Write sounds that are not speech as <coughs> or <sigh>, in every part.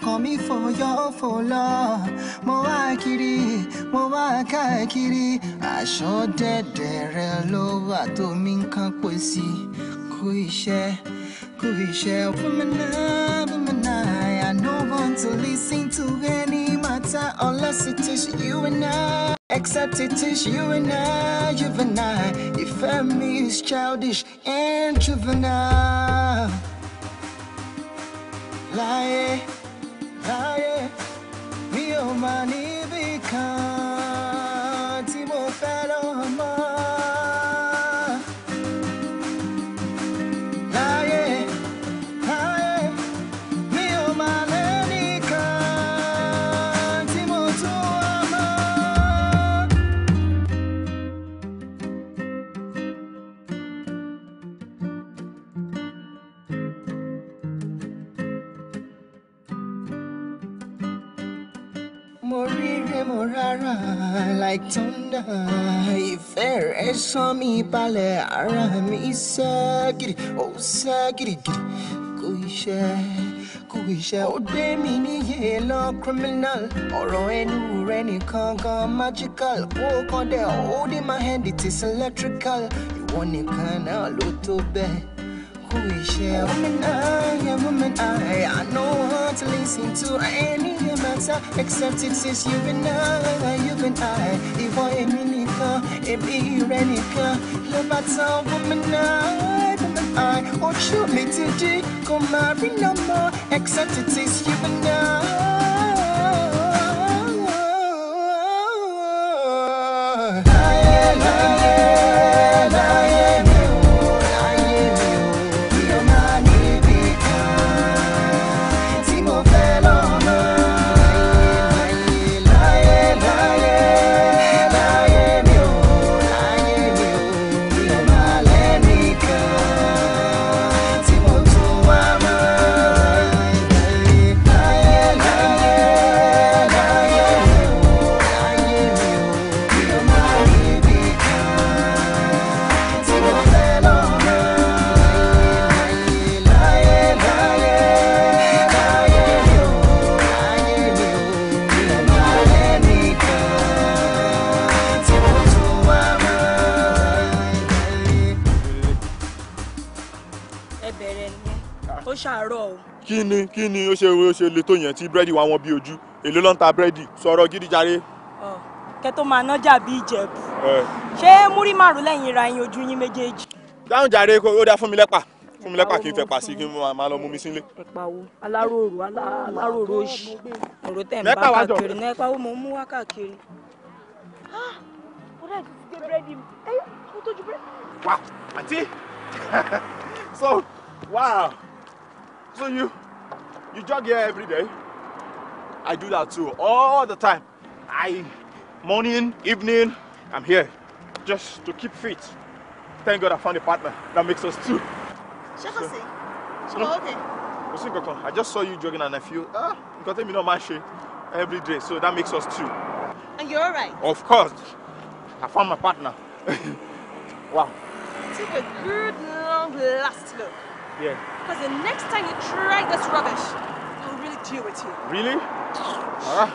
call me for your for love. Mo wa kiri, mo wa ka kiri. Aṣọ dẹ̀dẹ̀ rẹ ló wà tó mi ń kán pè sí. Kú iṣẹ́, kú iṣẹ́. Womana, womana, I no want to listen to any matter unless it is you and I. Except it is you and I, you and I. Ìfẹ́ mi is childish and juvenile. Láyé. I am, me oh my, become. rà like thunder ìfẹ́ rẹ̀ sán mi balẹ̀ ara mi sá gidi ó sá gidigidi kò iṣẹ́ kú iṣẹ́. ó gbé mi níyè lọ criminal ọ̀rọ̀ ẹnu rẹ nìkan gan magical ó kàn dé holding my hand it is electrical ìwọ nìkan náà ló tó bẹ́ẹ̀. Kuisha, woman I, yeah, woman I. I know how to listen to any matter except it is you and I, you and I. If I Iwọ èmi nìkan, èmi rẹ nìkan. Ló bá tán, woman I, woman I. i mi ti dí, kò máa rí no more except it is you and I. kí ni ó ṣe ó ṣe le tó yẹn tí búrẹ́dì wa wọn bí ojú èló ló ń ta búrẹ́dì sọ̀rọ̀ gidi kẹ́ tó máa nájà bí ìjẹ̀bù ṣé múrí márùn lẹ́yìn ra yín ojú yín méjèèjì. dáhùn jàre ó dá fún mi lẹ́pà fún mi lẹ́pà kí n fẹ́ pa sí kí n máa lọ mú mi sílé. ẹ̀pà wo aláròrò aláròrò òṣì ọ̀rọ̀ tẹ̀ ń bá káàkiri náà ẹ̀pà wo mò ń mú wá káàkiri. Ah, wow àǹtí <laughs> so wow so you You jog here every day? I do that too, all the time. I, morning, evening, I'm here just to keep fit. Thank God I found a partner that makes us two. Ṣẹ́kọ̀ sí, ṣọ́kọ̀ okay. Kò sí nǹkan kan, I just saw you jogging and I feel, ah, nǹkan tẹ́mi náà máa ń every day, so that makes us two. And you're alright? Of course, I found my partner. <laughs> wow. Take a good long last look. Yeah. Because the next time you try this rubbish, I'll really deal with you. Really? Alright.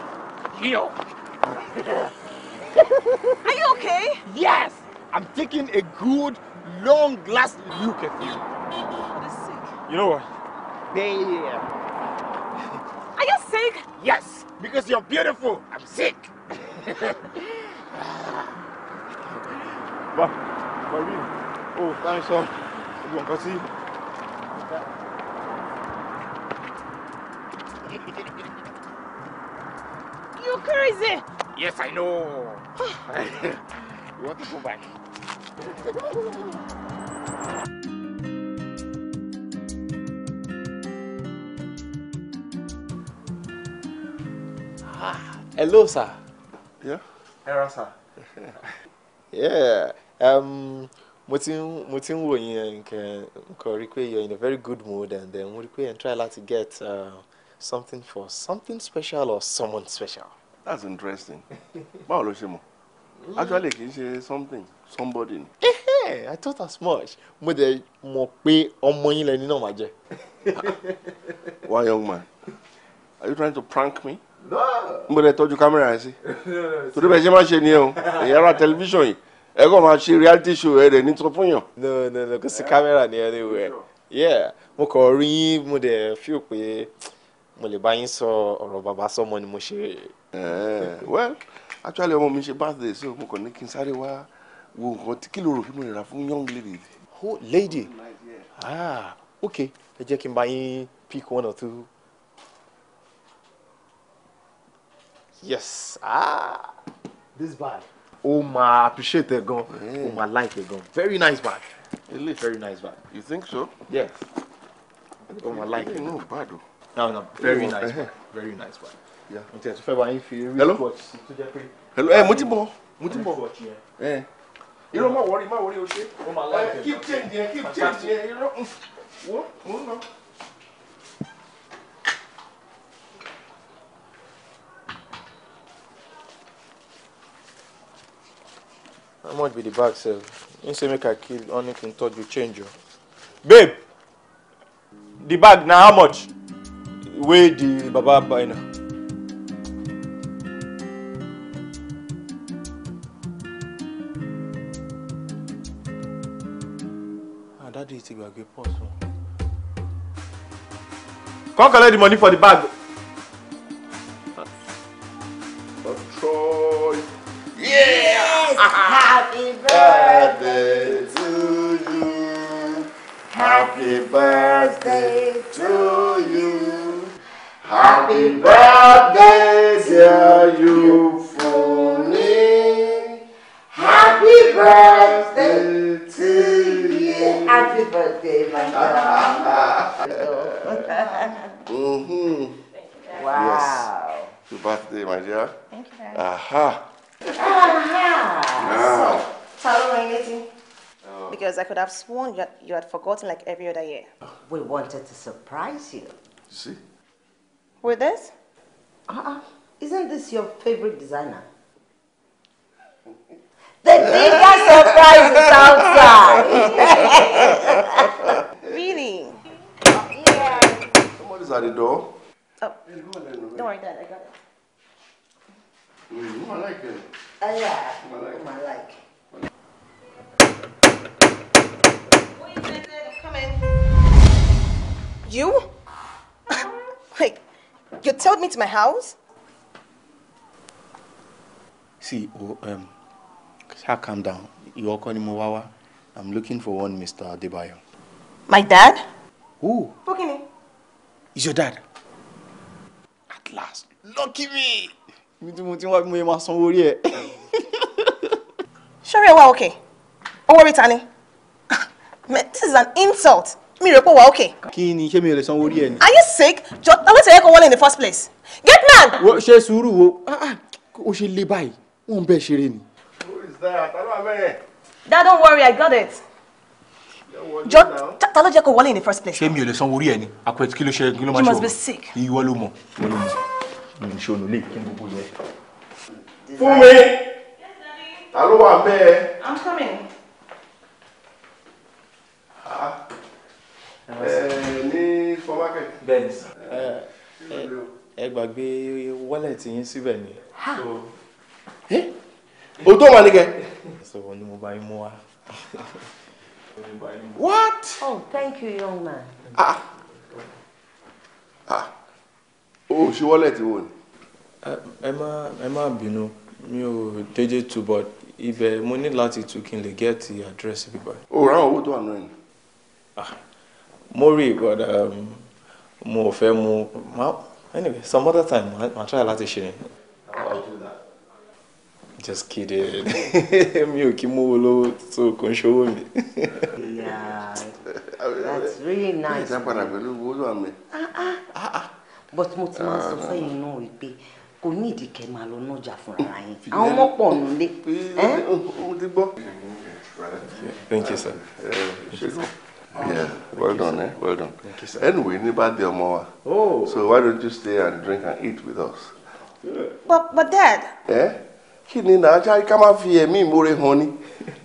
Yo! <laughs> Are you okay? Yes! I'm taking a good, long last look at you. What is sick? You know what? Yeah. Are you sick? Yes! Because you're beautiful. I'm sick. <laughs> but, but really, oh, thanks, son. You want see? <laughs> you crazy! Yes, I know. <sighs> you want to go back? <sighs> Hello, sir. Yeah? Hello, sir. <laughs> yeah. Um, mo ti ń mo ti ń wò yín nǹkan nǹkan rí pé you're in a very good mood and then mo rí pé and try láti get uh, something for something special or someone special. that's interesting <laughs> báwo ló ṣe mọ̀ mm. actually kì í ṣe something somebody ni. Yeah, I thought as much. Mo dẹ̀ mọ̀ pé ọmọ yín lẹni náà máa jẹ. <laughs> Why young man? Are you trying to prank me? No. Mo dẹ̀ tọ́jú kámẹ́rà yẹn sí. <laughs> Torí bẹ́ẹ̀ ṣe máa ṣe ni ẹ o. Èyí ara tẹlifíṣàn yìí ẹ kàn máa ṣe reality show rẹ ní sọ no no no kò sí kámẹ́rà ní anywhere yeah mo kàn rí yín mo dẹ̀ feel pé mo lè bá yín sọ ọ̀rọ̀ bàbá sọmọ ni mo ṣe. Eh, well actually ọmọ mi ṣe birthday so mo kàn ní kí n sáré wá wo nǹkan tí kí ló rò fún mi rà fún young lady. oh lady ah ok ẹ jẹ́ kí n bá yín pick one or two. yes ah this bag ó máa appreciate ẹ gan ó máa like ẹ gan very nice bag really very nice bag. you think so. yes ó máa like ẹ gan. no bad o. no no very nice very nice bag. mo ti ẹ̀ tún fẹ́ bá yín fi wrist watch sí tó jẹ́ hello ẹ eh, mo ti bọ̀ mo ti bọ̀ irọ́ eh. má wọrí má wọrí o ṣe eh, keep change yẹn keep change yẹn irọ́ wo mo ń lọ. how much be the bag sef him say make i kill only kin touch you change o babe the bag now, how much wey the baba buy na. Ah, dadi ti gbàgbé pọ̀ sùn. come collect the money for the bag Happy birthday to you. Happy birthday, dear you for me. Happy birthday to you. Happy birthday, my dear. mm-hmm. Wow. Yes. Happy birthday, my dear. Thank you very much. Aha. Aha. Now. Tell me anything. Because I could have sworn you had, you had forgotten like every other year. We wanted to surprise you. see? With this? Uh-uh. Isn't this your favorite designer? The biggest surprise is outside. <laughs> really? Yeah. Somebody's at the door. Oh. Don't worry, Dad. I got it. Mm, I like it. Uh, yeah. I like it. I like it. You? Wait, you told me to my house? See, oh, um, sir, calm down. You are calling Mowawa. I'm looking for one Mr. Adebayo. My dad? Who? Bukini. Is your dad? At last. Lucky me! Mi ti mo ti wá bí mo yẹ máa sanwó orí ẹ̀. okay? Don't worry, Tani. <laughs> This is an insult mi rò pé wà okay. kí ni ṣé mi ò lè sanwó orí ẹ ni. are you sick? jọ ọlọ́sẹ̀ yẹ kó wọlé in the first place. get man. wo ṣe sùúrù wo o ah, ah, ṣe lé báyìí wọn bẹ ṣeré ni. dad don't worry i got it. jọ ta ló jẹ́ kó wọlé in the first place. ṣé mi ò lè sanwó orí ẹ ni àpẹẹrẹ kí ló ṣe kí ló máa ṣe o. you must be sick. ìwọ ló mọ ìwọ ló mọ mi ṣe ònà kí n gbogbo yẹ. fún mi ta ló wà bẹ́ẹ̀. i'm coming. Ah ní supermarket. bẹ́ẹ̀ni sà ẹ gbàgbé wọ́lẹ̀tì yín síbẹ̀ ni. o tó wà nìkẹ́. sọ̀rọ̀ ni mo bá yín mú wa. what. oh thank you young man. ah ah, ah. o ṣe wọ́lẹ̀tì wo ni. ẹ má ẹ má bínú mi ò déédéé tu but ibẹ̀ mo ní láti tu kí n lè gẹ́ẹ̀tì àdírẹ́sì bíbá. o ràn owó tó wà náà ni. Ah mo rí but um, mo ò fẹ́ mu anyway some other time màá try láti ṣe yẹn. Just kidding. <laughs> Mi ò kí mówó lówó tó kò ń ṣòwò mi. Yeah, <laughs> that's really nice. Ìjà padà pẹ̀lú owó àmì. Ah, ah. ah, but mo ti máa ń sọ sẹ́yìn náà wípé kò ní ìdí kẹ́ máa lọ nájà fúnra yín. Àwọn ọmọ pọ̀ nílé. Ohun ti gbọ́. Thank you, sir. Eh, ṣé gbọ́. Yeah, well done, eh? Well done. Thank you, sir. Anyway, the Omowa. Oh. So why don't you stay and drink and eat with us? But, but Dad. Eh? Kini na come kama here, me, more honey.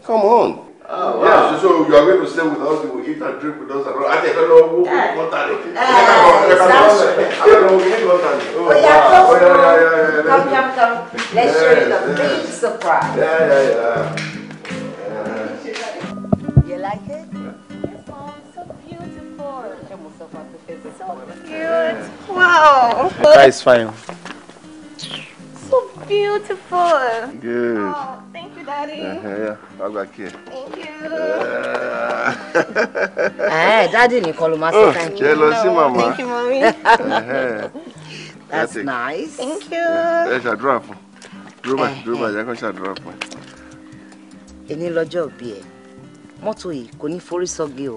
Come on. Oh, wow. Yeah, so, so you are going to stay with us, you will eat and drink with us. And I don't know who got that. I don't know who got that. Oh, yeah, oh, yeah, yeah, yeah, Come, come, come. Let's show you the big surprise. Yeah, Yeah, yeah, yeah. You like it? Wow. The is fine. So beautiful. Good. Oh, thank you, Daddy. Uh, yeah, I'll back here. Thank you. Hey, <laughs> eh, Daddy, ni kolo master. Thank you. Jealousy, Mama. Thank you, Mommy. <laughs> That's nice. Thank you. Ẹ ṣàdúrà fún. Dúró Drop eh, dúró báyìí, eh. ẹ kàn ṣàdúrà fún. Èní lọ́jọ́ òbí mọ́tò yìí kò ní forí sọ́gi o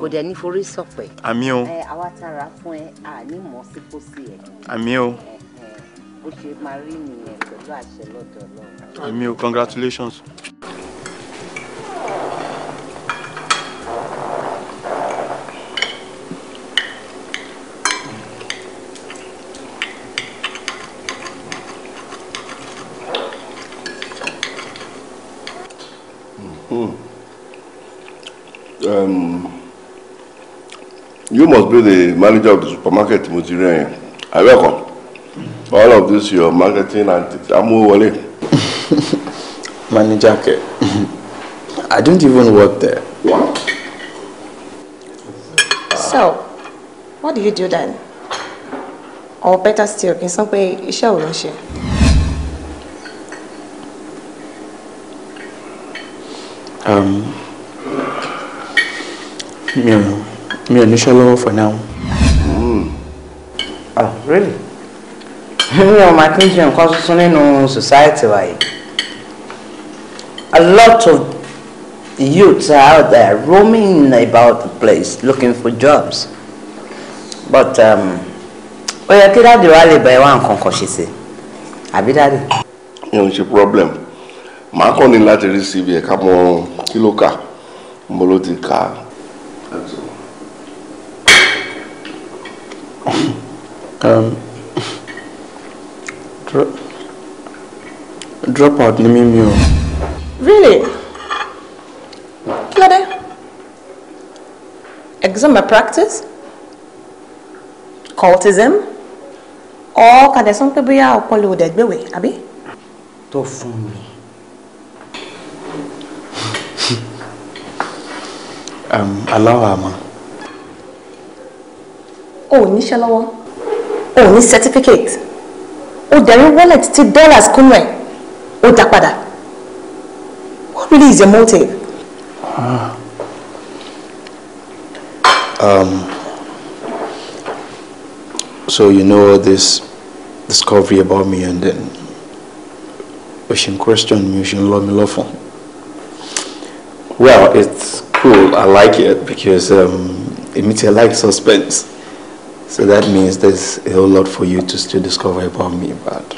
kò dẹ̀ ní forí sọ̀pẹ̀. àmì o. ẹ àwa tara fún ẹ àní mọ̀ sí kó sí ẹ. àmì o. bó ṣe máa rí nìyẹn pẹ̀lú àṣẹ lọ́dọ̀ àmì o congratulations. Um, you must be the manager of the supermarket mo I welcome all of this your marketing and amúwọlé. manager kẹ I don't even work there. What? So, what do you do then? Or better still in some way, pé iṣẹ́ ò ló Um, mi ò mi ò for now. oh really mi ò máa kí n ṣe society wa a lot of youths are out there roaming about the place looking for jobs but um, ó yẹ kí dáàdì wa lè bá ẹ wá nǹkan kan ṣe sí àbí dáàdì. ìyẹn ò problem My kàn ní láti rí cv ẹ̀ ká mọ kí ló Um, drop out ni mímí o. Really? Kí Exam malpractice? Cultism? Or kàdé sọ pé bóyá ọpọlọ ò dẹ̀gbẹ̀wé, àbí? Tó fún mi. Um, Aláwọ̀ àmọ́. O ò níṣẹ́ lọ́wọ́ o ní certificate o dẹ̀rín wallet tí dollars kúnú ẹ̀ o dá padà what really is your motive. um, so you know this discovery about me and then o ṣe question mi o ṣe love. lọ mi lọ́fọ̀n. well it's cool i like it because um, èmi ti like suspense. So that means there's a whole lot for you to still discover about me, but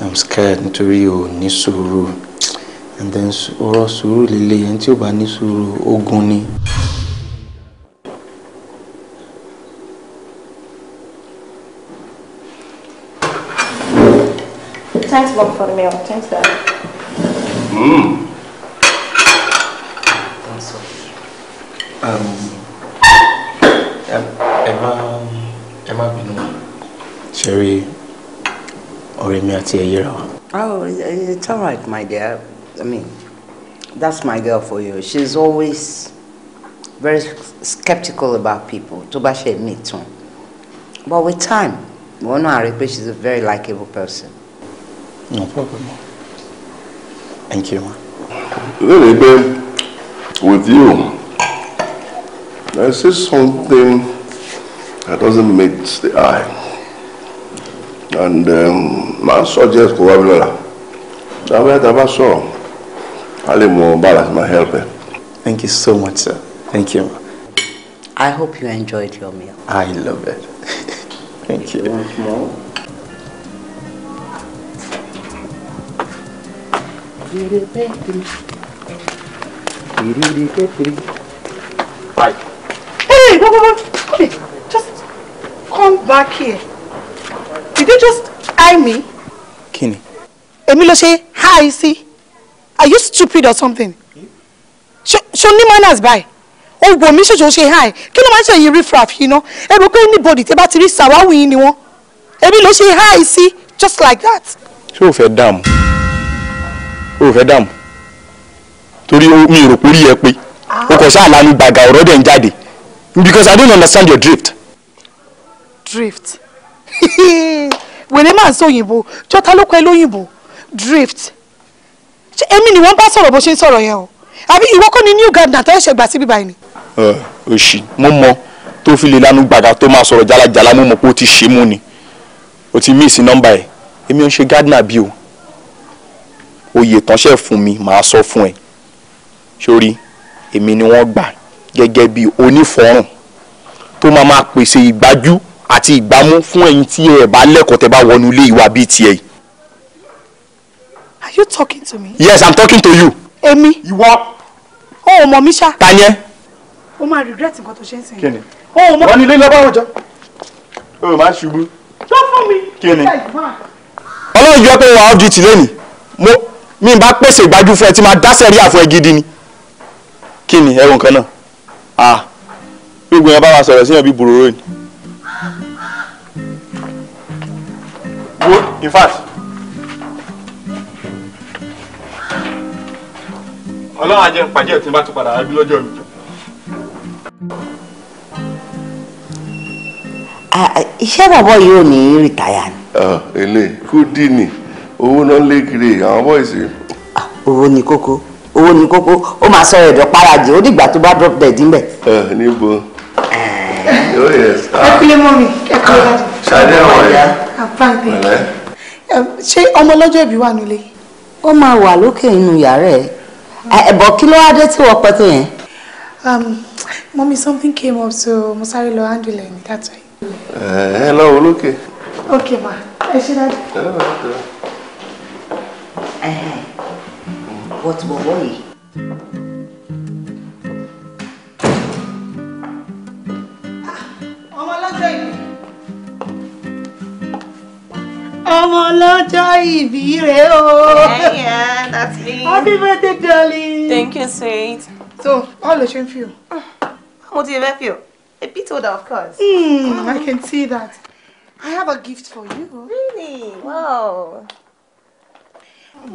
I'm scared nítorí o ní sùúrù and then ọ̀rọ̀ sùúrù líle ẹni tí ò bá ní Thanks, Mom, for the meal. Thanks, Dad. Mm. That's so. Um. Yeah ẹ má ẹ má bínú. ṣeré ọ̀rẹ́ mi àti ẹyẹ rà wá. oh it's all right my dear i mean that's my girl for you she's always very skeptical about people tó bá ṣe mí tán but with time wọn náà rí pé she's a very likable person. no problem thank you ma. really babe with you i see something that doesn't meet the eye and máa um, suggest kó wá bí lọ́la dábẹ́ tá a bá sọ̀rọ̀ a lè help ẹ. thank you so much sir thank you. I hope you enjoyed your meal. I love it. <laughs> Thank you. Once more. Hey, go, go, go. Come here. Come back here. Did you just eye me? Kí ni? Èmi hi See, Are you stupid or something? show me manners báyìí? Oh, wò Mr. Joshi, hi. Kí ló máa ń ṣe yìí riffraff yìí ná? Ẹ rò pé anybody tẹ́ bá ti rí sàwáwì yìí ni wọ́n. hi See, just like that. Ṣé o fẹ́ dààmú? O fẹ́ dààmú? Torí mi ò rò pé orí O kò ṣáà lanu gbàgà ọ̀rọ̀ dẹ̀ ń jáde. Because I don't understand your drift drift <laughs> wèrè máa ń sọ òyìnbó jọta ló kọ ẹ lóyìnbó drift ṣé èmi ni wọ́n bá sọ̀rọ̀ bó ṣe ń sọ̀rọ̀ yẹn o àbí ìwọ kọ́ ni new gardener tó ẹ̀ṣẹ̀ gbà síbi báyìí ni. òṣì mo mọ tó fi lè lanu gbàgà tó máa sọ̀rọ̀ jálajàla mo mọ̀ pé ó ti ṣe mú ni ó ti míìsì nọ́mbà ẹ̀ èmi ò ń ṣe gardener bí o oyè tánṣẹ́ fún mi màá sọ fún ẹ sórí èmi ni wọ́n gbà gẹ́gẹ́ bí onífọ̀rùn tó máa máa pèsè ìgbájú àti ìgbámú fún ẹ̀yin tí ẹ bá lẹ́kọ̀ọ́ tẹ bá wọnú ilé ìwà bíi tiẹ̀. are you talking to me. yes i'm talking to you. èmi. ìwọ. o ò mọ̀ mi ṣá. ta ni ẹ. o máa regret nǹkan tó ṣe ń sìn. kí ni o ò mọ̀. wọ́n ní ilé ìlọ́gbà àwùjọ. o máa ṣubú. tó fún mi. kí ọlọ́run yọ pé wà á ju tì mo mi bá pèsè ìgbájú fún ẹ tí máa dáṣẹ́ rí àfọ ẹ ni kí ẹ̀rù nǹkan náà ah gbogbo yẹn bá wa sọ̀rọ̀ síyàn bí bòròrò ni. wo in fact ọlọ́run ajẹ́ ń pàjẹ́ tí n bá tún padà rábí lọ́jọ́ mi. iṣẹ́ bàbá yìí ò ní rìtáyà ni. èlé kúdí ni owó náà lé kiri àwọn bọ́ìsì. Ah, owó ni kókó owó ni kókó ó máa sọ ẹ̀dọ̀ paraje ó dìgbà tó bá drop dead ńbẹ̀. níbo oh yes. ẹ kúlé mọ́ mi ẹ kúlé dájú. ṣáde ọ̀rọ̀ yẹn. àpáǹpẹ̀. Ah, ṣé ọmọ ọlọ́jọ́ ìbí wà nílé. ó máa wà lókè inú yàrá ẹ ẹ̀bọ̀ kí ló wá dé tí wọ́n pẹ́ tó yẹn. mọ́mí um, something came up so mo sáré lọ handle ẹ̀ ní dátọ̀ yìí. Eh, ẹ lọ wo lókè. ok ma ẹ ṣe dájú. but bọ̀bọ̀ yìí. I'm ọlọ́jọ́ ìbí rẹ̀ o. yeah that's me. happy birthday darling. thank you sweet. so how the you feel? How do you feel? a bit older of course. Mm, oh. I can see that. I have a gift for you. Really? Wow.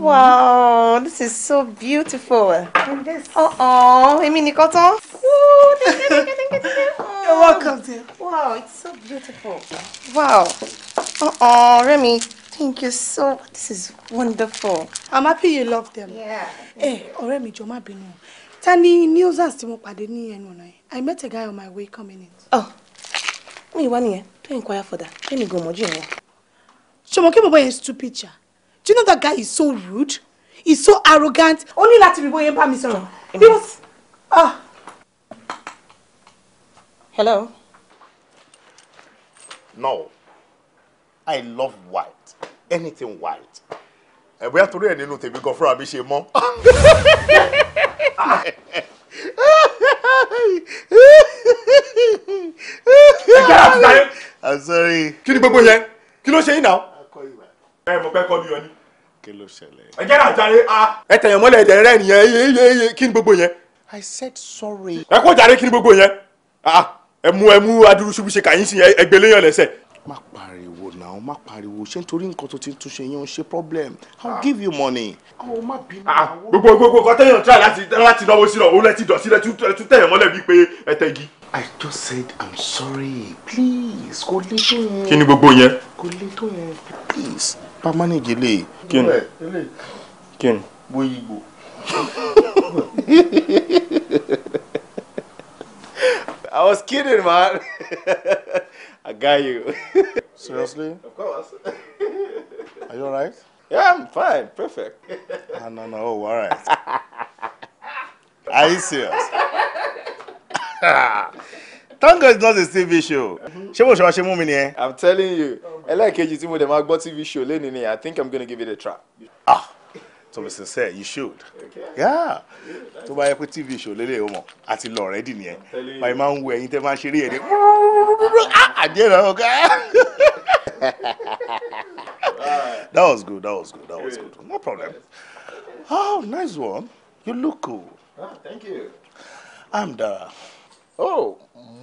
Wow, this is so beautiful. And this. Uh Oh, I mean, nìkan tán. You're welcome, dear. Wow, it's so beautiful. Wow. Oh, uh-uh, Remy, thank you so much. This is wonderful. I'm happy you love them. Yeah. Hey, oh Remy, jọ̀ọ́ má bínú. Ta ni newsers tí mo pàdé ní ẹnu I met a guy on my way coming in. Oh, Me one here. Don't inquire for that. Let me go mojú ìwọ̀n. Ṣọmọ kí bàbá yẹn stupid ja. Do you know that guy is so rude? He's so arrogant. Only that to be boy in mi sọ̀rọ̀. He mm-hmm. was... Ah. Hello? No. I love white anything white ẹ̀bùn yàtọ̀ rẹ̀ nínú tèmi gan fúnra mi ṣe mọ́. I'm sorry. kí ni gbogbo yẹn kí ló ṣe yín náà. ẹ mọ̀ pé kọ́ ni yọ ni. kí ló ṣẹlẹ̀. ẹ jẹ́ àjàre a. ẹ tẹ̀yàn mọ́lẹ̀ ẹ̀dẹ̀ rẹ̀ nìyẹn eye eye kí ni gbogbo yẹn. I said sorry. ẹ kó jàre kí ni gbogbo yẹn. ẹ mú ẹ mú adúrú ṣubú ṣe kàyín sí ẹgbẹ́ léyàn má pariwo ṣé nítorí nǹkan tó ti ń túnṣe yẹn ṣe problem i will give you money. àwọn má bínú àwọn. Ah, gbogbo gbogbo nǹkan tẹ̀yàn try láti láti náwó sílẹ̀ òun lẹ́tí dọ̀tí lẹ́tí tẹ̀yàn mọ́lẹ̀ bíi pé ẹ̀tẹ̀ igi. i just said i'm sorry please kò lè tó yẹn. kí ni gbogbo yẹn. kò lè tó yẹn please. bá a manage lè. kí ni kí ni. wo igbo. <laughs> I was kidding, man. <laughs> I got you. <laughs> Seriously? Of course. <laughs> Are you alright? Yeah, I'm fine. Perfect. No, no, no. Oh, alright. Are you serious? <laughs> Thank God it's not a TV show. Ṣé mo ṣe wá ṣe mú mi I'm telling you, I like mo dẹ̀ máa gbọ́ TV show lẹ́nu ni I think I'm gonna give it a try. Ah to be sincere you should yeah tó bá yẹ pé tv show lélẹ̀ o mọ̀ àti lọ ọ̀rẹ́dì nìyẹn báyìí máa ń wo ẹ̀yin tẹ́ máa ṣeré ah, ẹ̀ ní àjẹ́ náà ọ̀gá. that was good that was good that was good no problem oh nice one you look cool. Oh, thank you. I'm Dara. Oh,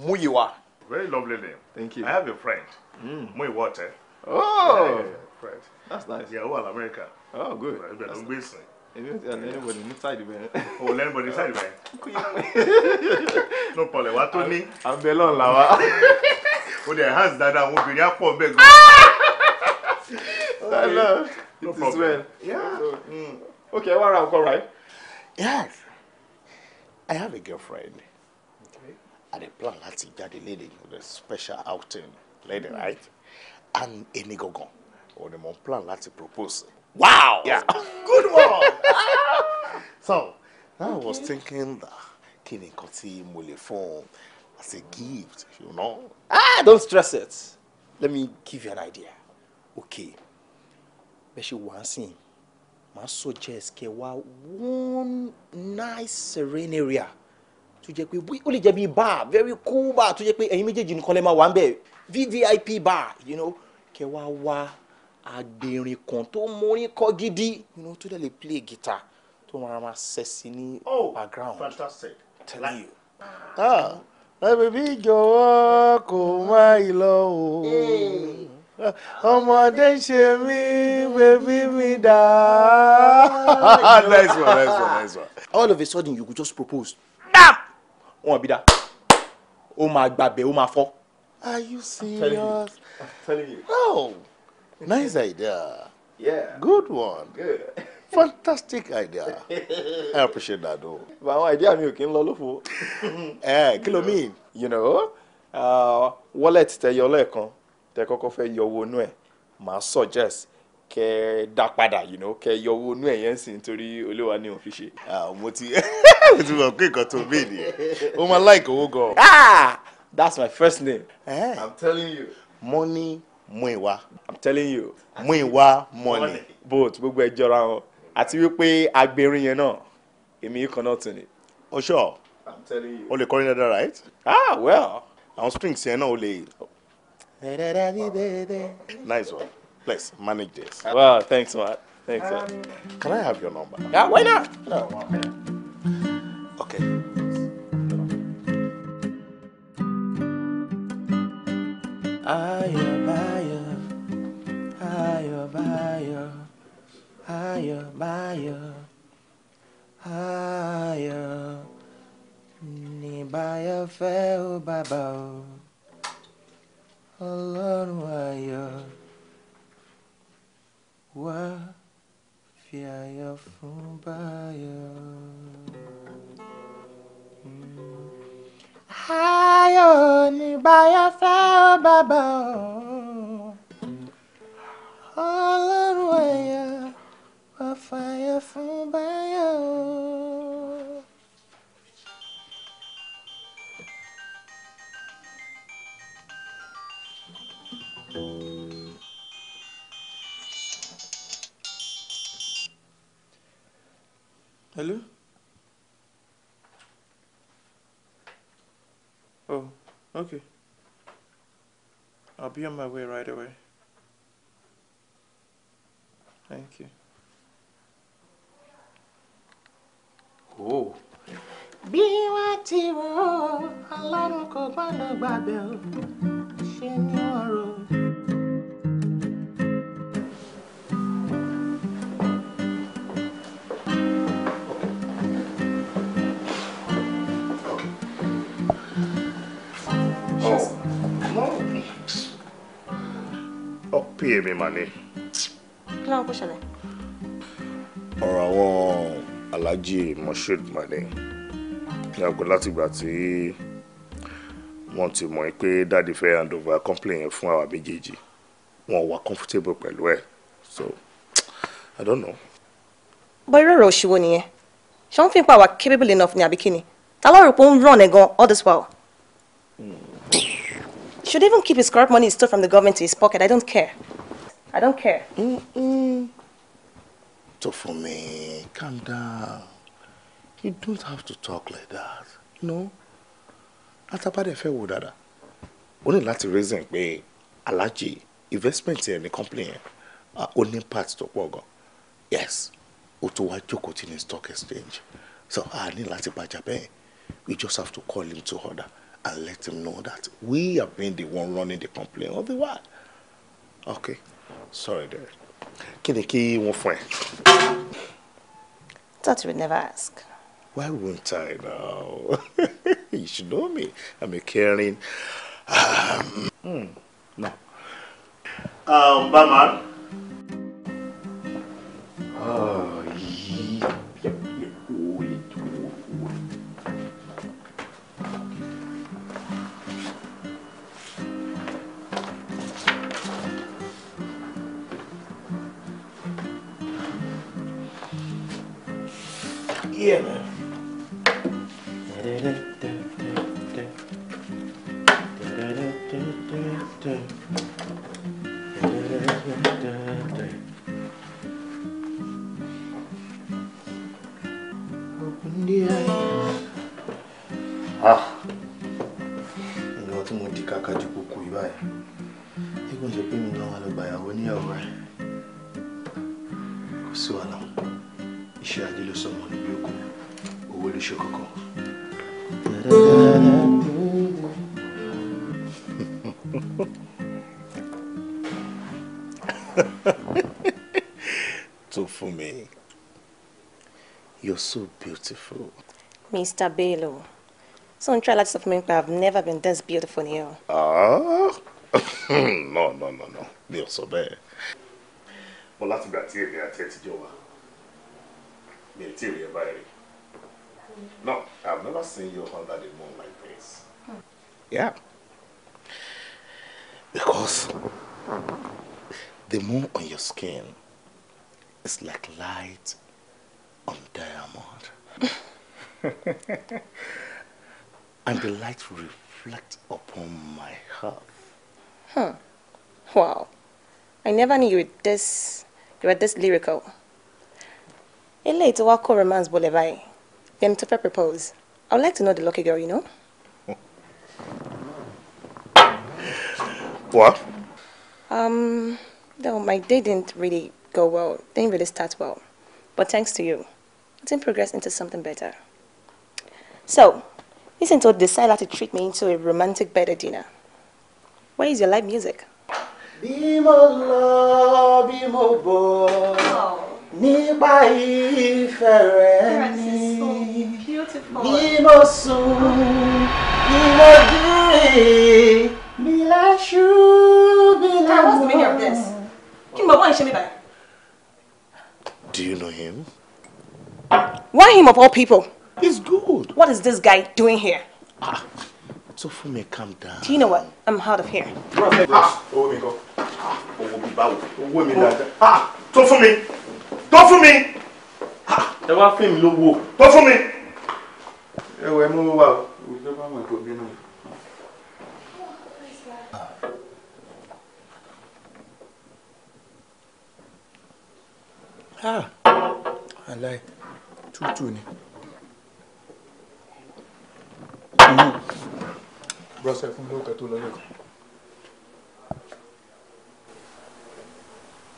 Muyiwa. Very lovely name. Thank you. I have a friend, mm. Muyiwate. Oh. Yeah. Right. That's nice. Yeah, wà America. Oh, good. Ibẹ̀ ló ń gbé sìn. Èmi anybody inside the O Oh, anybody inside the ibẹ̀. <laughs> No problem, What Tony? ní. belong, ń bẹ their hands dáadáa, àwọn obìnrin á pọ̀ bẹ́ẹ̀ gan. <laughs> No, no problem. well. Yeah. So, mm. Mm. Okay, what ra nǹkan right? Yes. I have a girlfriend. Okay. And a plan láti jáde lady, with a special outing lady, right? And èmi gangan ni mo plan láti propose. wow yeah. <laughs> good one. <laughs> so now okay. i was thinking that kí ni nǹkan tí mo lè fún as a gift you know. ah don't stress it let me give you an idea okay bẹ́ẹ̀ ṣe wá sí i màá suggest kẹ́ wá one nice serene area tó jẹ́ pé ó lè jẹ́ bí bar very cool bar tó jẹ́ pé ẹ̀yin méjèèjì nìkan lè máa wà ń bẹ̀ vvip bar you know kẹ́ wá wá agbèrin kan tó mórin kọ́ gidi you tó dẹ̀ lè play guitar tó máa ma sẹ́sì ní oh, background. oh fantastic tell like. you. ah, ah bẹ̀bí jọ̀wọ́ kò má ìlọ o ọmọdé ṣe mí bẹ̀bí mi dá. <laughs> nice one nice one nice one. all of a sudden you go just propose. dap wọn bí da ó máa gbàgbé ó máa fọ́. are you serious? I'm telling you. I'm telling you. No. Oh. Nice idea. Yeah. Good one. Good. Fantastic idea. I appreciate that though. But àwọn idea mi can kí for. <laughs> Eh, kilo me. You know, uh, wallet tẹ yọ lẹ́ẹ̀kan tẹ kọ́kọ́ fẹ́ yọ owó inú ẹ̀ suggest ke dá padà you know ke yọ owó inú ẹ yẹn sì nítorí olówó ni òun fi ṣe. Ah, mo ti <laughs> mo ti mọ pé nǹkan tó bẹ́ẹ̀ nìyẹn o máa like owó gan. Ah! that's my first name. Eh. I'm telling you. money mú ìwà i'm telling you mú ìwà money both gbogbo ẹ jọra wọn àti wípé agbèrin yẹn náà èmi kan náà tún ni. o sure i'm telling you o lè kọrin dáadáa right. ah well àwọn strings yẹn náà o lè. nice one Let's manage this. well thanks man thanks man. can i have your number. yeah why not. okay. I higher, higher, higher. Ní báyọ̀ fẹ́ ó bàbá o, ọlọ́run ayọ̀ wá fi ayọ̀ fún báyọ̀. Ayọ̀ ní báyọ̀ fẹ́ ó bàbá o, ọlọ́run ayọ̀. a fire from bio. Hello? Oh, okay. I'll be on my way right away. Thank you. bí wọ́n ti wò ó ọlọ́run kò gbọ́dọ̀ gbàgbé o ṣe ni wọ́n rò. Ọ̀pẹ̀ mi mà ní. Kí ló ń kó ṣẹlẹ̀? Ọ̀rọ̀ àwọn alhaji moshood mane ní àgọ́ látìgbà tí wọ́n ti mọ̀ pé dáàdi fẹ́ hand over complain yẹn fún àwa méjèèjì wọn wà comfortable pẹ̀lú ẹ̀ so i don't know. bọ́ irú ọ̀rọ̀ òṣìwò nìyẹn ṣé wọ́n fi ń pa àwa capable enough ni àbí kíni ta ló rò pé ó ń ràn ẹ̀ gan all this while. He hmm. should even keep his corrupt money he stole from the government to his pocket. I don't care. I don't care. Mm-mm doctor for me. Calm down. You don't have to talk like that. You know? Atabade fẹ́ wo dáadáa. that ní láti reason pé Alhaji investment in the company yẹn ó ní part tó pọ̀ Yes, o tó wá jókòó tí stock exchange. So a ní láti bàjẹ́ bẹ́ẹ̀. We just have to call him to order and let him know that we have been the one running the company all the while. Okay, sorry there kí ni kí wọ́n fún ẹ. That we never ask. Why won't I now? <laughs> you should know me. I'm a caring. Um, mm, no. Um, Bama. Oh. Yeah, man. Open the eye. ṣe kankan. tó you're so beautiful. Mr. Bello so n try láti sọ I've never been this beautiful ni Ah. <laughs> no no no no you're so bad. Well, that's láti gbà tí èmi àti ẹ ti jọ wà mi ò tí ì No, I've never seen you under the moon like this. Yeah. Because the moon on your skin is like light on diamond. <laughs> and the light reflects upon my heart. Huh. Wow. I never knew you were this you were this lyrical. Eléyìí tí wàá romance bọ́lẹ̀ them to propose. I would like to know the lucky girl, you know? what? Um, no, my day didn't really go well. Didn't really start well. But thanks to you, it didn't progress into something better. So, listen to decide how to treat me into a romantic bed dinner. Where is your live music? Bí mo sùn, bí mo dúré, bí láṣú, bí láwọ̀. What's the meaning of this? Kí ni bàbá yìí ṣe Do you know him? Why him of all people? He's good. What is this guy doing here? Ah, so for me, calm down. Do you know what? I'm out of here. Ah, owó me. kọ́. Ah, owó mi báwo? Owó mi dáadáa. Ah, tó fún mi. Tó fún mi. Ah, ẹ wá fún mi lówó. Tó fún mi ẹ wọ ẹ mú wá o ìjọba àwọn ẹ̀kọ́ bínú yìí. Ah, aláì tútù ni. Brọ́sẹ̀ fún mi ó kẹ́ tó lọ lẹ́kọ̀ọ́.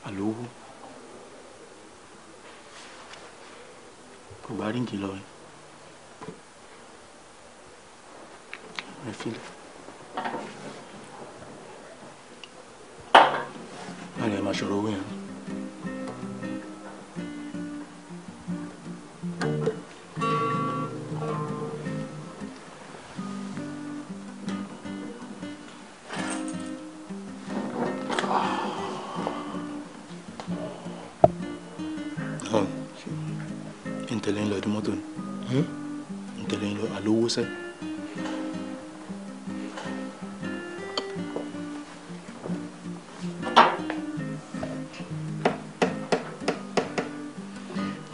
Àlówó. Kò bá ríǹgì mi filẹ̀. wọ́n lè máa ṣòro owó yẹn. ntẹ̀lé ń lọ di mọ́tò ni ntẹ̀lé ń lọ àlówó sẹ́yìn.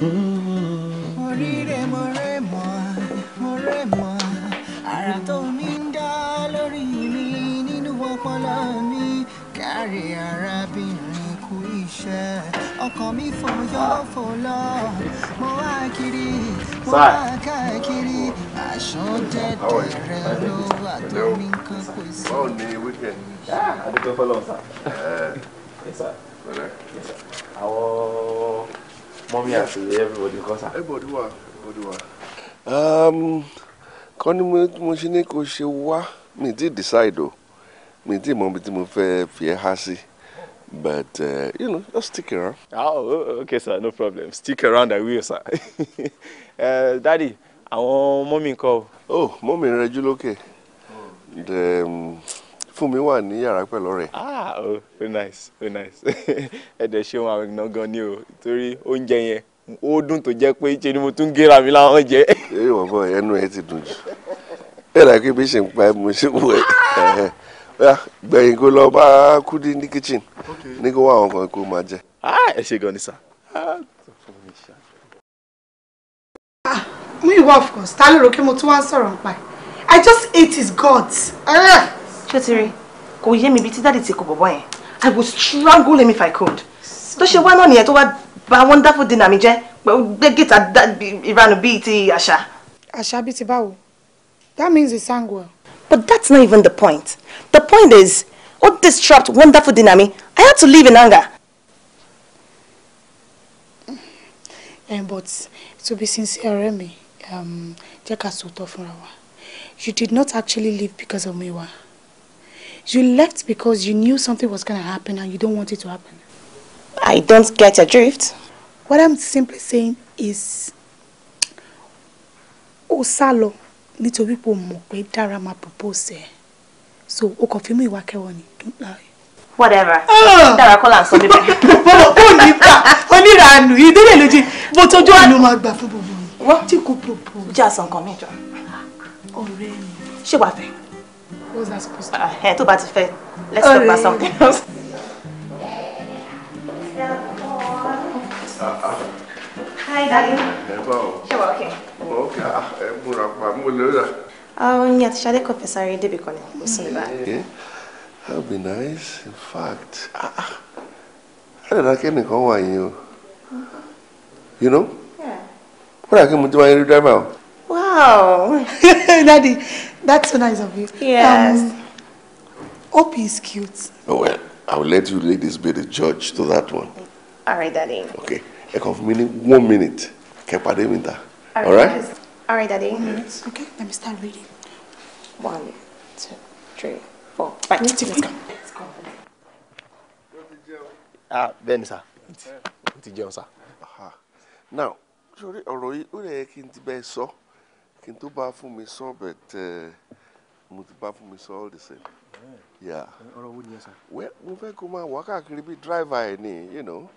oríire mo rẹ mọ mo rẹ mọ ara tó mi ń dá lórí mi nínú ọpọlọ mi kárí arábìnrin kú iṣẹ́ Mommy yeah. àti everybody kọ́ sá. Ah. everybody wà everybody Um, kọ́ ni mo ṣe ní kó ṣe wá mi ti decide o mi ti mọ ibi tí mo fẹ́ fi ẹ́ há sí but uh, you know just stick around. Ah, oh, oh, oh okay sir no problem stick around i will sir. <laughs> uh, daddy àwọn mọ́mí nǹkan o. oh mọ́mí rẹjú lókè. Oh. Um, fún mi wà ní yàrá pẹ̀lú rẹ̀. ah oh very oh, nice very oh, nice <laughs> ẹ̀dẹ̀ ṣeun àwọn èèyàn gan ni o torí oúnjẹ yẹn ó dùn tó jẹ́ pé ṣe ni mo tún géra mi láwọn jẹ. èyí wọ́n bọ̀ ẹnu ẹ ti dùn jù bẹ́ẹ̀ náà kí bí ṣe ń pa ẹ mo ṣe wù ẹ gbẹ̀yìn kó lọ bá kúdí ní kitchen ní kó wá àwọn kan kó máa jẹ. Ah, ẹ ṣe gan ni sà. Ah, mú ìwọ of course ta ló rò pé mo tún wá ń sọ̀rọ̀ nípa ẹ̀ I just ate his guts. Uh ṣètìrì kò yé mi ibi tí dáàdì ti kò i would strangle him if i could tó ṣe wá náà nìyẹn tó wonderful dinner mi jẹ́ pẹ̀lú gbẹ́gẹ́ta ìranù bíi ti àṣà. àṣà bíi ti báwo that means he sang but that's not even the point the point is all this trapped wonderful dinner i had to leave in anger. Um, but to be sincere ọ̀rẹ́ mi um, jẹ́ ká sòótọ́ fúnra wa you did not actually leave because of me wa. You left because you knew something was going to happen and you don't want it to happen. I don't get your drift. What I'm simply saying is, ó sá lọ nítorí pé ó mọ̀ pé Dara máa propose ẹ̀. So, ó kàn fi mú ìwà kẹwọ́ ni. Don't lie. Whatever. Ah! Dara kọ́ là ń sọ níbẹ̀. <laughs> Bọ́lá kò ní What onírànù ìdílé lójú bó tójú àná máa gbà fún gbogbo. Wọ́n ti kò propose. Jẹ́ àsàn kan mẹ́jọ. Ọ̀rẹ́ mi. what? wàá fẹ́? What's that supposed to be? Uh, tó bá ti fẹ́. Let's All talk about something else. Ah, ah. Hi, Daddy. Hello. wà okay? Okay, ẹ múra pa, mo lè rà. Àwọn yàtọ̀ ṣadé kọ̀pẹ̀ sáré débi kan ní kò sí níbà. That would be nice. In fact, ah, I don't like any call you. You know? Yeah. What are you doing my Wow. <laughs> Daddy, That's so nice of you. Yes. Um, Opie is cute. Oh, well, I'll let you ladies be the judge to that one. All right, Daddy. Okay. Ẹ kàn fún one minute. Kẹ́ pàdé mi níta. All right? All right, Daddy. Mm -hmm. Okay, let me start reading. One, two, three, four, five. Let's go. Let's go. Ah, Ben sir. sá. Ó ti jẹun sá. Now, sori ọ̀rọ̀ yìí ó lè yẹ kí n So kí n tó bá fún mi sọ bẹ̀tẹ̀ mo ti bá fún mi all the same. Yeah. wo ni ẹ sá. mo fẹ́ kó máa wá káàkiri bíi driver ẹ̀ ni you know.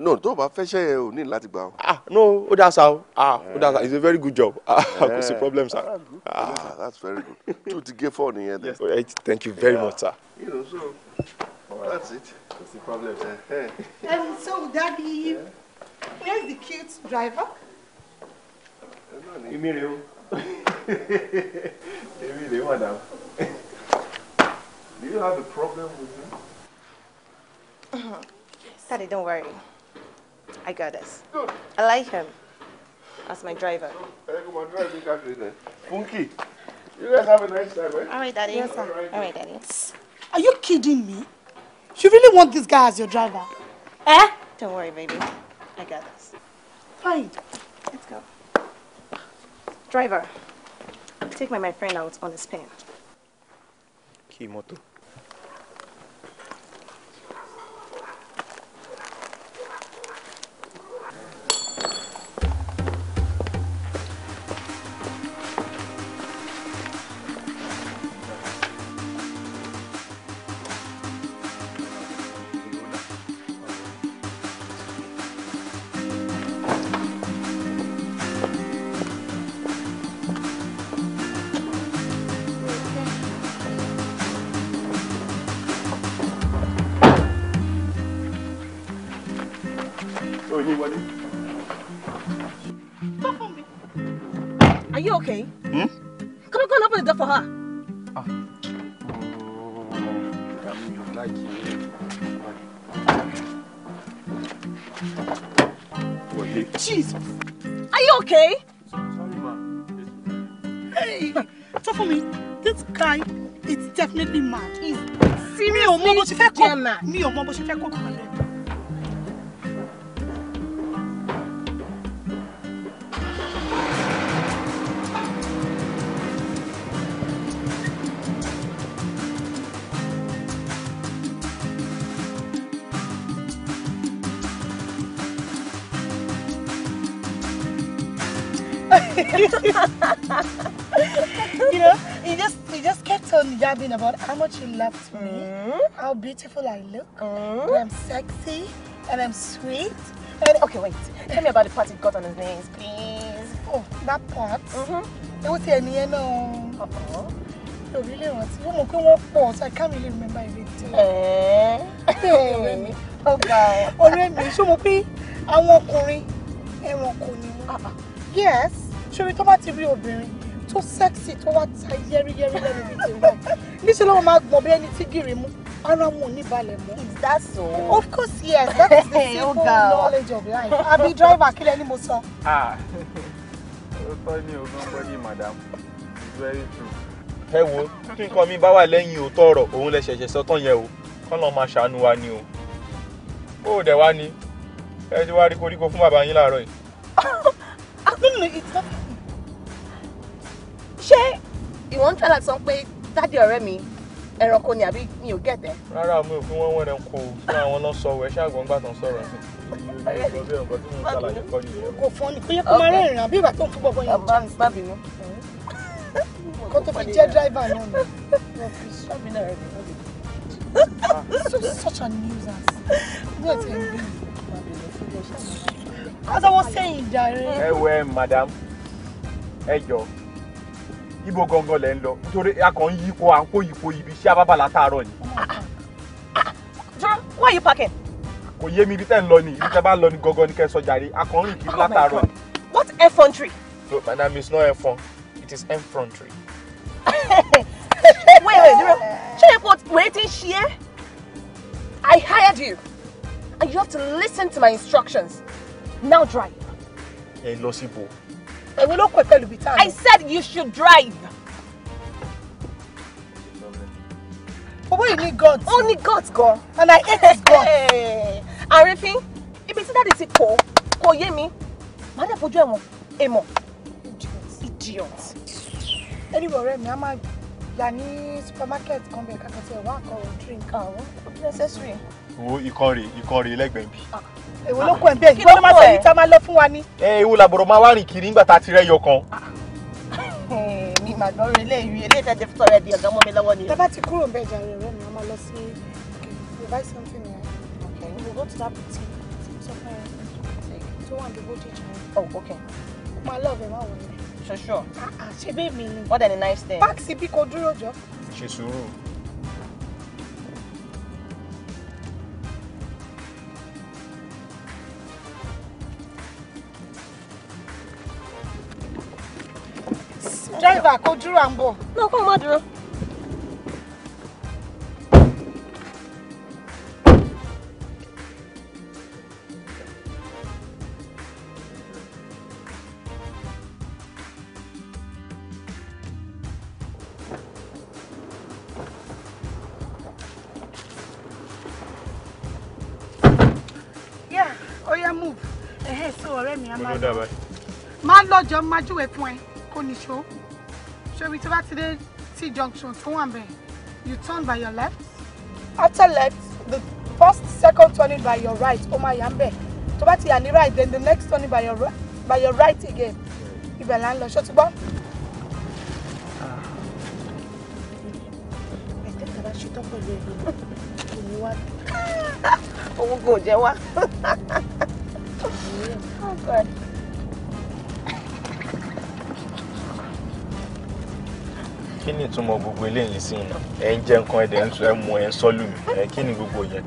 no tó o bá fẹ́ ṣe ẹ o ní láti gbà o. ah no ó dá sa o ah ó dá sa it's a very good job ah kò sí eh. problem sir. ah that's very good two ti gé four nìyẹn dẹ. yes right. Eh, thank you very yeah. much sir. you know so that's it. kò sí problem. Eh, um, so daddy yeah. where's the cute driver. <laughs> do you have a problem with him? Uh-huh. Daddy, don't worry. I got this. Good. I like him as my driver. Funky, you guys have a nice time, right? All right, Daddy. Yes, sir. All right Daddy. Are you kidding me? You really want this guy as your driver? Eh? Don't worry, baby. I got this. Fine. Let's go. Driver, take my, my friend out on the spin. Kimoto. màmá. mi ò mọ bó ṣe fẹ́ kó màmá lẹ́nu. <laughs> you know, he just he just kept on yabbing about how much he loved me how beautiful I look, mm. and I'm sexy, and I'm sweet. And okay, wait. Tell me about the part he got on his knees, please. Oh, that part? Mm-hmm. It was here, you no. Uh-oh. I really want to. You know, pọ̀, so I can't really remember everything. Eh? Hey. <laughs> Okay. oh, mi, ṣé oh, pé àwọn ọkùnrin ẹranko ni wọ́n. Uh-uh. Yes. Ṣé orí tó bá ti rí obìnrin? tó sẹ́ksì tó wá ta yẹ́rìyẹ́rì lẹ́nu bíi ti rẹ̀ níṣẹ́ lọ́wọ́ máa gbọ̀n bí ẹni tí gìrì mú ara wọn ò ní balẹ̀ mọ́. is that so. of course yes that is the <laughs> oh, simple knowledge of life àbí driver kílẹ̀ ni mo sọ. ah <laughs> ni ogun bọ́dí madam very true. ẹ wo kí nǹkan mi bá wà lẹ́yìn òótọ́ ọ̀rọ̀ òun lẹ ṣẹ̀ṣẹ̀ sọ yẹn o kán lọ́ọ́ máa ṣàánú wa ni o ó dẹ̀ wá ni ẹ ti wá rí koríko fún bàbá yín láàárọ̀ yìí. <laughs> I don't know ṣé ìwọ ń try láti sọ pé dádì ọ̀rẹ́ mi ẹranko ni àbí mi ò gẹ̀tẹ́. rárá mi ò fi wọ́n wẹ́rẹ̀ ń kó fún àwọn náà sọ wẹ̀ ṣáàgbọ́n gbà tán sọ̀rọ̀ sí kò fún ni pé kó máa rẹ́rìn àbí ìgbà tó ń fúbọ̀ bọ́yìn ọjà bá bínú. kó tó fi jẹ́ dráìvà náà ni such a nuisance. as I was saying jàre. ẹ wẹ madam ẹ jọ ibo gangan lẹ ń lọ a kàn ń yípo à ń kó ibi iṣẹ́ abábàlá tààrọ̀ ni. Ah, ah, ah, John, why are you packing? kò yé mi ibi tẹ́ ń lọ ni ibi tẹ́ bá ń lọ ni gangan ni kẹ́ ẹ sọ jàre a kàn ń rìn kiri oh látàárọ̀ ni. What effrontery? No, madam, it's not effron. It is effrontery. <laughs> wait, wait, Duro. Ṣé epo wèé ti ṣe é? I hired you and you have to listen to my instructions. Now drive. Ẹ lọ síbo èwo ló pẹ̀ pẹ̀lú bíi táwọn. I said you should drive. Bọ́bọ́ yìí ní guts. Ó guts gan. And I hate his guts. <laughs> Àrífín, ibi tí dáàdi ti kò kò yé mi. Màá dẹ̀ fojú ẹ̀wọ̀n èèmọ̀. Idiot. Ẹni ọ̀rẹ́ mi, a máa yà ní supermarket kan bẹ̀ẹ̀ kàkàtì ẹ̀wọ̀n àkọ́rọ̀ drink àwọn ah, necessary. Wo ikọ̀ rè ikọ̀ You like baby èwo ló kọ ẹ̀ bẹ́ẹ̀ gbọ́dọ̀ má sẹ́yìn tá a máa lọ fún wa ni. ẹ ewu làbọ̀rọ̀ máa wá rìn kiri nígbà tá a ti rẹ́ yọ kan. mi mà gbọ́ rẹ ilé ìwé ilé ìtajà fún tọrẹ di ọ̀gá mọ́ mi lọ́wọ́ ni. tọ́ba ti kúrò bẹ́ẹ̀ jàre rẹ mi a máa lọ sí you buy something there. Okay. we go to that boutique somewhere tó wà ní bójìjà. oh okay. my love ẹ má wọlé. sure sure. Ah, ah, ṣe bẹ́ẹ̀ mi ni. what are the nice things. báàkì sí bí kò dúró jọ. ṣe sùúrù. driver kò dúró No, come bọ̀. náà Yeah, oh yeah, move. Ó yá move. Ẹ̀hẹ́ so ọ̀rẹ́ mi a Man, lọ. Má lọ́jọ́ májúwe fún ẹ kó níṣó ṣóbi tó bá ti T junction tó wà bẹ́ẹ̀ you turn by your left. after left the first second turning by your right Oma máa To ń bẹ̀ tó bá right then the next turning by your, by your right again ibẹ̀ là ń lọ ṣó ti gbọ́. ẹ̀jẹ̀ tàbá ṣetán pẹ̀lú ẹ̀gbẹ́ kò ní wá <laughs> owó kò jẹ́ wá. kí ni ìtumọ̀ gbogbo eléyìí sí iná ẹ ń jẹ nǹkan ẹ̀dẹ̀ ń sọ ẹ mú ẹ ń sọ́lù mi ẹ kí ni gbogbo yẹn.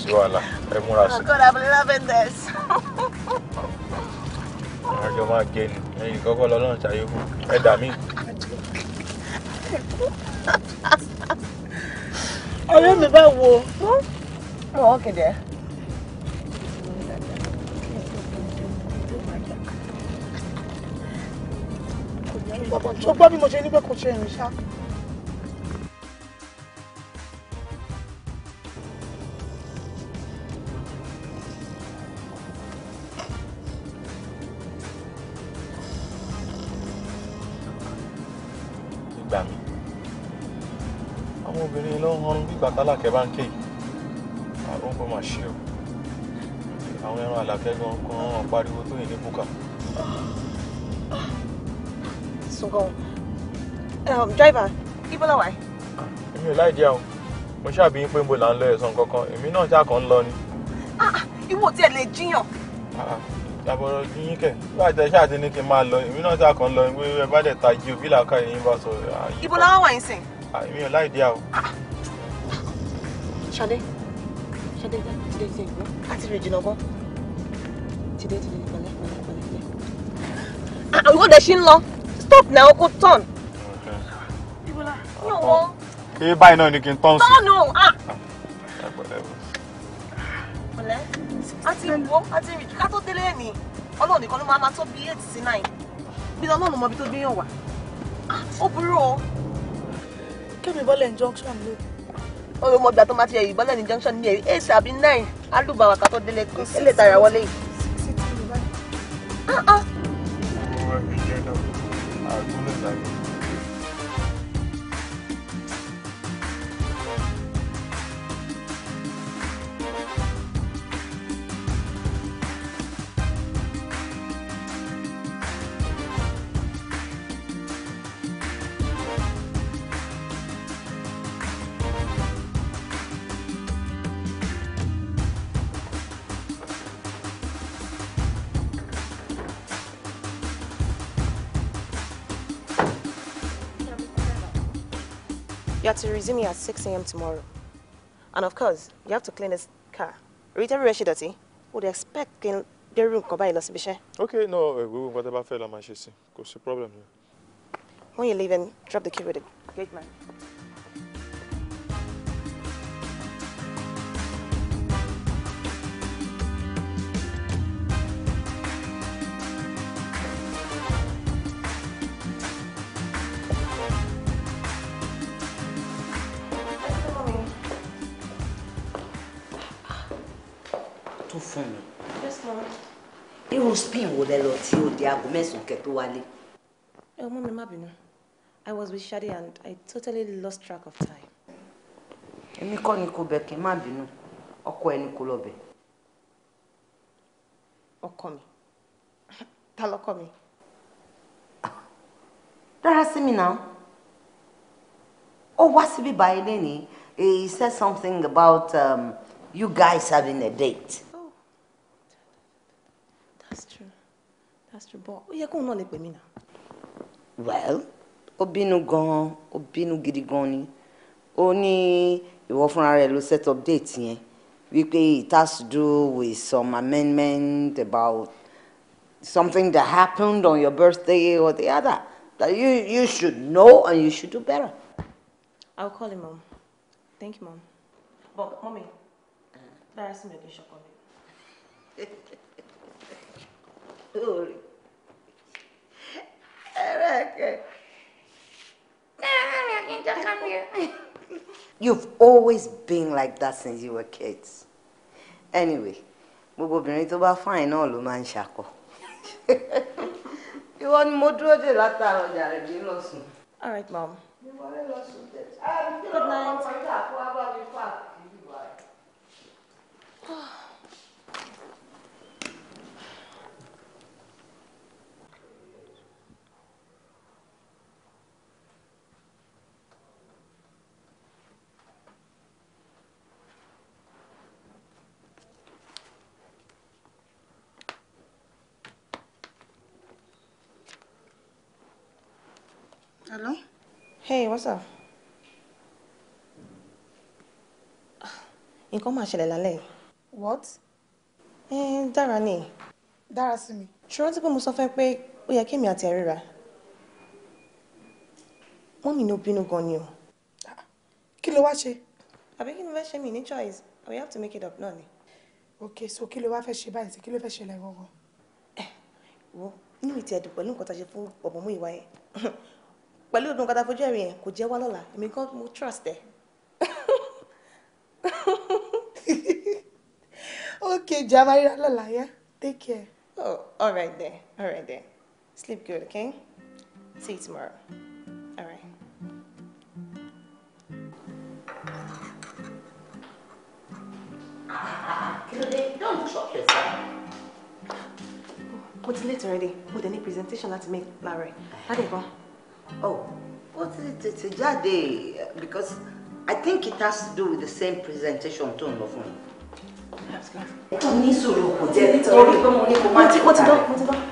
sí wàhálà ẹ múra sí. àkọ́dà abúlé lavender. àjọ máa gé ni ẹyin kọ́kọ́ lọ́lọ́run ṣàyẹ̀wò ẹ dà mí. mi bá wo mọ̀ ọ́ kẹ̀dẹ̀. Bọ́bọ̀ bí mo ṣe ní pé kò ṣe ìrìn ṣá. bánkẹ́ ó ń kó máa ṣe o àwọn ẹran àlàkẹ́ gan kan pariwo tó yìn ní bùkà. Um, driver ibo la wà. èmi ò láì jẹ́ o mo ṣàbí yín pé mo là ń lọ ẹ̀sán kankan èmi náà ṣáà kàn ń lọ ni. Ah, ah, ìwọ tiẹ̀ lè jiyàn. Ah, àbọ̀rọ̀ yín kẹ̀ láì tẹ ṣáà ti ní kí n máa lọ èmi náà ṣáà kàn ń lọ ìwé ẹ bá dẹ̀ ta jí o bí làákà yín bá sọ. ibo la wà yín sìn. èmi ò láì jẹ́ o. Ṣadé. Ṣadé jẹ́ Ṣadé jẹ́ Ati A ti rìn jìnnà gan. Ṣadé ti rìn pẹ̀lẹ́ pẹ̀lẹ́ pẹ̀lẹ́. Àwọn ìwọ́de ṣì ń lọ. Stop now, kò turn. Ibola. Yóò wọ. Ṣé báyìí náà ni kí n tán sí? Tọ́nù. Pẹ̀lẹ́. A ti wọ́, Ati, ti rìn jù ká ni. délé ẹ̀ ní. Ọlọ́run nìkan ló to ma tó bí eight sí nine. Bí Ọlọ́run mọ ibi tó gbé yàn wá. Ah, ó burú o. Kẹ́mi injunction lóbi orí ọmọ ìgbà tó máa ti ẹ̀yìn bọ́lẹ̀ ní junction ní ẹ̀rí eight àbí nine alùbáwà ká tó délé kú eléta ìràwọlé yìí. to resume at 6 a.m. tomorrow. And of course, you have to clean this car. Read everywhere she dirty. Would expect clean the room kò báyìí lọ síbi iṣẹ́. Okay, no, eh, we will whatever bá fẹ́ la máa ṣe sí. problem here. When you're leaving, drop the key with the gate man. shopping I was with Shadi and I totally lost track of time. èmi kọ́ ni kò bẹ̀ kí n má bínú ọkọ ẹni kò lọ bẹ̀. ọkọ mi ta lọkọ mi. dára sí mi náà ó wá síbí báyìí lẹ́nìí he said something about um, you guys having a date. Pastor Bob pè well ó bínú you ó bínú gidi ìwọ fúnra rẹ ló set up dates yẹn wípé it has to do with some amendment about something that happened on your birthday or the other that you you should know and you should do better. I will call him mom thank you mom. but mommy there's sí mi ò kí You've always been like that since you were kids. Anyway, gbogbo obìnrin tó bá fine náà ló máa ń ṣakọ. Ìwọ ni mo dúró dè látara ọjà rẹ̀ dé lọ All right, mom. Good night. Hey, what's up? Nǹkan come ṣẹlẹ̀ Lale. What? Eh, Dara, ni. Dara, sí mi. Ṣé rántí pé mo sọ fẹ́ pé ó yẹ kémi àti ẹ̀ ríra? Mọ́mì ní ó gan ni o. Kí ló wá ṣe? Àbí kí ni mo fẹ́ mi ní choice? We have to make it up náà ni. Okay, so kí ló wá fẹ́ ṣe báyìí sí? Kí ló fẹ́ ṣẹlẹ̀ gangan? Ẹ eh, wo inú ìtì ẹ̀dùn pẹ̀lú nǹkan tá a ṣe fún ọ̀bọ̀mú ìwà yẹn pẹ̀lú òdùn kata fojú ẹ̀rìn yẹn kò jẹ́ wá lọ́la èmi gan mo trust ẹ̀. <laughs> okay jẹ́ amáríra lọ́la yẹn take care. oh all right then all right then sleep good okay see you tomorrow all right. Kílódé, don't shock yourself. Mo ti late already. Mo dẹ̀ ní presentation láti make láàárọ̀. Ládé gan. Oh, ó ti tètè jáde because I think it has to do with the same presentation tó ń lọ fún mi. Ó ní sùúrù kò jẹ́ nítorí pé mo ní kó má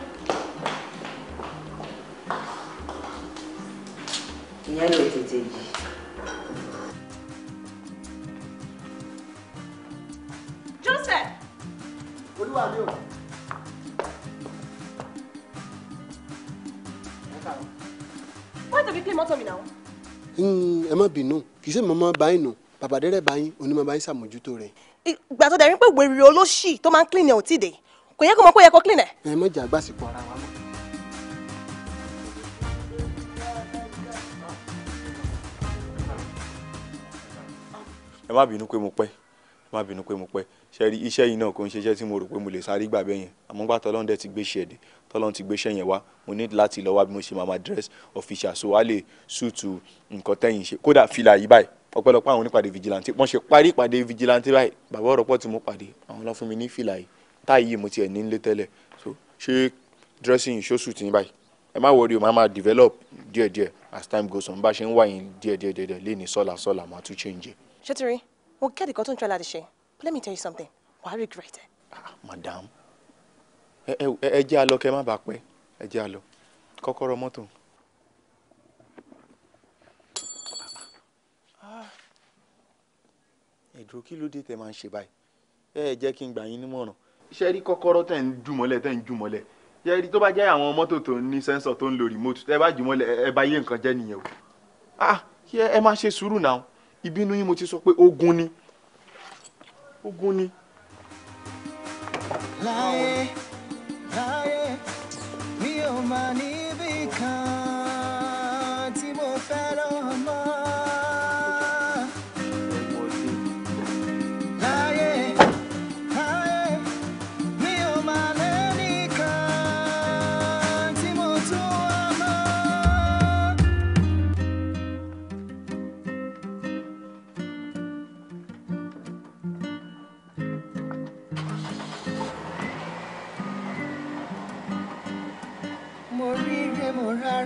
jẹ́ má bínú kì í sì mọ́mọ́ báyìí nù bàbá dẹ́rẹ́ báyìí onímọ̀ báyìí ṣàmójútó rẹ̀. ìgbà tó dẹ̀rín pé wèrè olóṣì tó máa ń clean ẹ̀ ò tí ì dé kò yẹ kó mọ kó yẹ kó clean ẹ̀. ẹ mọ̀jà gbàsìkò ara wa mọ́. ẹ má bínú pé mo pẹ́ ẹ má bínú pé mo pẹ́ ṣe rí iṣẹ́ yìí náà kò ń ṣe iṣẹ́ tí mo rò pé mo lè sáré gbà bẹ́yẹn àmọ́ gbàtọ́ ọlọ́run ti gbé ṣẹ̀dẹ̀ tọ́lọ́n ti gbéṣẹ́ yẹn wá mo ní láti lọ wá bí mo ṣe máa ma dress official so wá lè sùtù nǹkan tẹ́yìn ṣe kódà fìlà yìí báyìí ọ̀pọ̀lọpọ̀ àwọn onípàdé vigilante wọ́n ṣe parí ìpàdé vigilante báyìí bàbá ọ̀rọ̀pọ̀ tí mo pàdé àwọn lọ́ fún mi ní fìlà yìí táyì yìí mo tiẹ̀ ní nílé tẹ́lẹ̀ so ṣé dressing ṣóṣù tí ń báyìí ẹ má worry o máa máa develop díẹ̀díẹ̀ as time goes on bá ṣe ń wá yín díẹ̀díẹ̀díẹ̀ lé ní sọ́là sọ́là máa tún change. E. ṣé ti rí mo kẹ́ẹ̀dì kan tó ń tọ́ láti ṣe let me tell you something wàá regret it. ah madam ẹ jẹ́ àlọ́ kẹ́ má bàa pẹ́ ẹ jẹ́ àlọ́ kọ́kọ́rọ́ mọ́tò. ẹ̀dùn kí ló dé tẹ̀ máa ń ṣe báyìí ẹ jẹ́ kí n gbà yín nímọ̀ràn. ṣé rí kọ́kọ́rọ́ tẹ̀ ń jùmọ̀lẹ̀ tẹ̀ ń jùmọ̀lẹ̀ ṣé rí tó bá jẹ́ àwọn mọ́tò tó ní sẹ́ńsọ̀ tó ń lo rìmọ́tù tẹ́ bá jùmọ̀lẹ̀ ẹ bá yé nǹkan jẹ́ nìyẹn o. ah ẹ máa ṣe sùúrù náà ìbínú yín mo ti sọ pé ogun ni ogun ni. láyé. 나의 미움만이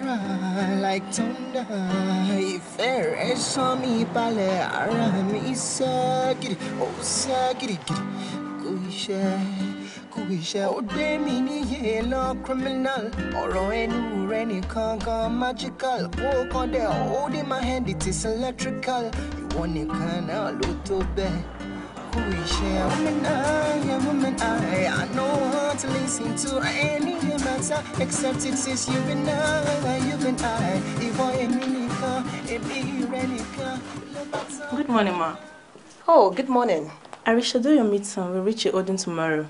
rárá like thunder ìfẹ́ rẹ̀ sán mi balẹ̀ ara mi sá gidi ó sá gidigidi kò iṣẹ́ kò iṣẹ́ ó gbé mi níyè lọ criminal ọ̀rọ̀ ẹnu rẹ nìkan gan magical ó kàn dẹ̀ holding my hand it is electrical ìwọ nìkan náà ló tó bẹ́ẹ̀. woman woman I. I know how to listen to any matter except it is you and I, you and I. Good morning, ma. Oh, good morning. I Do your meeting will reach the Odin tomorrow.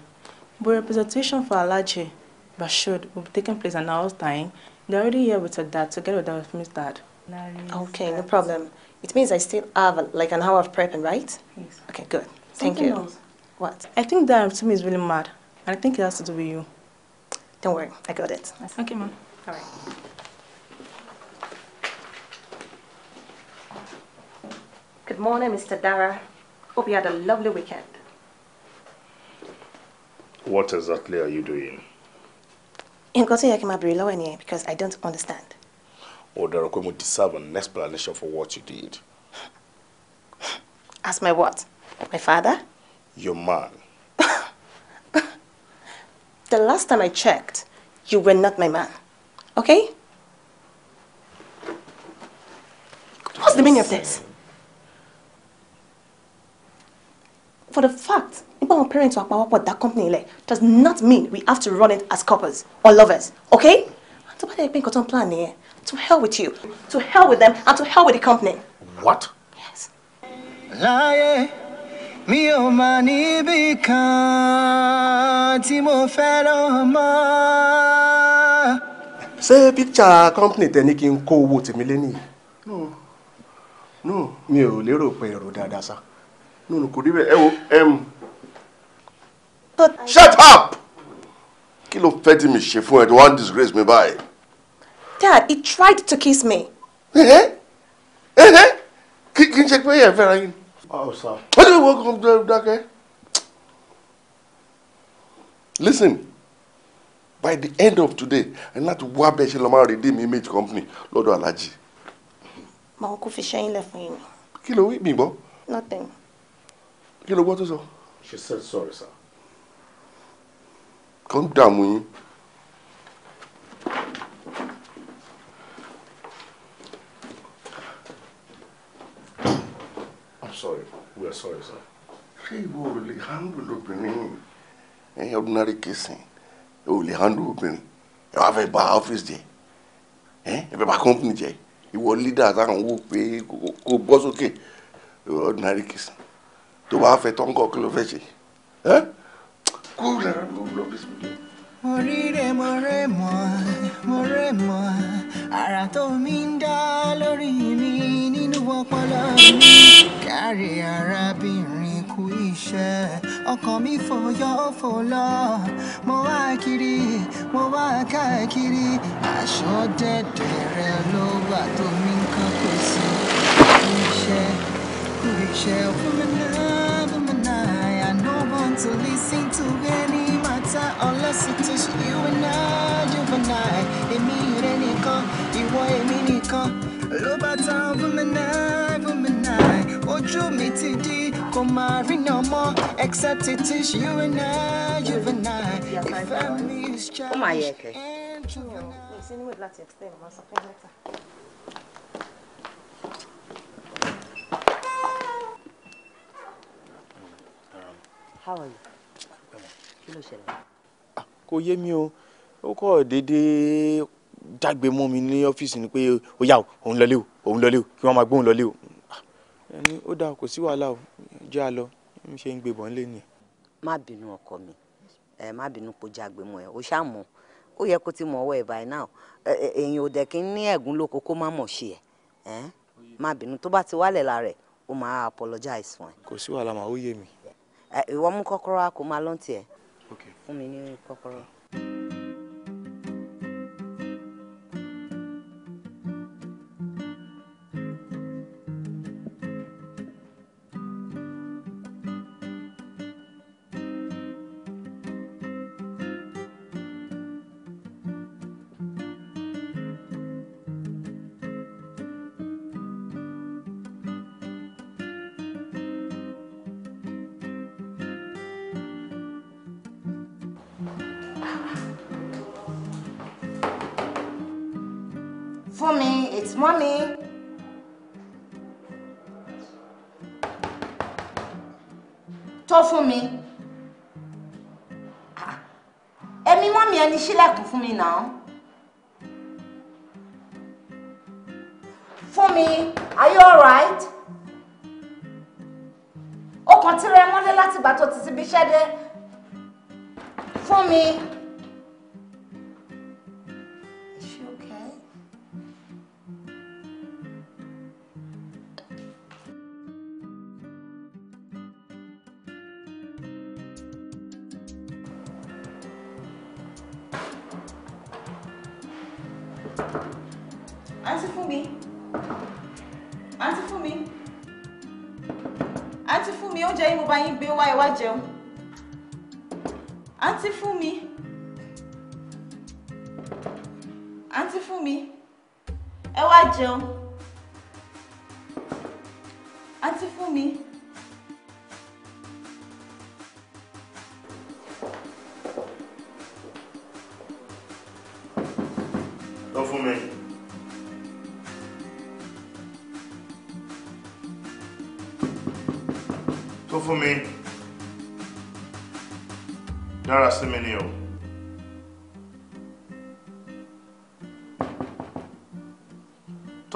But representation for Alaji Bashud will be taking place an hour's time. They're already here with her dad together with her with dad. Okay, no problem. It means I still have like an hour of prepping, right? Yes. Okay, good. Thank you. Else. What? I think that Tumi is really mad. And I think it has to do with you. Don't worry, I got it. That's okay, ma'am. All right. Good morning, Mr. Dara. Hope you had a lovely weekend. What exactly are you doing? Nǹkan yẹ kí n máa béèrè lọ́wọ́ ẹni because I don't understand. Oh, dára pé mo deserve an explanation for what you did. Ask my what? My father? Your man. <laughs> the last time I checked, you were not my man. Okay? What's the meaning of this? For the fact, nípa àwọn parents wa pawọ́pọ̀ that company ilẹ̀ does not mean we have to run it as coppers or lovers, okay? And tó bá dẹ̀ pé plan here? to hell with you, to hell with them, and to hell with the company. What? Yes. Láyé mi ò mà níbì kan tí mo fẹ́ lọ mọ́. ṣé píkṣà kọ́ńpìnì tẹ ní kí n kó owó tèmi lé nìyí. no no mi ò lérò pé èrò dáadáa sá no no kò rí bẹ́ẹ̀ ẹ wo ẹm. shut up kí ló fẹ́ tí mi ṣe fún ẹ tó wá ń disgrace mi báyìí. Dad, he tried to kiss me. Eh, eh, eh, kí n ṣe pé ẹ fẹ́ràn yín. Oh, what do you ìwọ kan that guy? listen by the end of today I'm not to wá bẹ́ẹ̀ ṣe redeem image company Lord alájì. màá kó fi ṣẹ́yìn left for yín. kí ló wí mi gbọ́. nothing. kí ló gbọ́ tó sọ. she said sorry sir. Come down with yín. sorry. We are sorry, sir. ordinary kissing ò lè handle obìnrin ẹ wá fẹ́ bà office jẹ́ ẹ fẹ́ bà company jẹ́ ìwọ leader táwọn wò pé kò bọ́ sókè ordinary kissing tó bá fẹ́ tán kọ́ kí ló fẹ́ ṣe ara to mi ń dá lórí mi nínú ọpọlọ mi jàre arábìnrin kú iṣẹ́ ọkàn mi fòyọ́ fò lọ mo wá kiri mo wá káàkiri aṣọ dẹ̀dẹ̀ rẹ ló wà tó mi nǹkan kò sí kú iṣẹ́ kú iṣẹ́ wúmínà wúmínà I no one to listen to any matter unless it is you and I juvenile èmi rẹ nìkan ìwọ èmi nìkan ló bá tán fún mi ojú mi ti di kò máa rí náà mọ́ except it is you and I you and I ìfẹ́ mi is just and you How are you? Kí ló ṣẹlẹ̀? Ah, kò yé mi o, ó kọ́ déédéé jágbe mọ́ mi ní ọ́fíìsì ni pé ó yá o, òun lọlé o, òun lọlé o, kí wọ́n máa gbóhùn lọlé o ẹni ó dáa kò sí wàhálà o jẹ́ a lọ ń ṣe ń gbé bọ̀ ń lé nìyẹn. má bínú ọkọ mi ẹ má bínú kó jágbe mọ ẹ o ṣàmọ ó yẹ kó ti mọ ọwọ́ ẹ báyìí náà èèyàn ò dẹ kí ní ẹ̀gún lóko kó má mọ̀ ṣe ẹ má bínú tó bá ti wálẹ̀ la rẹ̀ ó máa apologize fún ẹ. kò sí wàhálà màá ó yé mi. ìwọ mú kọ́kọ́rọ́ a kò máa lọ́ntì ẹ̀ fún mi ní kọ́kọ́rọ́. me now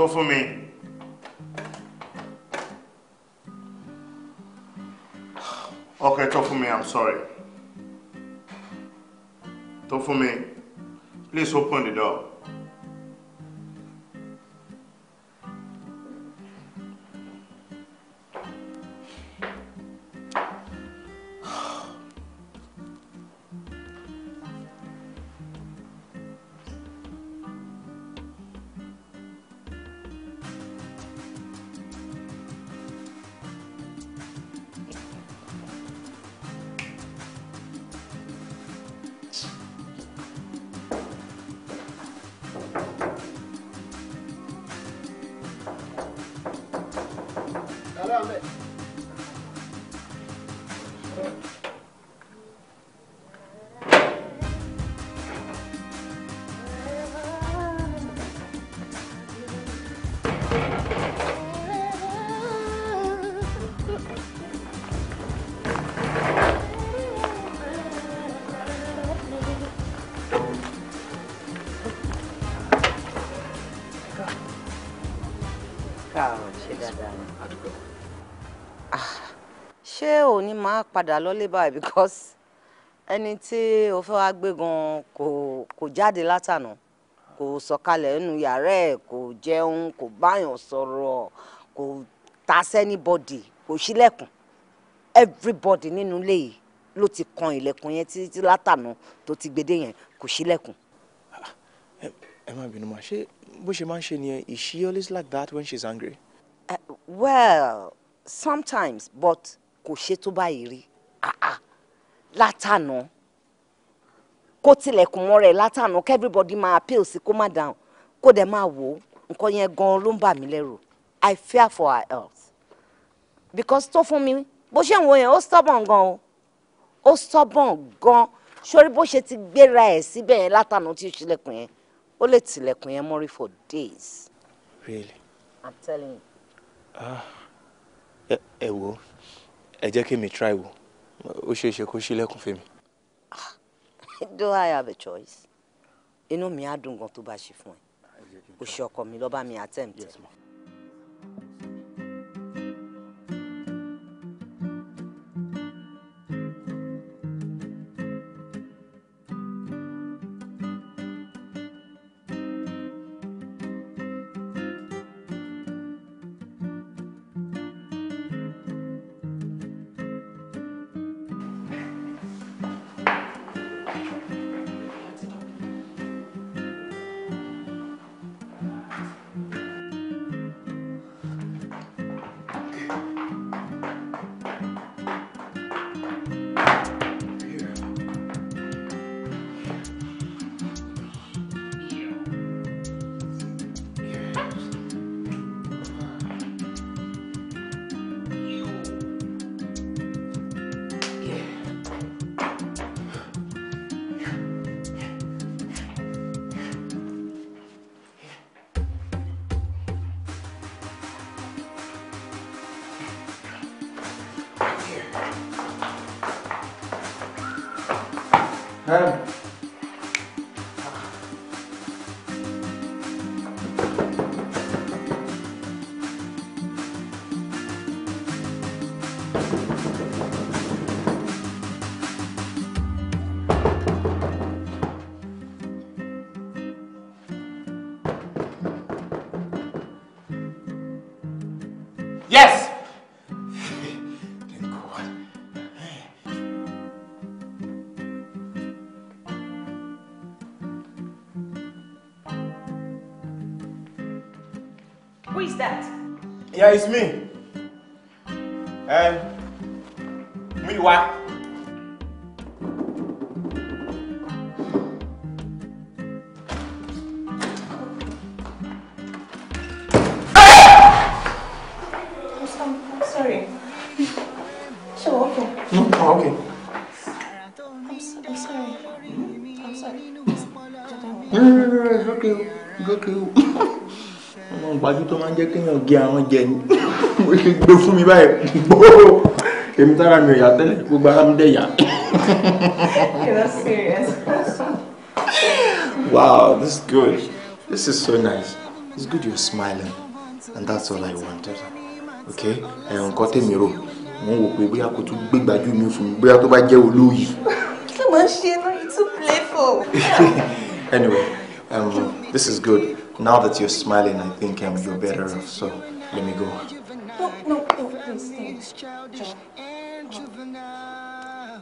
for me. káàárọ̀ ṣe dáadáa ni. Ah, ṣé ò ní máa padà lọ́lé báyìí because ẹni tí o fẹ́ wá gbé gan kò kò jáde látànà kò sọ̀kalẹ̀ nínú yàrá ẹ̀ kò jẹun kò báyàn sọ̀rọ̀ kò ta sẹ́nibọ̀dì kò ṣílẹ̀kùn everybody nínú ilé yìí ló ti kan ilẹ̀kùn yẹn títí látànà tó ti gbédè yẹn kò ṣílẹ̀kùn. Ah, ẹ má bínú mà ṣé bó ṣe máa ń ṣe nìyẹn is she always like that when she's angry. Uh, well sometimes but kò ṣe tó báyìí rí ah, ah. látànà kó tilẹ̀kùn mọ́ rẹ̀ látànà kí everybody máa appeal sí kó má down kó dẹ̀ máa wò ó nǹkan yẹn gan-an ló ń bà mí lẹ́rù I fear for her health because tó fún mi bó ṣe ń wo yẹn ó stubborn gan o ó stubborn gan sórí bó ṣe ti gbéra ẹ̀ síbẹ̀ yẹn látànà tí ó ṣílẹ̀kùn yẹn ó lè tilẹ̀kùn yẹn mọ́rí for days. really. i'm telling you. ah ẹ wo ẹ jẹ́ kí mi try wo ó ṣeé ṣe kó ṣílẹ̀kùn fún mi. do ah, i have a choice inú mi á dùn gan tó bá ṣe fún ẹ kò ṣe ọkọ mi lọ́ba mi attempt. Yes, there is me. gé àwọn jẹ ni mo lè gbé fún mi báyìí gbòòrò èmi tára mi ò yá tẹ́lẹ̀ gbogbo ara mi dẹ̀ yá. wow this is good this is so nice it's good you're smiling and that's all i wanted okay ẹ̀rọ nǹkan tèmi rò mo ń wò pé bóyá kò tún gbé gbajú mi fún mi bóyá tó bá jẹ́ olóyè. kí ló máa ń ṣe náà you too playful. <laughs> anyway um, this is good. Now that you're smiling, I think um, you're better off, so let me go. No, no, no, please stay. John.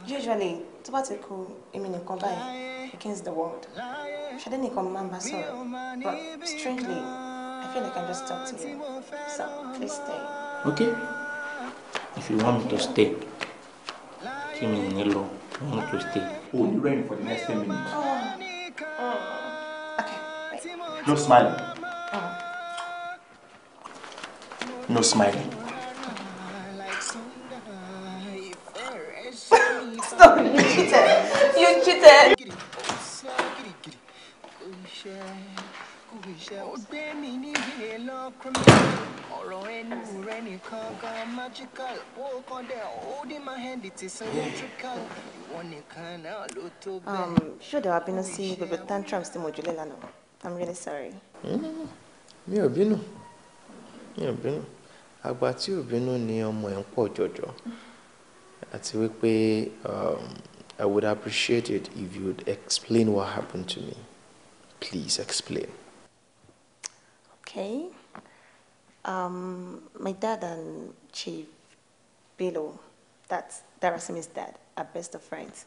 Usually, tó bá ti kù èmi nìkan báyìí against the world. Ṣadé nìkan mo máa ń but strangely, I feel like I just talk to you. So, please stay. Okay. If you want me to stay, give me ní lọ, I want to stay. Oh, you're rain for the next 10 minutes. Oh. No smiling. No smiling. Stop! You cheated! You cheated! Um, mi níbi have been ẹnu rẹ nìkan gan magical ó kàn tantrums tí mo I'm really sorry. Mm-hmm. Mi ò bínú. Mi ò bínú. Àgbà tí ò bínú ni ọmọ ẹ̀ ń pọ̀ jọjọ. Àti wípé um, I would appreciate it if you would explain what happened to me. Please explain. Okay. Um, my dad and Chief Bilo, that's Darasimi's dad, are best of friends.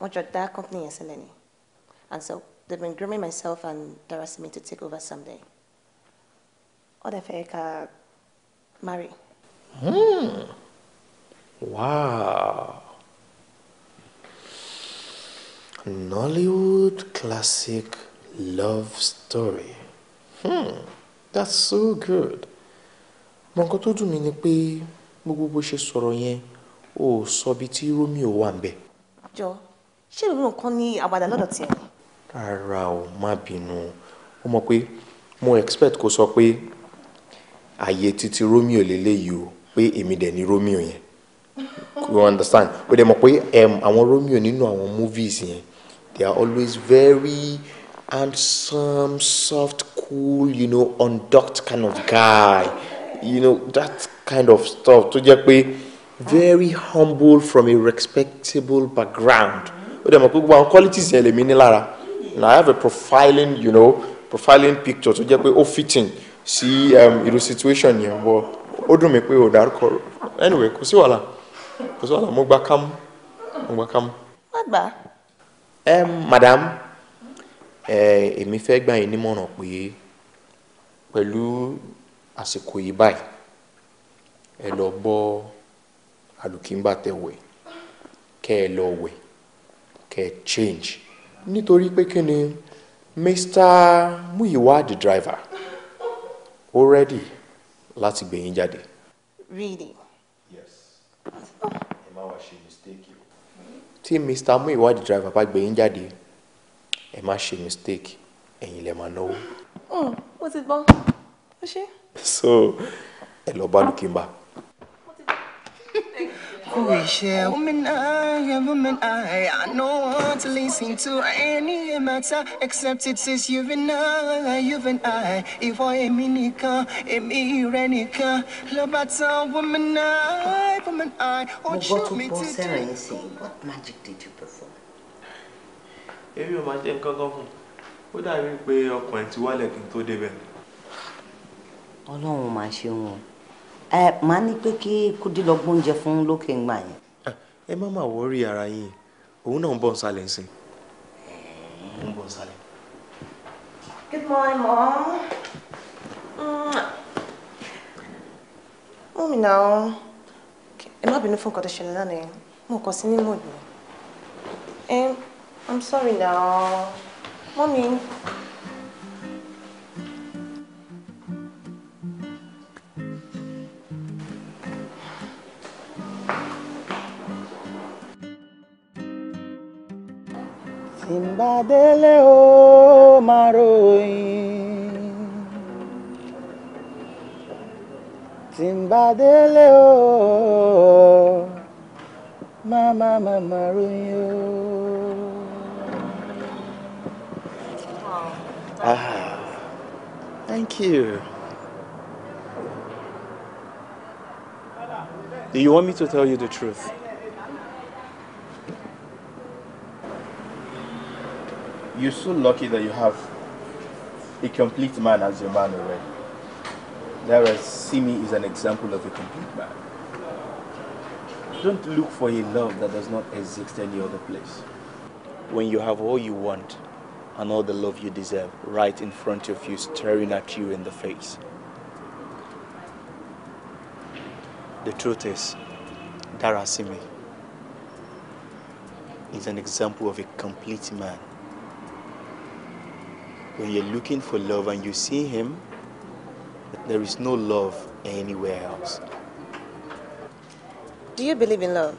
Wọ́n your dá company yẹn sílẹ̀ And so they've been grooming myself and Dara's me to take over someday. Odefeka marry. Hmm. Wow. Nollywood classic love story. Hmm. That's so good. Mo nǹkan tó dùn mí ni pé gbogbo bó ṣe sọ̀rọ̀ yẹn ò sọ bí tí Romeo wà ń bẹ̀. Jọ, ṣé ìlú nǹkan ní àwàdà lọ́dọ̀ tiẹ̀? ara ò má bínú ó mọ̀ pé mo expect kó sọ pé àyè titi Romeo lélẹ́yìí o pé èmi dẹ̀ ni Romeo yẹn you understand ó dẹ̀ mọ̀ pé àwọn Romeo nínú àwọn movies yẹn they are always very handsome soft cool you know undocked kind of guy you know that kind of stuff tó jẹ́ pé very humble from a respectable background ó dẹ̀ mọ̀ pé gbogbo àwọn qualities yẹn lèmi ní lára and I have a profiling you know profiling picture tó jẹ́ pé ó fitting sí um, irú situation yẹn wọ ó dùn mí pé ò dárúkọ anyway kò sí wàhálà kò sí wàhálà mo gba kámú mo gba kámú. wọ́n gbà ẹ um, madam eh, èmi fẹ́ gbà yín nímọ̀ràn pé pẹ̀lú àsìkò yìí báyìí ẹ lọ bọ́ àlùkìmbà tẹ̀wẹ̀ kẹ́ ẹ lọ wẹ̀ kẹ́ ẹ change nítorí pé kí ni Mr. Muyiwa the driver ó rẹ́dì láti gbé jáde. really. yes oh. ẹ tí Mr. Muyiwa the driver bá gbé yín jáde ẹ má ṣe mistake ẹ̀yin lè máa náwó. Oh, mo ti gbọ́ ó ṣe. so ẹ lọ bá lùkìmbà. mo ti <laughs> thank you. Croatia, woman I, a woman I, I know what to listen to any matter except it is you and I, you and I. If I am in Minika, am I Irenica, Lobata, woman I, woman I. What you me to do? What magic did you perform? Èmi ò máa ṣe nǹkan kan fún un. your dàbí pé ọkùnrin ti wálẹ̀ kí n tó débẹ̀. Ọlọ́run máa ṣe wọn ẹ máa ní pé kí kúdí lọ gbóúnjẹ fún lókè ń gbà yẹn. Ah, ẹ má máa wọrí ara yín òun náà ń bọ̀ nsàlẹ̀ ń sìn. ń bọ̀ nsàlẹ̀. good morning mom. mọ́mí náà ẹ má bínú fún nǹkan tó ṣẹlẹ̀ lánàá yẹn mo kàn sí ní mòdù. I'm sorry now. Mommy. Do you want me to tell you the truth? You're so lucky that you have a complete man as your man already. Whereas Simi is an example of a complete man. Don't look for a love that does not exist any other place. When you have all you want and all the love you deserve right in front of you, staring at you in the face, The truth is, Darasimi is an example of a complete man. When you're looking for love and you see him, there is no love anywhere else. Do you believe in love?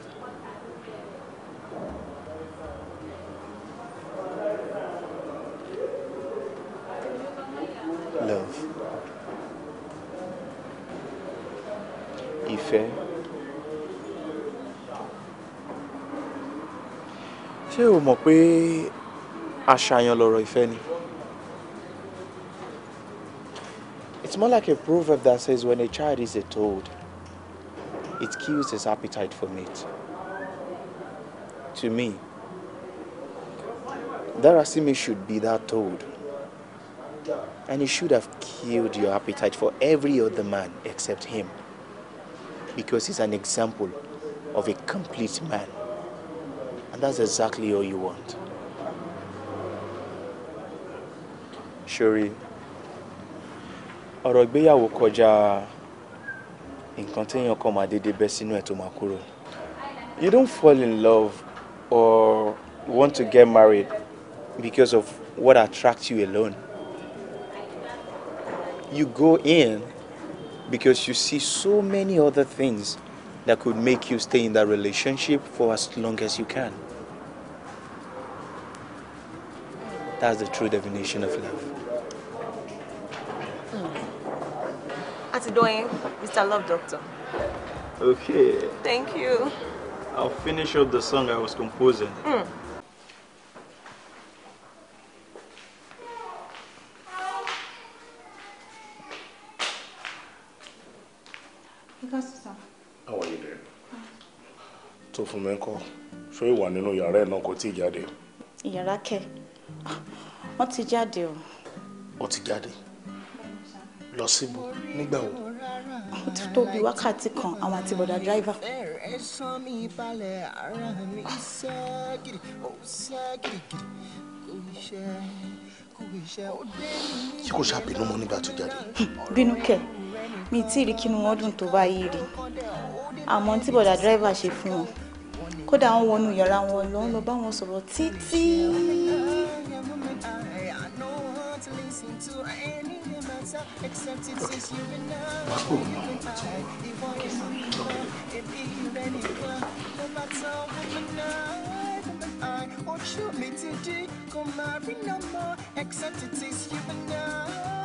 mọ̀ pé àṣàyàn lọ̀rọ̀ ìfẹ́ ni. It's more like a proverb that says when a child is a toad, it kills his appetite for meat. To me, Darasimi should be that toad. And he should have killed your appetite for every other man except him. Because he's an example of a complete man. And that's exactly all you want. Ṣorí, ọ̀rọ̀ ìgbéyàwó kọjá nǹkan téèyàn kàn máa dédé bẹ́ sínú ẹ̀ tó máa kúrò. You don't fall in love or want to get married because of what attracts you alone. You go in because you see so many other things that could make you stay in that relationship for as long as you can. That's the true definition of love. Hmm. How's it doing, Mr. Love Doctor? Okay. Thank you. I'll finish up the song I was composing. Mm. How are you there? Tó fún mi ń kọ́, ṣé ìwà nínú yàrá ẹ̀ náà kò tíì jáde? Ìyàrá kẹ̀ wọ́n ti jáde o. wọ́n ti jáde lọ síbo nígbà wo. ó ti tó bíi wákàtí kan àwọn àti bọ̀dà dráìvà. tí kò ṣàbínú mọ́ nígbà tó jáde. Hmm, bínú kẹ̀ mi tí ì rí kínú wọn dùn tó bá yí rí àmọ́ tí bọ̀dà dráìvà ṣe fún wọn kódà wọn wọnú yàrá wọn lọ lọ bá wọn sọ̀rọ̀ títí. to any matter except it is you and I. You and I, it you and No matter I, marry no more, except it is you and I.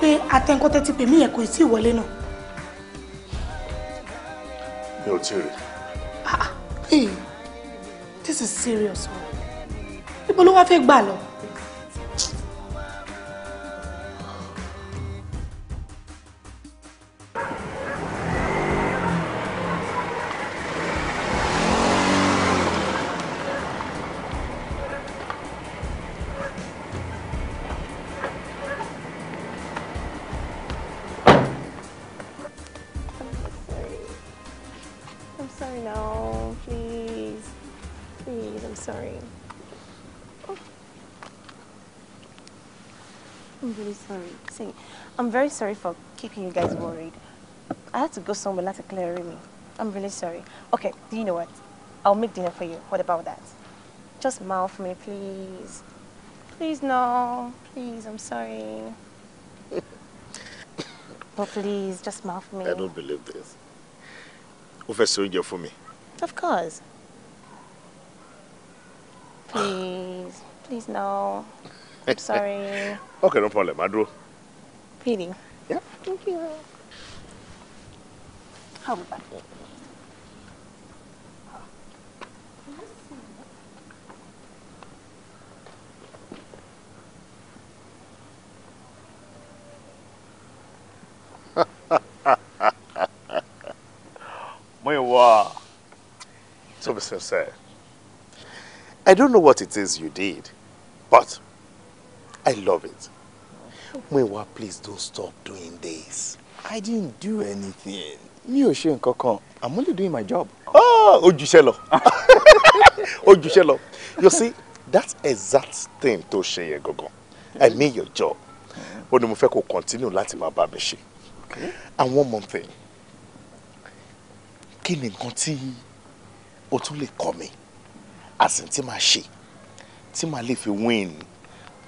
wípé atẹ́ńkọ́tẹ́ ti pè mí yẹn kò tí ì náà. mi ò tí ì rí. Ah, ah hey this is serious o ibo ló wá fẹ́ gbà lọ. I'm very sorry for keeping you guys worried. I had to go somewhere not to clear me. I'm really sorry. Okay, do you know what? I'll make dinner for you. What about that? Just mouth me, please. Please, no. Please, I'm sorry. <coughs> but please, just mouth me. I don't believe this. Ó fẹ́ for me? Of course. Please, <coughs> please, no. I'm sorry. <laughs> okay, no problem. I'll do. Feeding. Yep. Thank you. Hold on. <laughs> Wow. So, Mr. Sir, I don't know what it is you did, but I love it. Mwiwa, please don't stop doing this. I didn't do anything. Me or ṣe nǹkan kan. I'm only doing my job. Oh, <laughs> ojúṣe lọ. You see, that's exact thing to ṣe yẹn gangan. I mean your job. Ó ní mo fẹ́ kó continue to máa bá mi ṣe. And one more thing. Kí ni nǹkan tí o tún lè kọ́ mi? Àsìn tí màá win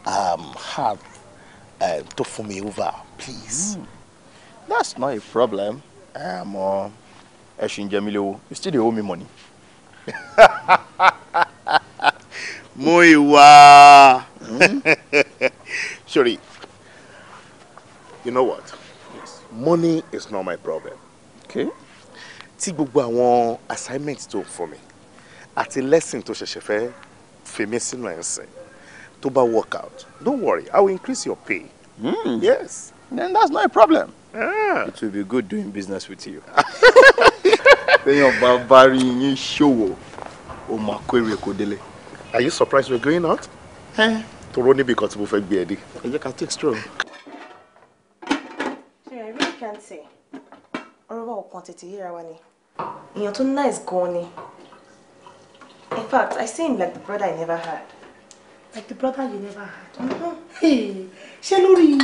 um, have uh, to fún mi over please. Mm. that's not a problem. I'm, ẹ ṣì ń jẹ mí lówó you still owe me money. <laughs> mo ìwà. Hmm? <laughs> sorry you know what yes. money is not my problem. okay. tí gbogbo àwọn assignment to fún mi àti lesson to ṣẹ̀ṣẹ̀ fẹ́ fèmí sínú ẹ̀ ń sìn work out don't worry i will increase your pay Mm. Yes. Then that's not a problem. Ah. It will be good doing business with you. <laughs> Then your barbarian show, yín ṣòwò, ó Are you surprised we're going out? Eh. Toro níbi kan tí mo fẹ́ gbé ẹ dé. Ẹ jẹ́ ká take stroll. Ṣé I really can't say? Or wa quantity here, tètè yíra wa ni. Èèyàn nice Goni. In fact, I see him like the brother I never had like the brother you never had mm-hmm. ṣé lórí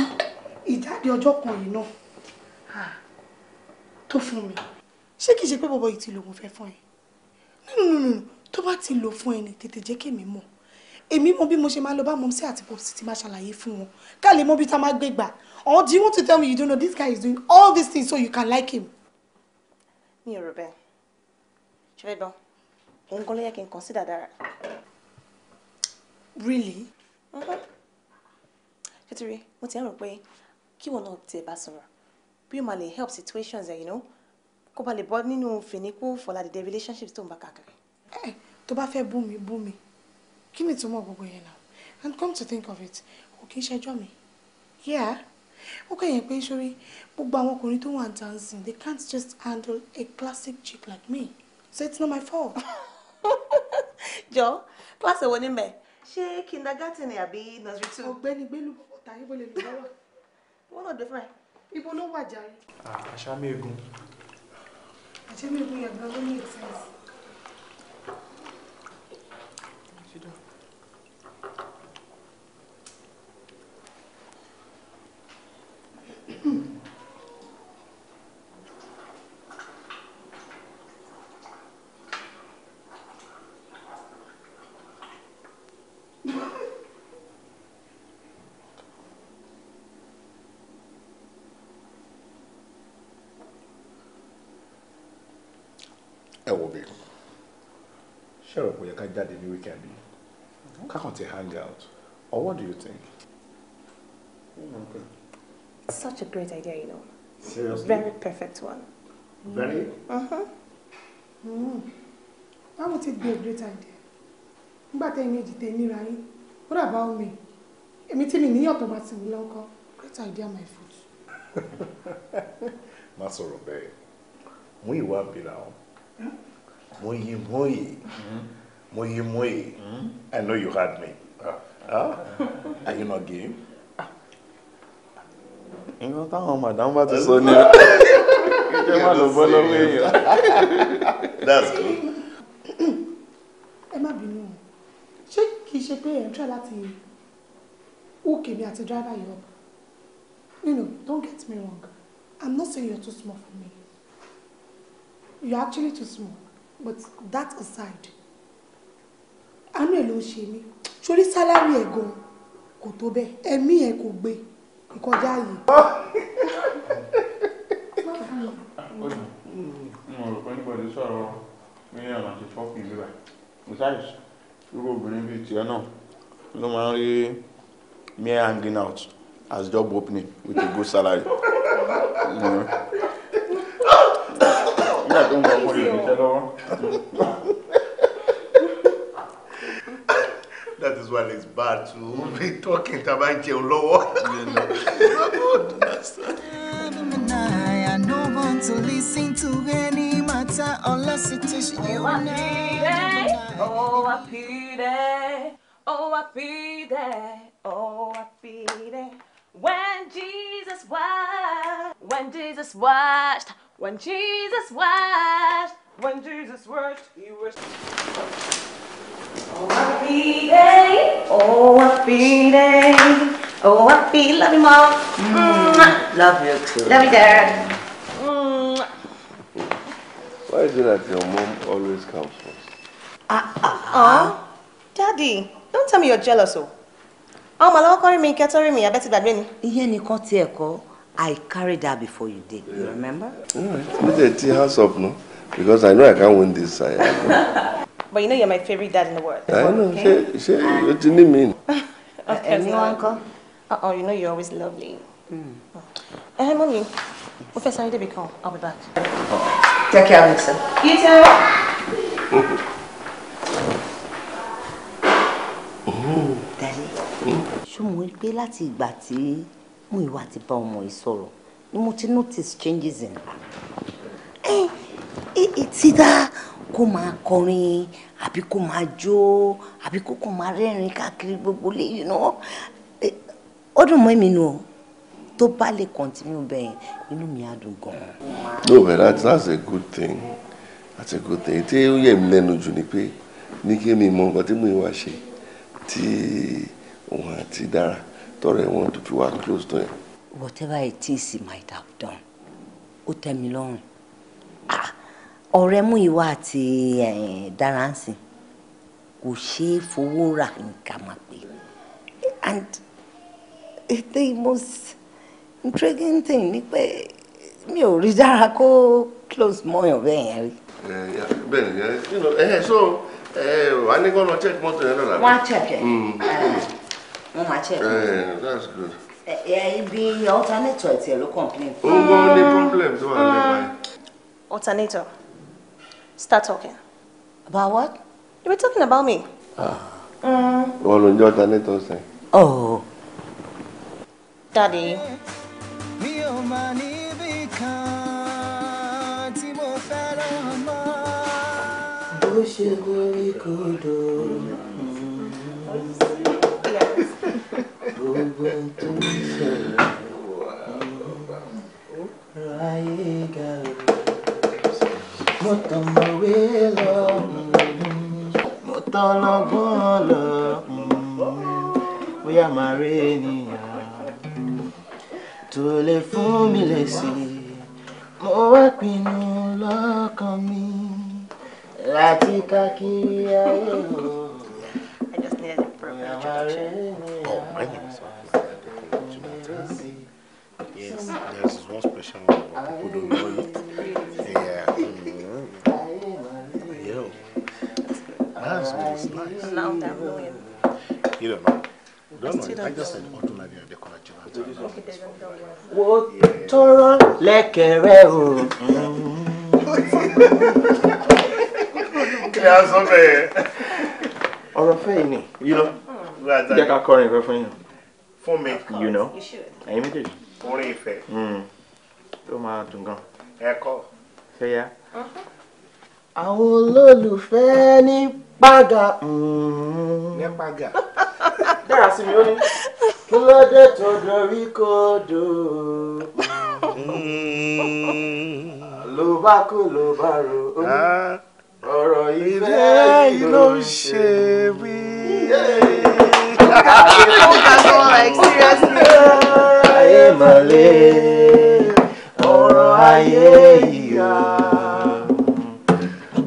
ìjáde ọjọ́ kan yìí náà tó fún mi ṣé kìí ṣe pé bọ̀bọ̀ yìí ti fe fẹ́ No no no no tó bá ti lo fún ẹ ní tètè jẹ́ kémi mọ̀ èmi mọ bí mo ṣe máa lọ bá mọ ati àti pọ̀sí ti máa ṣàlàyé fún wọn ká lè mọ bí tá máa gbé gbà or do you want to tell me you don't know this guy is doing all these things so you can like him. mi Robert. rò bẹ́ẹ̀ ṣe fẹ́ gbọ́n consider dára. Really? Ṣètìrí, mm-hmm. mo ti ń rò pé kí wọn náà tiẹ̀ bá sọ̀rọ̀ bí ó máa lè help situations ẹ̀ you know kó ba lè bọ́ nínú fìníkù fọ̀làdìdẹ relationships tó ń bá káàkiri. Ẹ eh, tó bá fẹ́ bú mi bú mi kí ni ìtumọ̀ gbogbo yẹn náà and come to think of it kò kí ń ṣẹjọ́ mi. Yeah ó kẹ̀yìn pé sórí gbogbo àwọn ọkùnrin tó wà ń dancing they can't just handle a classic chick like me so it's not my fault. <laughs> jọ kílàsì wo ni mẹ́ẹ̀ ṣé kindergarten àbí nursery two. ọ̀gbẹ́ni gbẹlú tàyè bó lè lù lọ́wọ́. wọn náà dé fún ẹ. ibo ló wà jàre. Ah, àṣà mi egun. àṣà mi egun yàgbọ́n ló ní ìtẹ́sí. That jáde ní weekend yìí kákan ti hang out or what do you think. Okay. Such a great idea, you know. Seriously? Very perfect one. Very? Uh-huh. Mm. That would be a great idea. But I need tẹ́ níra yín, what about me? Èmi tí mi níyàn tó bá ti Great idea, my foot. <laughs> Má sọ̀rọ̀ bẹ́ẹ̀. Mú ìwà bìlà ọ́. Mú yí Moi moi, hmm? I know you heard me. Huh? Ah. Ah? Are you not game? Ah. Nǹkan táwọn madam bá ti sọ ni ìjẹ́ <laughs> má lọ That's good. Emma, má bínú o, ṣé kì and try that ẹ̀ ń try láti wúkè mi driver yìí up? You know, don't get me wrong, I'm not saying you're too small for me. You're actually too small, but that aside àánú ẹ̀ ló ń ṣe mí sórí sálárì ẹ̀ gan kò tó bẹ́ẹ̀ ẹ̀mí ẹ̀ kò gbé ìkọjá yìí. mo rò pé nígbàdí sọ̀rọ̀ mílíọ̀nù àti fọ́ọ̀kì níbà besides irú obìnrin bíi tiẹ̀ náà ló máa ń rí mere hanging out as job opening with a good salary. nígbà tó ń bọ̀ wọ́n lè fi tẹ́ lọ́wọ́. that is why it's bad to be talking about your lower. to listen to any you. Oh, I it. Oh, I pity. Oh, I When Jesus washed, when Jesus washed, when Jesus washed, when Jesus washed, he was. Oh, happy day. Oh, happy day. Oh, happy. Love you, Mom. Mm. Love you, too. Love you, Dad. Mm. Why is it that your mom always comes first? Ah, uh, ah, uh, uh. Daddy, don't tell me you're jealous, oh. Oh, my love, carry me, carry me. I bet it's bad, Benny. I carried her before you did. You remember? All right. Let the tea house up, no? Because I know I can't win this. I, I <laughs> But you know you're my favorite dad in the world. I know. Okay? She, she, what do you mean? okay, Anyone uncle. Uh-oh, you know you're always lovely. Mm. Oh. Uh, hey, eh, mommy. Professor, I need to be calm. I'll be back. Take care, Alexa. You too. Hmm, daddy, ṣé mo rí pé láti ìgbà tí mo ìwà ti bá ọmọ yìí sọ̀rọ̀ ni mo ti notice changes in her. Eh, títa kó máa kọrin àbí kó máa jó àbí kó kàn máa rẹ́rìn káàkiri gbogbo lè yìí náà ó mọ́ èmi nù o tó bá lè kọ̀ntínú bẹ́ẹ̀ inú mi á dùn gan no but that, that's a good thing that's a good thing tí ó yẹ mí lẹ́nu jù ni pé ní kí mi mọ nǹkan tí mo wá ṣe tí òun àti dára tọrọ ẹ wọn tó fi wá close to yẹn. whatever it is he might have done ó tẹ́ mi lọ́rùn ah ọ̀rẹ́ mú ìwà àti Dáránsì kò ṣeé fowó rà nǹkan máa pè and the most intriguing thing ni pé mi ò rí dára kó close mọ́yàn bẹ́ẹ̀ yẹn rí. bẹ́ẹ̀ ẹ so wà á ní kó lọ check mọ́tò yẹn lọ́la. wọ́n á check ẹ̀ mm. wọ́n máa check. that's ibi alternator ẹ̀ tiẹ̀ ló complain. ó ní problem tó wà lẹ́wọ̀n. alternator. Start talking. About what? You were talking about me. Ah. Mm. Well, enjoy that Oh. Daddy. Yes mo tàn mọ̀wé lọ mo tàn lọ́gbọ́n lọ bóyá màá rí ènìyàn tó lè fún mi lésì mo I just needed a proper oh, Yes, there's one special one, but people don't know it. Now that ruin. You don't know. Don't know. I just said Ọdúnladé Adékọlá. Wo tọrọ lẹ́kẹ̀rẹ́ o. Kí ni a sọ bẹ́ẹ̀? Ọ̀rọ̀ fẹ́ yìí You know. Hmm. Jẹ́ ká kọrin ìfẹ́ fún yín. Fún mi. You know. Ẹ̀yin méjèèjì. Orin ìfẹ́. Hmm. Tó máa dùn gan. Ẹ kọ́. Ṣé yá? Uh-huh. àwọn olólùfẹ́ ní pàgà. Mm-hmm. ní pàgà. <laughs> dára sí mi ó ní. kí ló dé tó dorí kodò. Mm-hmm. ló bá kú ló bá ro. Ah. ọ̀rọ̀ ìfẹ́ yìí ló ń ṣe wí. Ayé màlẹ́, ọ̀rọ̀ ayé ìyá.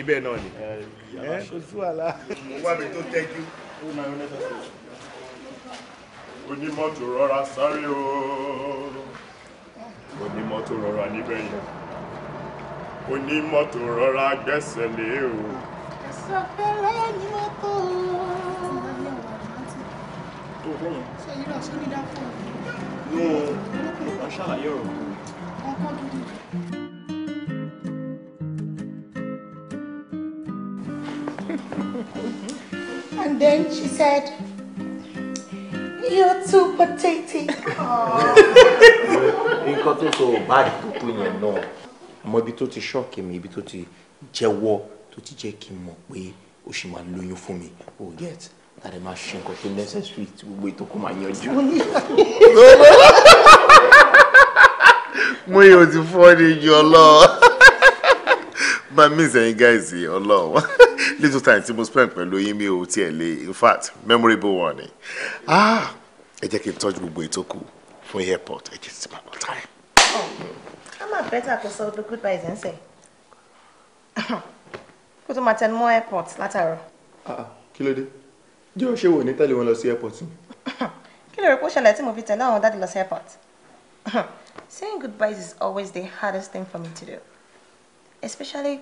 níbẹ̀ náà ni. ẹ kò sí wàhálà. mo wá mi tó tẹ́jú. onímọ́tò rọra sáré o onímọ́tò rọra níbẹ̀ yẹn onímọ́tò rọra gbẹ́sẹ̀ lé o. ẹ̀sọ́ fẹ́rẹ́ onímọ́tò. tó o ṣé irú ọ̀ṣun ní dáfọ́? ọ̀ṣàlàyé ọ̀rọ̀. ọkọ̀ dúdú. Then she said, You're too pathetic. Nǹkan tó so bad, tó tó yẹn náà. Àmọ́ ibi tó ti ṣọ́ọ̀kì mi, ibi tó ti jẹ́wọ́, tó ti jẹ́ kí n mọ̀ pé o ṣì máa lóyún fún mi. O oh, get láti máa ṣe nǹkan tó necessary tí gbogbo ètò kò máa yanjú. Mo yóò ti fọ́ ni jù ọlọ́ọ̀. Máa mí sẹ́yìn gáìsì ọlọ́ọ̀ little time tí mo spend pẹ̀lú yín mi ò tiẹ̀ lé in fact memorable one ni ah ẹ jẹ́ kí n tọ́jú gbogbo ètò kù fún airport ẹ jẹ́ sinmi all time. ká máa bẹ́tà kó sọ ọdún goodbye ìzẹ́nsẹ̀ kó tó máa tẹnu mọ́ airport látàárọ̀. Ah, kí ló dé jẹ́ ọ ṣe wò ní tẹ̀lé wọn lọ sí airport ni. kí ló rẹ kó ṣẹlẹ̀ tí mo fi tẹ̀lé àwọn dáàdì lọ sí airport saying goodbyes is always the hardest thing for me to do especially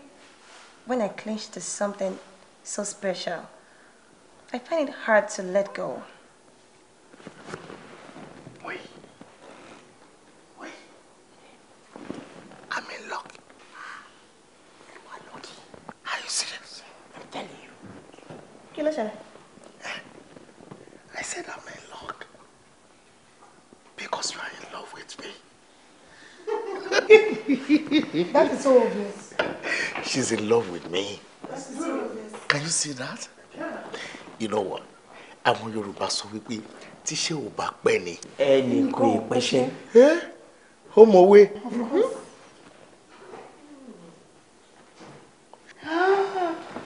when I cling to something so special, I find it hard to let go. Wait. Wait. I'm in luck. You are lucky. Are you serious? I'm telling you. You listen. I said I'm in luck. Because you are in love with me. <laughs> that is so obvious. She's in love with me. That is so obvious. Can you see that? Yeah. You know what? Àwọn Yorùbá sọ wípé tíṣẹ́ ò bá pẹ́ ni. Ẹnì kò ì pẹ́ṣẹ́. Ẹ́ eh? ó mọ̀wé.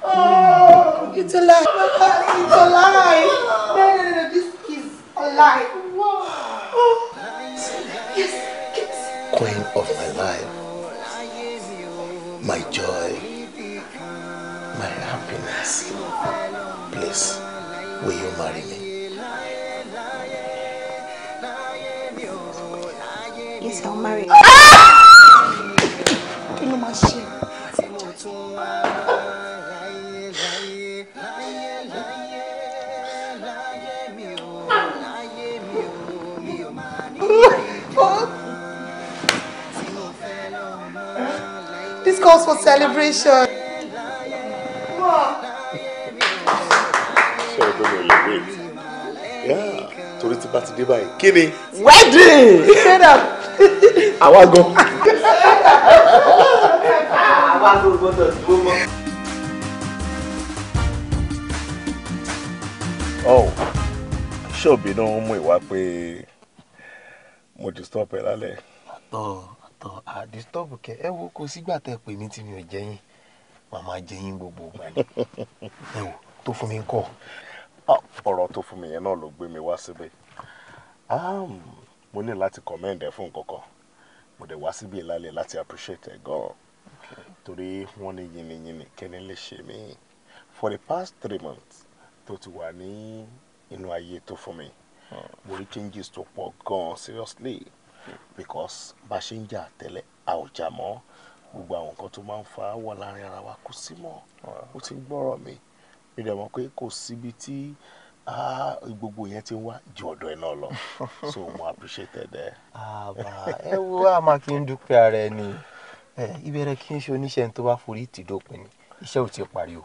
Ah, oh, it's a lie. It's a lie. No, no, no, no, this is a lie. Wow. Ah queen of my life, my joy, my happiness. Please, will you marry me? Yes, I'll marry you. Ah! calls for celebration. Ṣé ọdún mi ò lè wait? Torí tí bá ti dé báyìí, kí ni? Wedding! Àwa gan. Àwa ló gbọ́dọ̀ dúró mọ́. Oh, ṣé òbí náà ń mú ìwà pé mo disturb ẹ lálẹ́? Àtọ̀. Oh tọ̀ à disturb kẹ ẹ wo kò sígbà tẹ pè mí tí mi ò jẹ yín màmá jẹ yín gbogbo ìgbà ni <laughs> ẹ wò tó fún mi ń kọ. Ah, ọ̀rọ̀ tó fún mi yẹn náà ló gbé mi wá síbẹ̀ mo ní láti commend ẹ fún nǹkan kan mo dẹ̀ wá síbí lálẹ́ láti appreciate ẹ gan-an torí wọ́n ní yìnyínyìnyín kẹ́ni lè ṣe mí for the past three months tó ti wà ní inú ayé tó fún mi mo rí changes tó pọ̀ gan-an seriously because bá a ṣe ń jà tẹ́lẹ̀ a ò jà mọ́ gbogbo àwọn nǹkan tó máa ń fa wà láàrin ara wa kò sí mọ́ ó ti ń gbọ́rọ̀ mi mi dẹ̀ mọ̀ pé kò síbi tí gbogbo yẹn ti wá ju ọ̀dọ̀ ẹ̀ náà lọ so mo appreciate ẹ̀ dẹ́. Ah, àbá ẹ wo a máa kí n dúpẹ́ ara ẹ ni ìbẹ̀rẹ̀ kí n ṣe oníṣẹ́ tó bá forí tì dópin ni iṣẹ́ ò ti parí o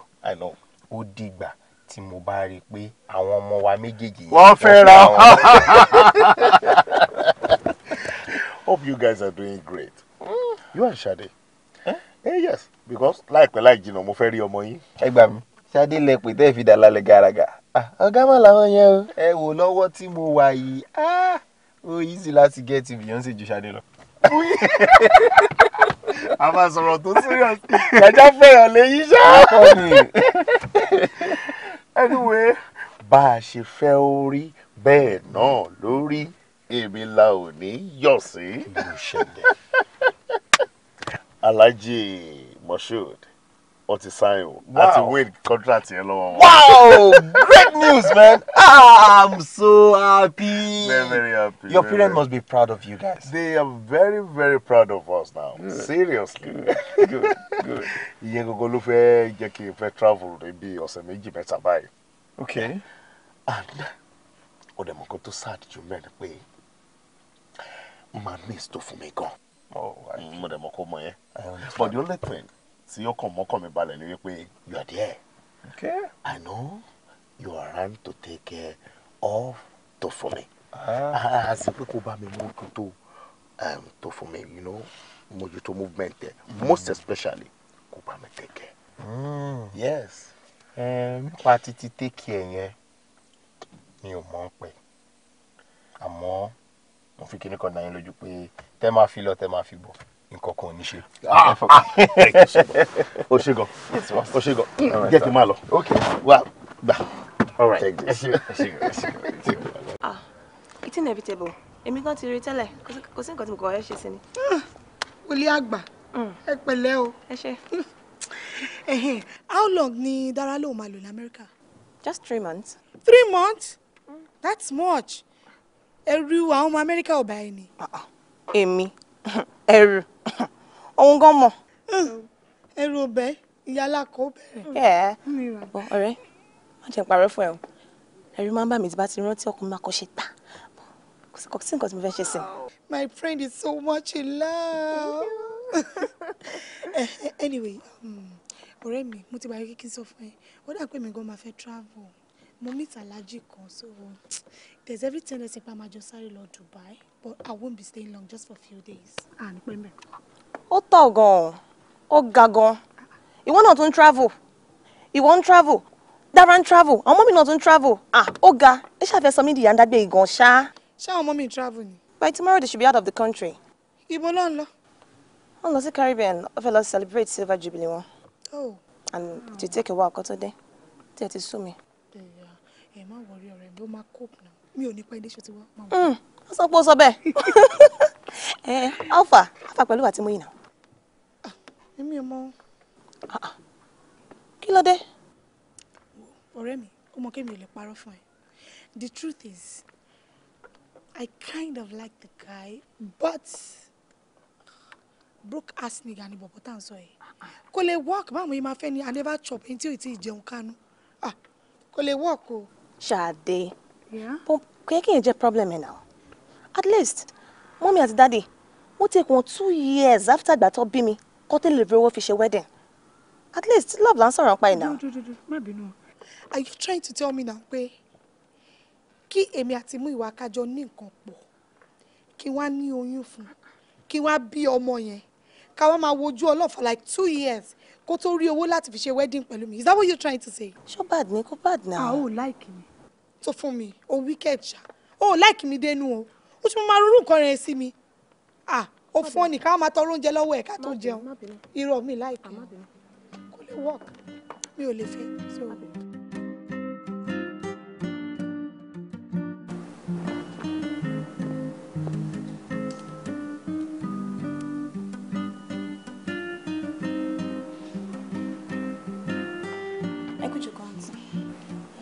ó dìgbà tí mo bá rí i pé àwọn ọmọ wa méjèèjì yẹn wọ́n fẹ́ràn. <laughs> Hope you guys are doing great. Mm. You and Shade. Eh? Eh, yes, because like láìpẹ́ láì jìnnà mo fẹ́ rí ọmọ yín. Ẹ gbà mí, Ṣadé lẹ pè tẹ́ fi dàlálẹ̀ gàràgà. Ah, ọ̀gá mà on you. Eh, Ẹ wò lọ́wọ́ tí mo wà Ah, Ó easy to get Beyonce ju Ṣadé lọ. <laughs> A máa sọ̀rọ̀ tó serious. Jàjà fẹ̀yàn lẹ́yìn ṣá. Anyway, bá a ṣe fẹ́ orí bẹ́ẹ̀ náà lórí èmi la ò ní yọ̀ sí. Alhaji Moshood wọ́n ti sign o wọ́n win contract yẹn lọ́wọ́ wow great news man i'm so happy. very very happy. your parents must be proud of you guys. they are very very proud of us now good. seriously. good good. iye gbogbo ló fẹ́ jẹ́ kí n fẹ́ travel rẹ bí ọ̀sẹ̀ méjì mẹ́ta báyìí. okay. and ọ̀dẹ̀mọ̀kọ́ tó sad jù mẹ́rin pé mo máa ní ìsítò fún mi gan mo dẹ̀ mọ̀ kó mọ̀ yẹn but the only thing tí ó kàn mọ́kàn mi balẹ̀ ni wípé you are there okay. I know you are around to take care of tó Me. mi ah. ah, àti pé kó bá mi mú to um, tó fún mi you know mójútó movement ẹ mm. most especially kó bá mi take care. Mm. yes. Eh, nípa títí take care yẹn mi ò mọ̀ ń pẹ́ àmọ́ mo fi kíní kan dáyín lójú pé tẹ́ máa fi lọ tẹ́ máa fi bọ̀ nǹkan kan ò ní ṣe. Ah, ah, o <laughs> ṣe gan o ṣe gan jẹ́ kí máa lọ. ok wa gba. it's inevitable èmi kan ti rí tẹ́lẹ̀ kò sí nǹkan tí mo kàn fẹ́ ṣe sí ni. olè ah, àgbà mm. ẹ pẹ̀lẹ́ o. ẹ ṣe. <laughs> how long ni Dara ló máa lò ní America. just three months. three months? that's much ẹrù àwọn ọmọ amẹ́ríkà ò báyìí ni. èmi ẹrù òun gan mọ̀. Hmm. ẹrù ọbẹ ìyá alákọ bẹ̀rẹ̀. ọ̀rẹ́ má jẹ́ parọ́ fún ẹ o ẹrù máa ń bà mí tí bá ti rántí ọkùnrin máa kọ́ ṣe ta kò sí nǹkan tí mo fẹ́ ṣe sí. my friend is so much in love. <laughs> Eh, eh, anyway um, ọ̀rẹ́ mi mo ti bá yẹ kí n sọ fún ẹ ó dà pé mi gan máa fẹ́ travel mo meet Alhaji kan so there's every tendency pa máa jọ Lord lọ Dubai but I won't be staying long just for a few days. à ní pẹ́ mbẹ́. ó tọ̀ gan-an ó ga gan-an ìwọ náà tún travel ìwọ ń travel Dara ń travel àwọn ọmọ mi náà tún travel ah ó ga ẹ ṣàfẹ́ sọ mí di yàǹdàgbé gan ṣá. ṣé àwọn ọmọ mi travel ni. by tomorrow they should be out of the country. ibo ló ń lọ. wọ́n lọ sí Caribbean wọ́n fẹ́ lọ celebrate silver jubilee wọn. oh. and to take a walk kó tó dé tí ẹ ti sú mi ẹ má wọrí ọ̀rẹ́ mi ó máa cope náà mi ò ní pẹ́ dé ṣó ó hmm, sọ pé ó sọ bẹ́ẹ̀ ẹ alpha alpha pẹ̀lú àti mú ìnà. Ah, èmi ò mọ. Ah, ah. kí ló dé. ọ̀rẹ́ mi ó mọ kémi ò lè parọ́ fún ẹ the truth is I kind of like the guy but broke ass nigga ni bọ̀bọ̀ tá à ń sọ yìí kò lè work báwo yìí máa fẹ́ ni i never chop until it is tí ì jẹun kánú kò lè work o. Oh. Shade. Yeah. But can you kí n problem ẹ̀ náà. At least, mommy and daddy, wọ́n take one two years after that. tó bí mi kó tó lè fi wedding. At least, love la ń now. No, no, no, no. Maybe no. Are you trying to tell me now pé Ki èmi àti mú ìwà kájọ ní nǹkan pọ̀ kí wọ́n á ní oyún fún kí wọ́n á bí ọmọ yẹn ká wọ́n máa wojú like two years kó tó rí owó láti fi ṣe wedding pẹ̀lú mi is that what you're trying to say. ṣó bad ni kó bad na. a ah, ò láìkì mi. tó fún mi o wicked ṣá o ò láìkì mi dénú o ó tún máa rúrú nǹkan rẹ̀ sí mi ah o fún ọ nìkan máa tọrọ oúnjẹ lọ́wọ́ ẹ̀ ká tó jẹun irọ́ mi láìpẹ́ ah, kò lè work mi ò lè fẹ́ so.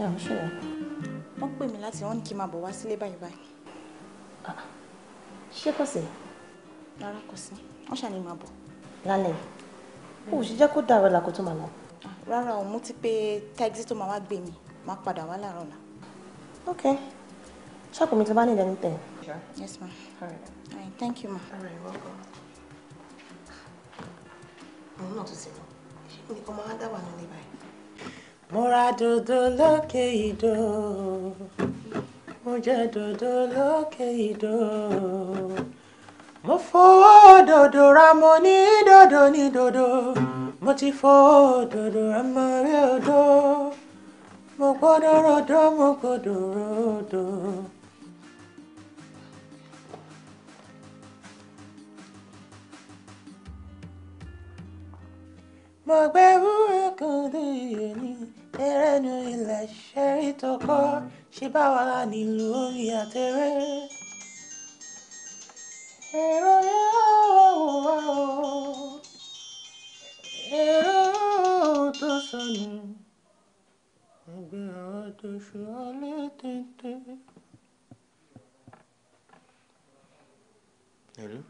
ẹ̀ ń ṣe. wọ́n pè mí láti wọ́n ní kí n máa bọ̀ wá sílé báyìí báyìí. Ah, ah. ṣé kò sí? rárá kò sí wọ́n ṣàní máa bọ̀. lálẹ́ yìí ó sì jẹ́ kó dàrọ́ làkó tó máa lọ. Ah, rárá o mú ti pé táìsì tó máa wá gbé mi máa padà wá láàárọ̀ la. ok ṣọ́ọ̀pù mi tó bá ní tẹ̀. yes ma. all right. all right thank you ma. all right welcome. òun náà tún ti lọ ṣé nǹkan máa ń dá wà nílé báyìí mo ra dòdò lókè ìdó mo jẹ dòdò lókè ìdó mo fowó dòdò ra mo ní dòdò ní dòdò mo ti fowó dòdò ra mo rí odò mo gbọ́dọ̀ rọ̀dọ̀ mo gbọ́dọ̀ rọ̀dọ̀. mo gbẹ́rù ẹ̀kan lóye ní ẹrẹ́nu ilẹ̀ ṣẹ́rí tó kọ́ ṣe bá wa ní lórí àtẹ̀rẹ́. èrò yóò wá o èrò tó sọnù ẹgbẹ́ ọ̀dọ́ṣù alẹ́ tètè. Hello?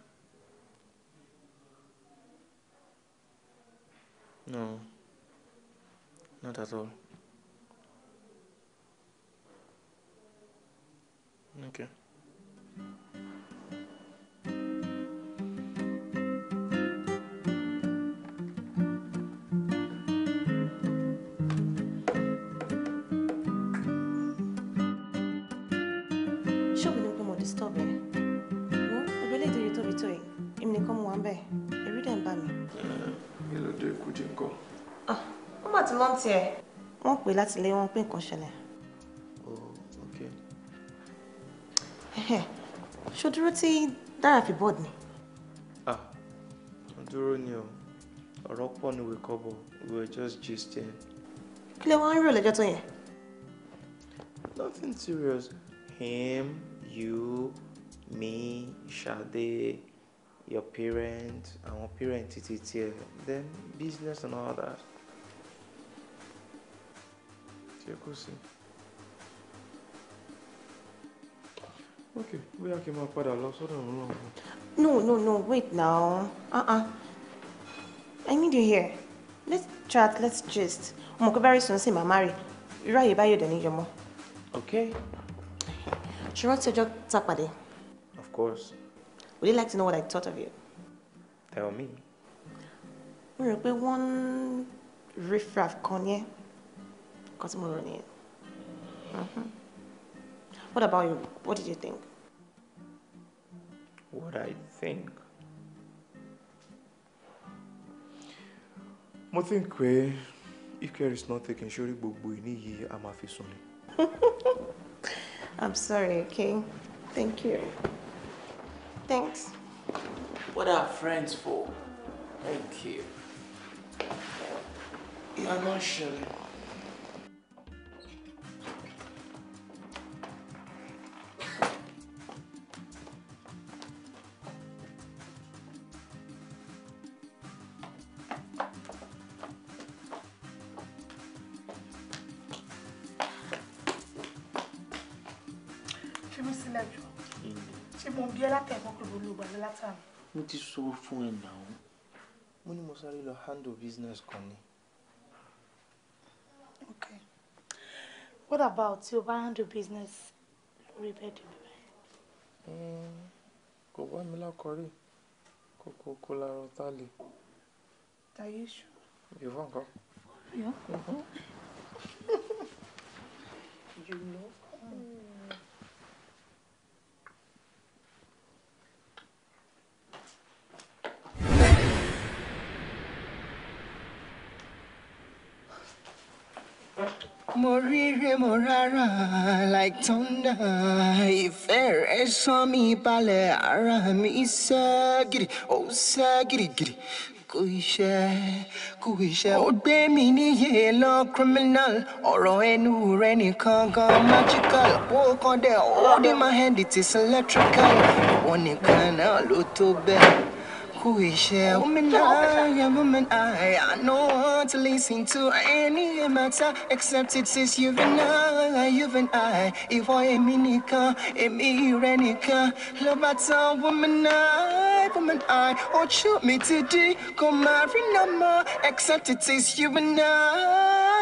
No, not at all. Okay. Show me not more disturbing? nìkan mo wà ń bẹ̀ ẹ̀rí dẹ̀ ń bà mí. kí ló dé kùdí nǹkan. Ah, ó mà ti lọ́n tiẹ̀. wọ́n pè láti lé wọn pé nǹkan ṣẹlẹ̀. Oh, ṣó dúró tí dára fi bọ́ọ̀dù ni. ah dúró ni o ọ̀rọ̀ pọ̀ ní wíkọ́bọ̀ we were just gisting. kí lè wá ń rí òlẹ́jọ́ tó yẹn. nothing serious him you me Ṣadé your parents àwọn parents títí tiẹ̀ then business and all that tí kò sí. okay bóyá kí n máa padà lọ sọ́dọ̀ òun náà. no no no wait now uh-uh. I need you here let's chat let's gist ọmọ kò bẹ́rẹ̀ sùn sí màmá rẹ̀ irú àyè báyọ̀ dẹ̀ níyọmọ. okay. ṣùgbọ́n tí ọjọ́ ta pàdé. of course. Would you like to know what I thought of you? Tell me. Mo rò pé one riffraff kan yẹn. Nǹkan tí mo rò nìyẹn. Mm-hmm. What about you? What did you think? What I think? Mo think pé if care is not taken, ṣé orí gbogbo ìní yìí a máa <laughs> I'm sorry, okay? Thank you. Thanks. What are friends for? Thank you. You're not sure. fún ẹ náà. mo ní mo sáré lọ handle business kan ni. okay what about tí o bá handle business lórí bẹ́ẹ̀dì mi báyìí. kò bá mi lákọrí kókó kó lára ọ̀tá lè. are you sure. ìwọ nǹkan. Yeah. mm you know. Mm. Um, mo rírè mo rárá like thunder If rẹ is some balẹ̀ ara mi sẹ́ Oh, ó sẹ́ gidigidi kú iṣẹ́ kú iṣẹ́. ó criminal ọ̀rọ̀ ẹnu rẹ nìkan gan magical ó kàn hold in my hand it is electrical wọn nìkan náà ló tó bẹ́ẹ̀. we Woman, I woman, I. I know to listen to any matter, except it is you and I, you and I. If I am Minika, Emi Renika, Lobata, woman, I, woman, I. Or shoot me today, come marry no more, except it is you and I.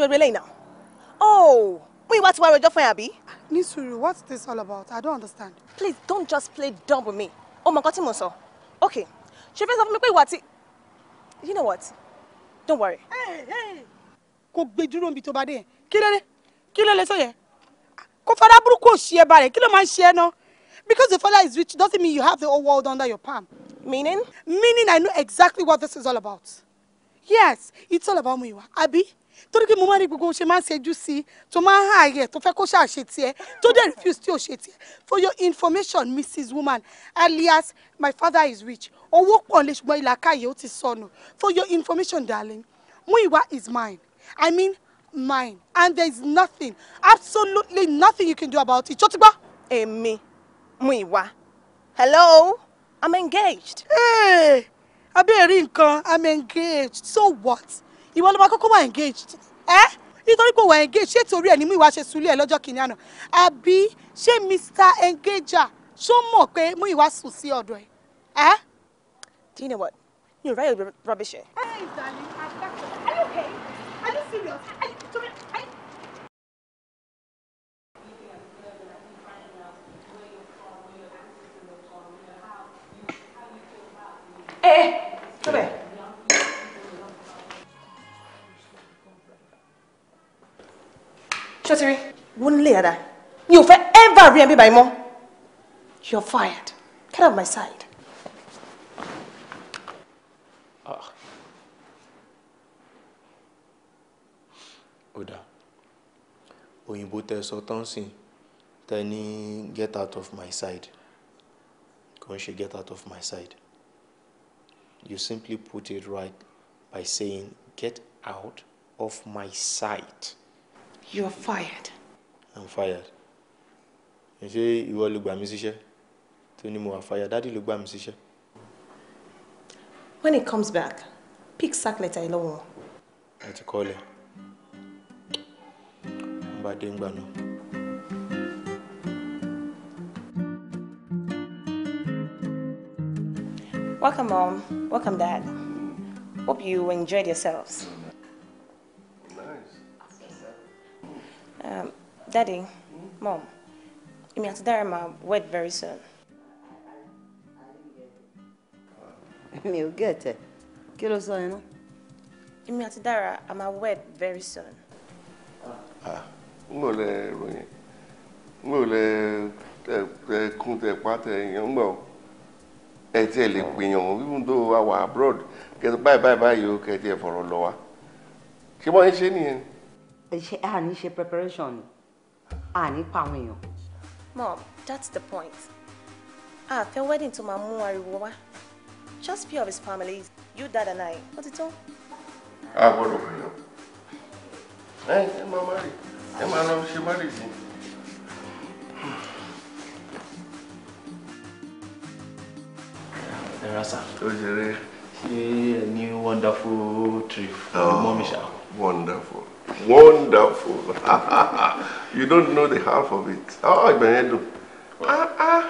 gbogbo eléyìí náà oh mo ìwà ti wá rẹjọ fún ẹ àbí. ní sùúrù what's this all about i don't understand. please don't just play dumb with me o mọ nǹkan tí mo sọ okay ṣe fẹ́ sọ fún mi pé ìwà ti you know what don't worry. kò gbé dúró níbi tó bá dé yẹn kí ló dé kí ló lè sọ yẹn kò fara burúkú ò ṣe ẹ bá rẹ kí ló máa ń ṣe ẹ náà because the father is rich doesn't mean you have the whole world under your palm. meaning. meaning i know exactly what this is all about. yes it's all about Muyiwa abi torí kí mo máa ní gbogbo ṣe máa ń ṣẹ́jú sí i tó máa ń hàn ààyè tó fẹ́ kó ṣàṣe tiẹ̀ tó dẹ̀ refuse tí ò ṣe tiẹ̀ for your information mrs woman alias my father is rich owó pọ̀ lé ṣùgbọ́n ìlàkàyè ó ti sọnù for your information darling Muiwa is mine i mean mine and there is nothing absolutely nothing you can do about it ṣọtígbà. èmi Muiwa hello i'm engaged. Hey, abẹ́rẹ́ nǹkan i'm engaged so what ìwọ ló máa kọ́kọ́ wà engaged ẹ́ nítorí pé wà engaged ṣé torí ẹ̀ ní mú ìwà ṣe sulé ẹ̀ lọ́jọ́ kìíní àná àbí ṣé Mr. engager ṣó mọ̀ pé mú ìwà sùn sí ọ̀dọ̀ ẹ̀ ẹ́. do you know what you write your rubbish here. hey darling i'm are you okay are you serious are you to me are you. Eh, ṣọ́tìrí wọ́n lè yàrá mi ò fẹ́ by rí ẹbí you're fired get out of my side. Ah. ó Oda. When you put tán sí then ní get out of my side When she get out of my side you simply put it right by saying get out of my sight. You are fired. I'm fired. Ṣé ìwọ ló gbà mí síṣẹ́? Tó ní mo wà fired, dádì ló gbà mí síṣẹ́. When he comes back, pick sack letter ìlọ́wọ́. Ẹ ti kọ́lẹ̀. Ń bá dé ń náà. Welcome, Mom. Welcome, Dad. Hope you enjoyed yourselves. Um, Daddy, hmm? Mom, èmi àti Dara máa wed very soon. Mi get it? Kí ló sọ iná? Èmi àti Dara a máa wed very soon. Ngbọ̀n ah, lẹ ròyìn, ngbọ̀n lẹ tẹ kún tẹ pa tẹ yan ngbọ̀n ẹ tiẹ̀ lè pèèyàn even though a wà abroad kẹtù báyìí báyìí báyìí o kẹtì ẹ̀ fọ̀rọ̀ lọ wa. Ṣé wọ́n ń ṣe nìyẹn? ṣe a ní ṣe preparation ni a ní pa àwọn èèyàn. mom that's the point a fẹ́ wedding tó máa mú ariwo wá just few of his family you dad and i ó ti tó. a gbọ́dọ̀ fẹ́ yàn ẹ ẹ máa má rí ẹ máa lọ ṣe má rí sí i. Ẹ̀rọ sá. Ṣé ẹ ní wonderful trip? Oh, Mọ́mí ṣá. Wonderful. Wonderful. <laughs> you don't know the half of it. Oh, ah, I'm yẹn dùn. Ah ah.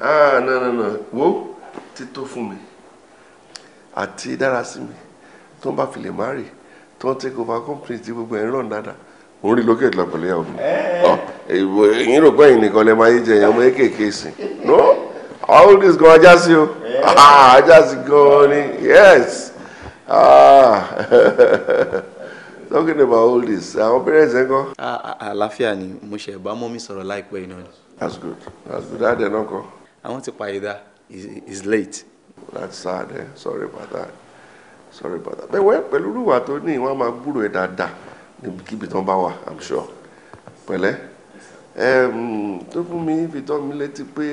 Ah no no no. Wo tító fún mi àti dára sí mi tó ń bá fi lè má rè tó ń take over company tí gbogbo ẹ̀ ń rọ̀ dáadáa. Mo ń rí lókè ìlà pẹ̀lú ìyàwó mi. Eh. Ah, Ìwé yín rò pé ẹ̀yin nìkan lè máa yé No, all this gan ajá sí o. Eh. Ah, ajá sí gan ni, yes. Ah. <laughs> talking about all this àwọn parents ẹ kọ́. àlàáfíà ni mo ṣe bá mọ́mí sọ̀rọ̀ láìpẹ́ iná ni. that's good that's good dáadé náà kọ́. àwọn ti pàyẹ́dá is late. that's sad eh? sorry about that sorry about that. bẹ́ẹ̀ pẹ̀lú olúwa tó ní wọ́n á máa gbúrò ẹ̀ dáadáa níbikíbi tán bá wà i'm sure pẹ̀lẹ́ tó fún mi fi tọ́ mi létí pé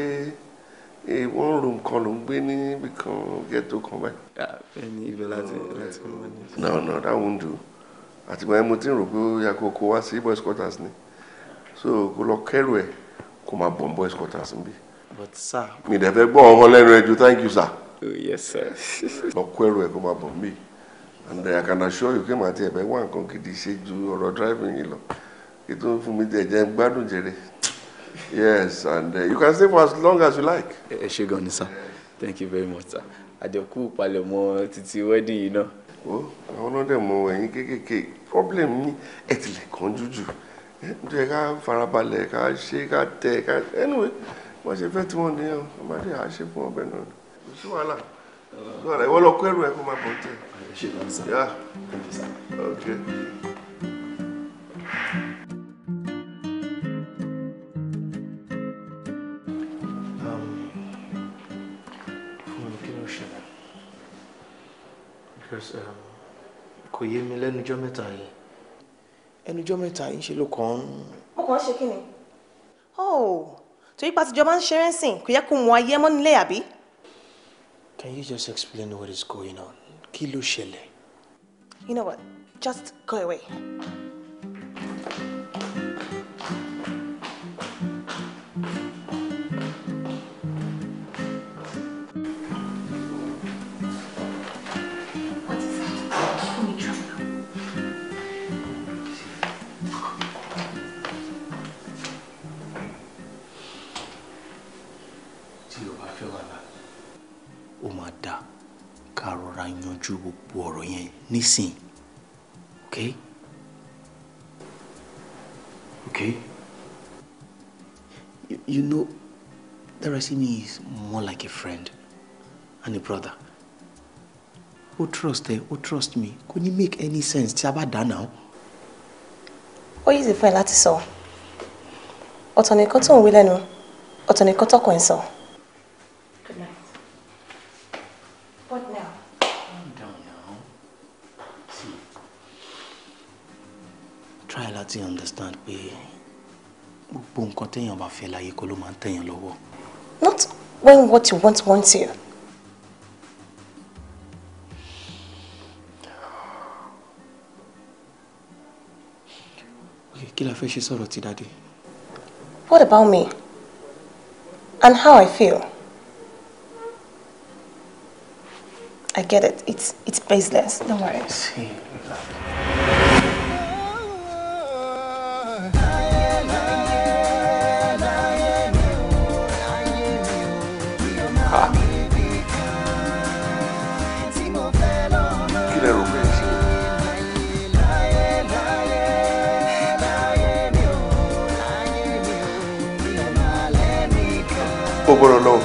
wọ́n eh, rò nǹkan ló ń gbé níbi kan ghetto kan báyìí. bẹ́ẹ̀ ah, ni ibẹ̀ láti láti. no no that won't do àtìgbà yẹn mo ti ń rò pé ó yẹ kó kó wá sí boys quarters ni so kó lọ kẹ́rù ẹ̀ kó máa bọ̀ boys quarters níbí. but sir. mi dẹ̀ fẹ́ gbọ́ ọ̀hún lẹ́nu ẹ̀ ju thank you sir. oh yes sir. lọ kó ẹrù ẹ̀ kó máa bọ̀ níbí and I can assure you pé màá tiẹ̀ fẹ́ wá nǹkan gidi ṣe ju ọ̀rọ̀ driving yìí lọ ètò fún mi jẹ gbádùn jẹrẹ yes and uh, you can stay for as long as you like. ẹ ṣé gan ni sir thank you very much sir àjọkú palẹ̀mọ́ títí wedding yìí náà o àwọn ọlọ́dẹ mọ ẹ̀yìn kéékèèké problem ní ẹ̀tìlẹ̀ kan jújù nítorí ká farabalẹ̀ ká ṣe ká tẹ ká anyway wọ́n ṣe fẹ́ tí wọ́n nìyẹn ọmọdé àá ṣe fún ọbẹ̀ náà kò sí wàhálà sí wàhálà ìwọ lọ kó ẹrù ẹ kó máa bọ̀ tẹ. ṣe lọ sí. ok. Um, kò yé mi lẹ́nujọ́ mẹ́ta yìí ẹnujọ́ mẹ́ta yìí ń ṣe ló kàn ń. mo kàn ń ṣe kí ni. oh torí pa àtijọ́ máa ń ṣeré sìn kò yẹ kó wọn ayé mọ́ nílé àbí. can you just explain what is going on kí ló ṣẹlẹ̀. you know what just go away. yanjú gbogbo ọ̀rọ̀ yẹn nísìn ok ok you, you know Darasimi is more like a friend and a brother o trust ẹ o trust me kò ní make any sense tí a bá dà náà. ó yí ti fún ẹ láti sọ ọ̀tọ̀ nìkan tó ń wí lẹ́nu ọ̀tọ̀ nìkan tọkàn ẹ̀ sọ. try láti understand pé gbogbo nǹkan téèyàn bá fẹ́ láyé kó ló máa ń tẹ̀yàn lọ́wọ́. not when what you want wants you. okay kí la fẹ́ ṣe sọ̀rọ̀ ti dáadé. what about me and how I feel. I get it. It's it's baseless. Don't worry. See, lágbọ́rọ̀ lọ.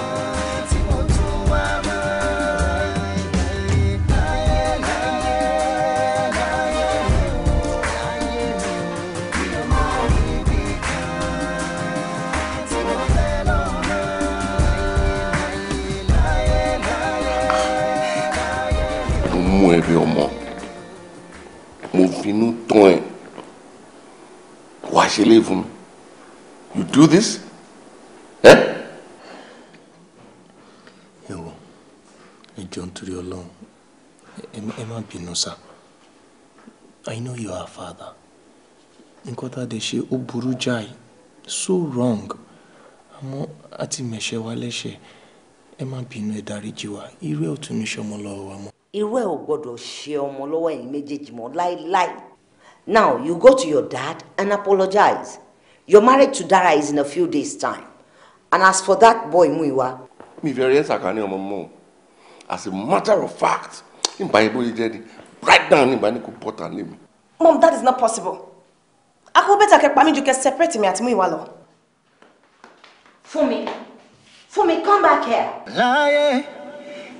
finú tán ẹ wàá ṣe lé fún mi you do this bínú I know you are father nǹkan tá a dẹ̀ ṣe ó burú jáì so wrong àmọ́ a ti mẹ̀ṣẹ̀ wa lẹ́ṣẹ̀ ẹ má bínú ẹ dáríjì wa irú ẹ̀ ò tún ní ṣe ọmọ lọ́wọ́ wa mọ́. irú ẹ̀ ò gbọ́dọ̀ ṣe ọmọ lọ́wọ́ ẹ̀yin méjèèjì mọ́ láéláé now you go to your dad and apologize your marriage to Dara is in a few days time and as for that boy Muiwa. mi fẹ́ rí ẹ̀ sàkání ọmọ mọ́ as a matter of fact nígbà yẹn bó ṣe jẹ́ ni right down nígbà yẹn kò mom that is not possible akọ bẹ́tà kẹ pa mí ju kẹ separate mi àti mú ìwà lọ. Fumi, Fúnmi come back here. láyé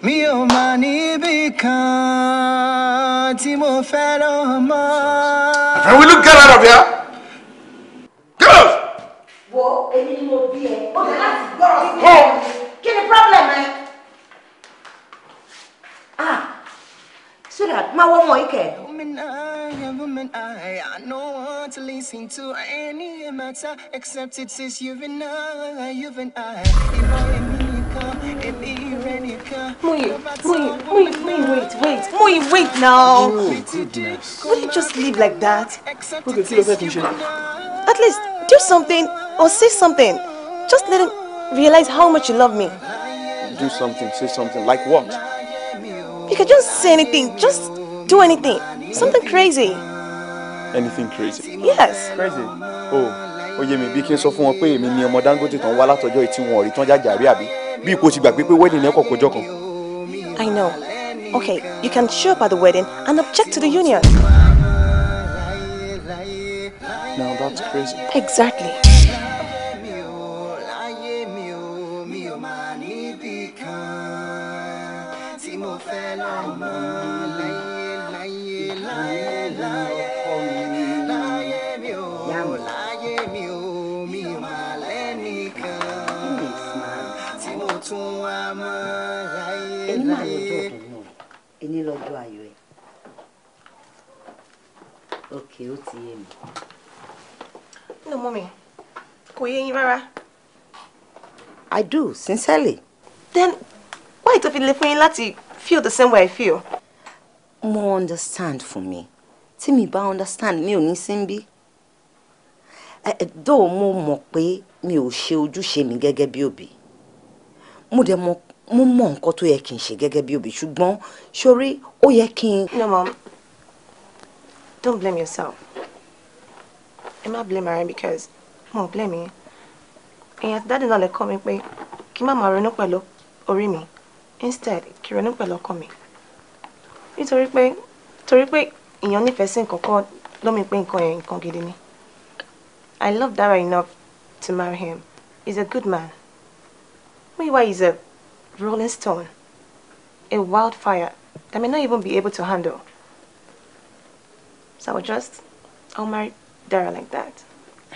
mi ò mà níbi kan tí mo fẹ́ lọ mọ́. àfẹ́ wílú get out of here. get out. wo èmi ni mo bí ẹ o ní láti gbọ́rọ̀ sí mi kí ni problem ẹ. ah Sweetheart, ma one more ike. Woman I, woman I, to listen to any matter except it is you and I, you and I. Muyi, Muyi, Muyi, Muyi, wait, wait, Muyi, wait now. Oh, oh goodness. Will you just leave like that? Okay, see At least do something or say something. Just let him realize how much you love me. Do something, say something. Like what? You can just say anything. Just do anything. Something crazy. Anything crazy? Yes. Crazy? Oh. Oyè mi bí kí n sọ fún wọn pé èmi ni ọmọ Dangote tán wá látọjọ́ ìtí wọn rí tán jàjà rí àbí bí ipò ti gbàgbé pé wedding ẹ kọ̀kọ́ jọ kan. I know. Okay, you can show up at the wedding and object to the union. Now that's crazy. Exactly. lọ́mọ láyé láyé láyé láyé láyé mi ò láyé mi ò mi mà lẹ́nìkan tí mo tún wá mọ́ láyé no mummy kò yé yín I do sincerely. then why tó fi le fún yín láti feel the same way I feel. Mo understand for me. See me, bá understand me. ò ní síbí. Eh, eh, though mo mọ̀ pé mi ò ṣe ojúṣe mi gẹ́gẹ́ bí òbí. Mo de mo mo mo nǹkan tó yẹ kí n ṣe gẹ́gẹ́ bí òbí sori ó yẹ kí No mom, don't blame yourself. Ẹ má blaming ara because mo blame me. Èèyàn ti dáàdì náà lè kọ́ mi pé kí má máa ronú pẹ̀lú orí mi instead kí ronú pẹ̀lú ọkàn mi nítorí pé torí pé èèyàn nífẹ̀ẹ́ sí nǹkan kan lómi pé nǹkan yẹn nǹkan gidi ni I love Dara enough to marry him he's a good man meanwhile he's a rolling stone a wildfire that may not even be able to handle so I will just I'll marry Dara like that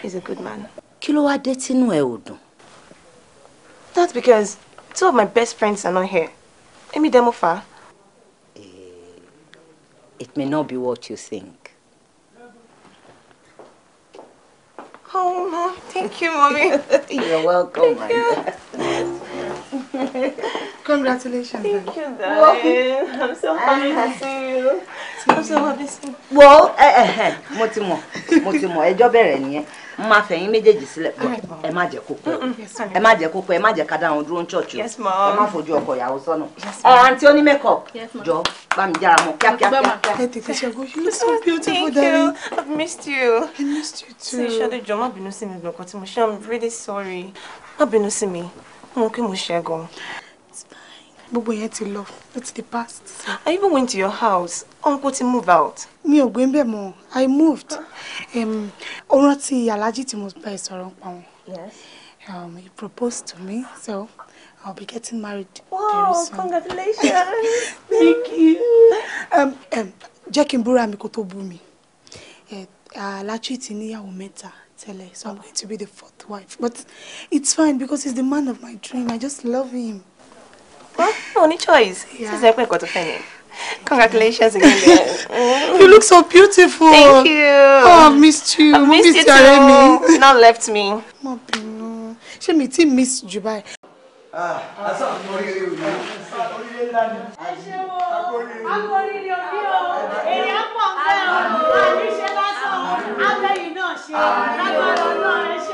he's a good man. kí ló wá dé tínú ẹ ò dùn. that's because Two of my best friends are not here. Emi Demofa. Eh, it may not be what you think. Oh, Mom. Thank you, Mommy. <laughs> You're welcome, Thank you. <laughs> Congratulations. Thank you, darling. Well, I'm so happy uh, to ah. see you. I'm so happy to see you. Well, eh, eh, eh. Mo ti mọ̀. Mo ti mọ̀. Ẹjọ́ bẹ̀rẹ̀ nìyẹn n máa fẹ̀yìn méjèèjì sílẹ̀ ẹ má jẹ́ kókó mm, mm. ẹ má jẹ́ kókó ẹ má jẹ́ ká dáhùn dúró ní ṣọ́ọ̀ṣì ẹ má fojú ọkọ ìyàwó sọ́nà ẹ àǹtí onímẹ́kọ̀ jọ bá mi jára mọ́ kíákíá kíákíá. ẹ tètè ṣẹ́gun you look so <laughs> beautiful darling. thank you i've missed you. i missed you too. ṣe ìṣọ́dọ̀ jọ má bínú sí mi gbọ̀ngàn tí mo ṣe i'm really sorry má bínú sí mi mo kí mo ṣẹ́gun gbogbo yẹn ti lọ it's the past. I even went to your house uncle ti move out. mi ò gbé ń bẹ̀ mọ́ I moved ó rántí alájí tí mo bá ẹ sọ̀rọ̀ ń pa wọn um, he proposed to me so I'll be getting married wow, very soon. congratulations. <laughs> thank you. Um, jẹ́ kí n búra mi kó tó bú mi alájí ti níyàwó mẹ́ta. Tele, so I'm going to be the fourth wife. But it's fine because he's the man of my dream. I just love him. Well, only choice. This is got offended. Congratulations again. <laughs> you look so beautiful. Thank you. Oh, I missed you. I missed, missed you too. <laughs> Now left me. Má bínú. Ṣé mi ti miss jù báyìí. Ah, asa oríire o. Oríire ńlá ni. Ẹ ṣé o. Agbóríire òbí o. Èrè á pọ̀ ń bẹ́ o. Àníṣe lásán. Abẹ́yìn náà ṣe. Lágbára náà ẹ ṣé.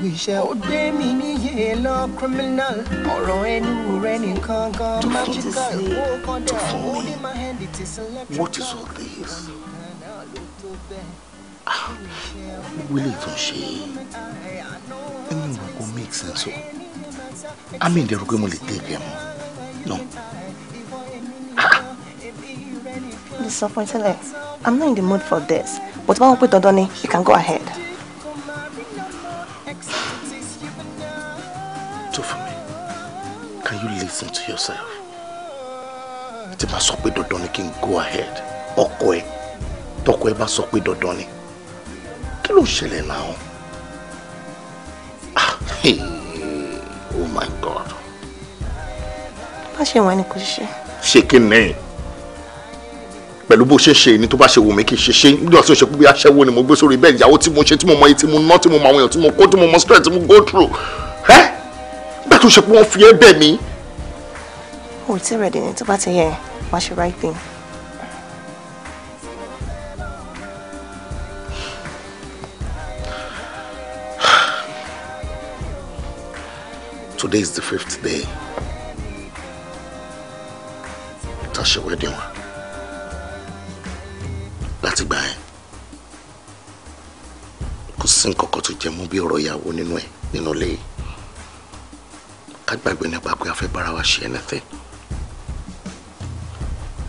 kú iṣẹ́ ó gbé mi níyè lọ criminal ọ̀rọ̀ ẹnu rẹ nìkan gan magical owó kan dẹ̀ ó ní my hand it is electrical. What is all this? gbogbo ilé ìtàn ṣe ẹni ìwà kò make sense o àmì ìdẹ̀rù pé mo lè tẹ̀ ẹ̀ mọ́ no. Disappointing it. I'm not in the mood for this. But if I want to put Dodoni, you can go ahead. Can you listen to yourself? Tí bá sọ pé dandan ni kí n go ahead, ọkọ ẹ, tọkọ ẹ bá sọ pé dandan ni, kí ló ṣẹlẹ̀ náà? Ah, oh my God. Bá ṣe wọ́n ni kò ṣe. Ṣé kí ni? pẹ̀lú bó ṣe ń ṣe ni tó bá ṣe wù mí kí n ṣe ṣe nígbà tí ó ṣe bí aṣẹ́wó ni mo gbé sórí bẹ́ẹ̀ ìyàwó tí mo ṣe tí mo mọ iye tí mo ná tí mo mọ àwọn èèyàn tí mo kó tí mo mọ stress tí mo go through bẹ́ẹ̀ tó ṣe pé wọ́n fi ẹ́ bẹ̀ mí. o ti rẹ̀ dìní tó bá ti yẹ wá ṣe right thing. Today is the fifth day. Tá a wedding wa. Láti gbà yẹn. Kò sí nǹkan kan tó jẹ mọ́ bí ọ̀rọ̀ ìyàwó nínú ẹ̀ nínú ilé yìí ká gbàgbé nípa pé a fẹ́ bára wa ṣe anything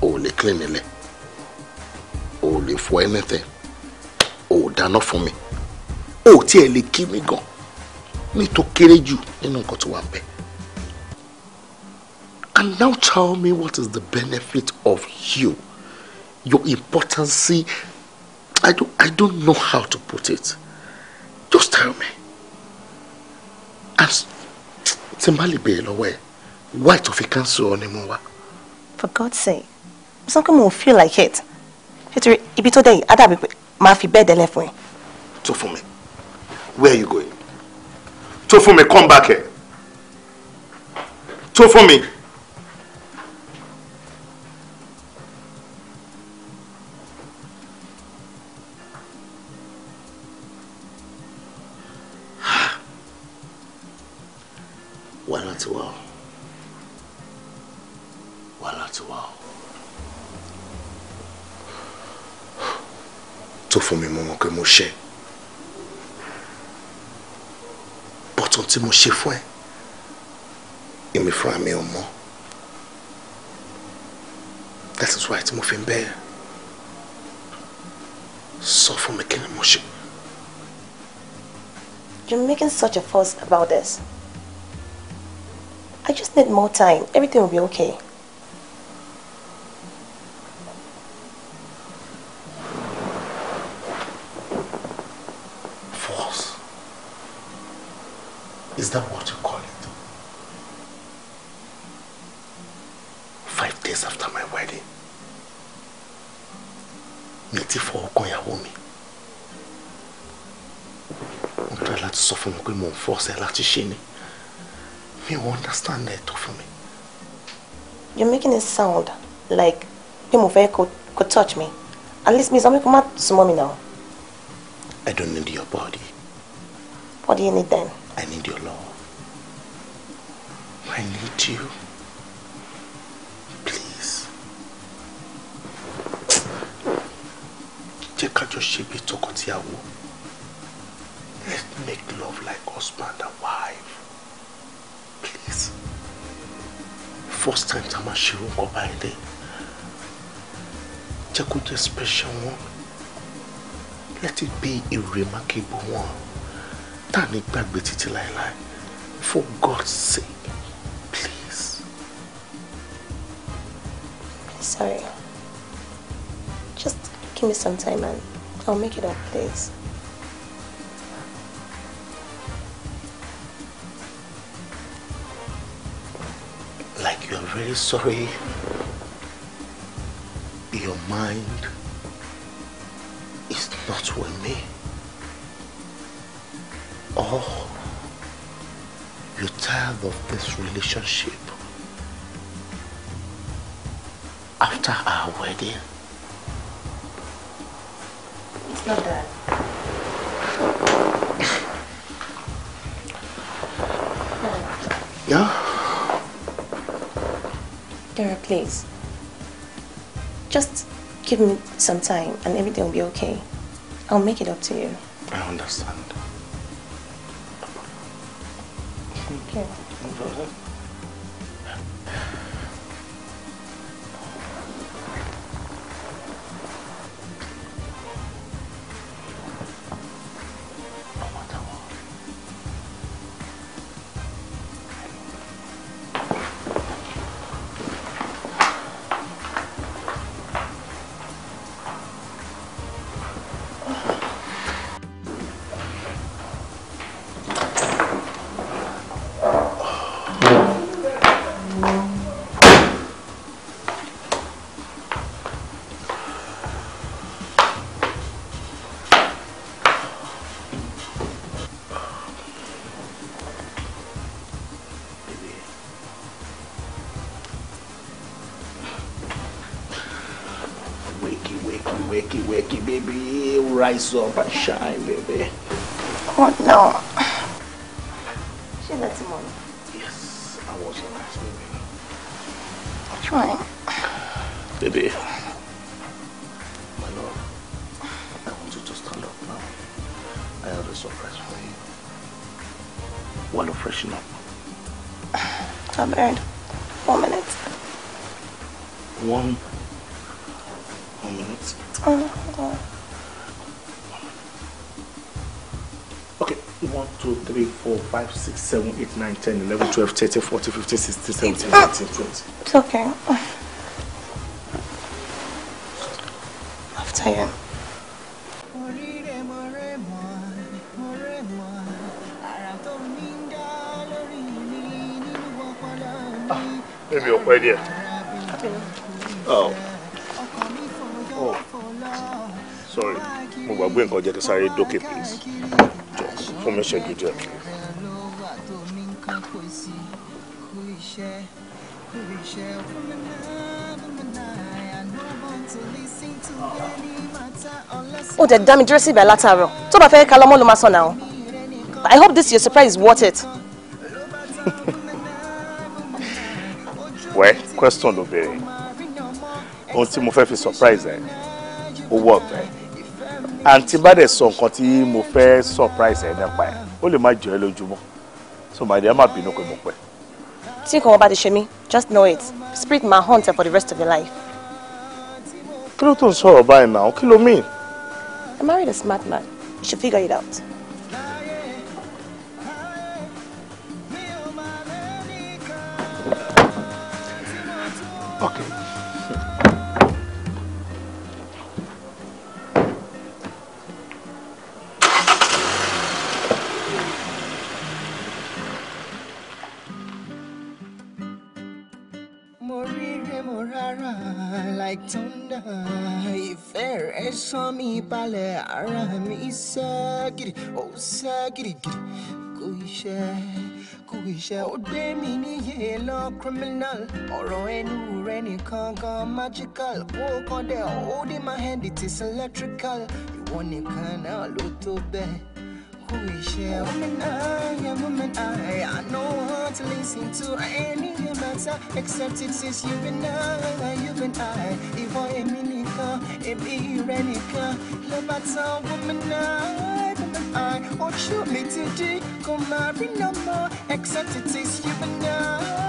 o ò lè clean nílẹ̀ o ò lè fọ anything o ò dáná fún mi o ò tiẹ̀ lè kí mi gan ní tó kéré jù nínú nǹkan tó wà bẹ́ẹ̀. And now tell me what is the benefit of you? Your importance. I don't I don't know how to put it. Just tell me. And tí n bá lè béèrè lọ́wọ́ ẹ̀ why tó fi cancel ọ ni mo wá. for God's sake something mo feel like it nítorí ibi tó dẹ̀ yìí á dàbí pé máa fi bẹ́ẹ̀ dẹ́lẹ̀ fún ẹ. tó fún mi where you going tó fún mi come back here tó fún mi. ṣe fún ẹ èmi fúnra mi ò mọ̀ that is why tí mo fi ń bẹ́ẹ̀ sọ fún mi kí ni mo ṣe. You're making such a fuss about this. I just need more time. Everything will be okay. Is that what you call it? Five days after my wedding. Mi ti fọ ọkàn ìyàwó mi. Mo tọ́ láti sọ fún mi pé mo force fọ́ọ̀sẹ̀ láti ṣe ni. Mi ò understand ẹ̀ tó fún mi. You're making it sound like pé mo fẹ́ kó touch me. At least mi sọ pé kó má mi náà. I don't need your body. What do you need then? need your love. I need you. Please. Jẹ́ ká jọ ṣe bí tọkọtìyàwó. Let's make love like husband and wife. Please. First time tá a máa ṣe orúkọ báyìí dé. Jẹ́ kó jẹ́ special one. Let it be a remarkable one tá a ní gbàgbé títí láéláé for God's sake please. sorry just give me some time and I'll make it up please. like you are very sorry your mind Oh, you're tired of this relationship. After our wedding. It's not that. Yeah? Dara, please. Just give me some time and everything will be okay. I'll make it up to you. I understand. wakey, wakey, baby. Rise up and shine, baby. What oh, now? She that's money. Yes, I was your nice, baby. What's wrong, Baby. My love, I want you to stand up now. I have a surprise for you. While you freshen up. I'm buried. One minute. One Oh, okay, one, two, three, four, five, six, seven, eight, nine, ten, eleven, twelve, thirteen, fourteen, fifteen, sixteen, seventeen, eighteen, twenty. It's okay. After you. Ah, maybe you're quite here. sáré dókè please jọ fún mi ṣẹ́jú díẹ̀. ó dẹ̀ dá mi dúró sí ibẹ̀ látàárọ̀ tó bá fẹ́ ká lọ́mọ́ I hope this year's surprise is worth it. Well, question ló béèrè ohun tí mo fẹ́ fi surprise ẹ̀ ó àǹtí bá dẹ̀ sọ nǹkan tí mo fẹ́ surprise ẹ̀ nípa ẹ̀ ó lè má jọ ẹ́ lójúmọ́ so my dear má bínú pé mo pẹ́. tí kò wọ́n bá ti ṣe mí just know it spirit ma haunt for the rest of your life. kí ló tó ń sọ̀rọ̀ báyìí náà kí ló mean. I married a smart man you should figure it out. okay samipale arahami sagiri o sagiri giri kuishe kuishe o demi ni ye lo criminal ọ̀rọ̀ ẹnu rẹ nìkan gan magical o kan dẹ holding my hand it is electrical ìwọ nìkan náà ló tó bẹ́ẹ̀ kuishe woman I am woman I I know how to listen to any matter except it is you and I you and I ìwọ èmi ni ka e be ready ka le batsa woman I woman I what you me today come marry no more except it is you and I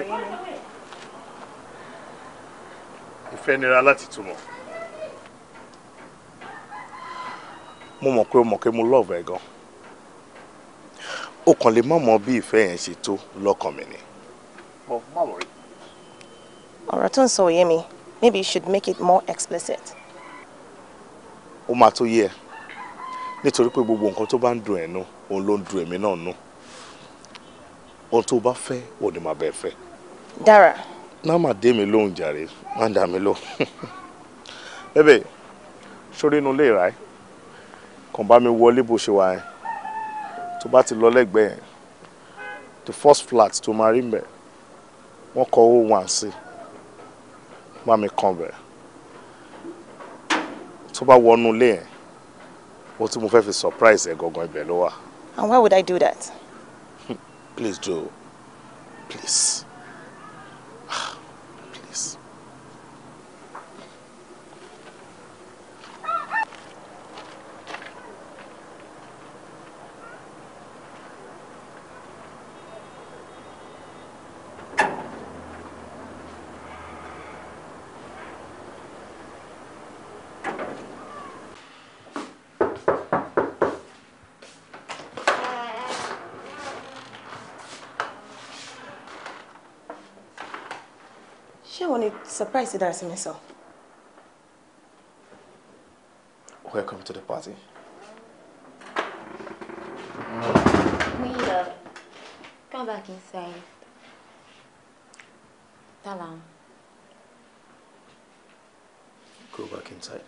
ìfẹ́ ìfẹ́ nira láti túmọ̀ mo mọ̀ pé o mọ̀ pé mo lọ́ọ̀bù ẹ̀ gan o kàn lè má bí ìfẹ́ yẹn ṣe tó lọ́kàn mi ni. ọ̀rọ̀ tó ń sọ òye mi maybe you should make it more explicit. ó máa tó yé ẹ nítorí pé gbogbo nǹkan tó bá ń dùn ẹ̀ nù òun ló ń dùn èmi náà nù ohun tó o bá fẹ́ òun ni màá bẹ́ẹ̀ fẹ́. Dara, na ma dé mi lóhùn jàre, má dà mí lóhùn. <laughs> Bébè, sórí inú ilé ìrà ẹ̀, kàn bá mi wọlé bó ṣe wà ẹ̀. Tó bá ti lọ lẹ́gbẹ̀ẹ́ the first flat to máa rí mbẹ̀, wọ́n kọ owó wọn sí. Bá mi kàn bẹ̀. Tó bá wọnú ilé yẹn, o tí mo fẹ́ fi surprise ẹ̀ gangan ibẹ̀ ló wà. And why would I do that? <laughs> Please do. Please. Surprise it as myself. Welcome to the party. Mira, come back inside. Talam. Go back inside.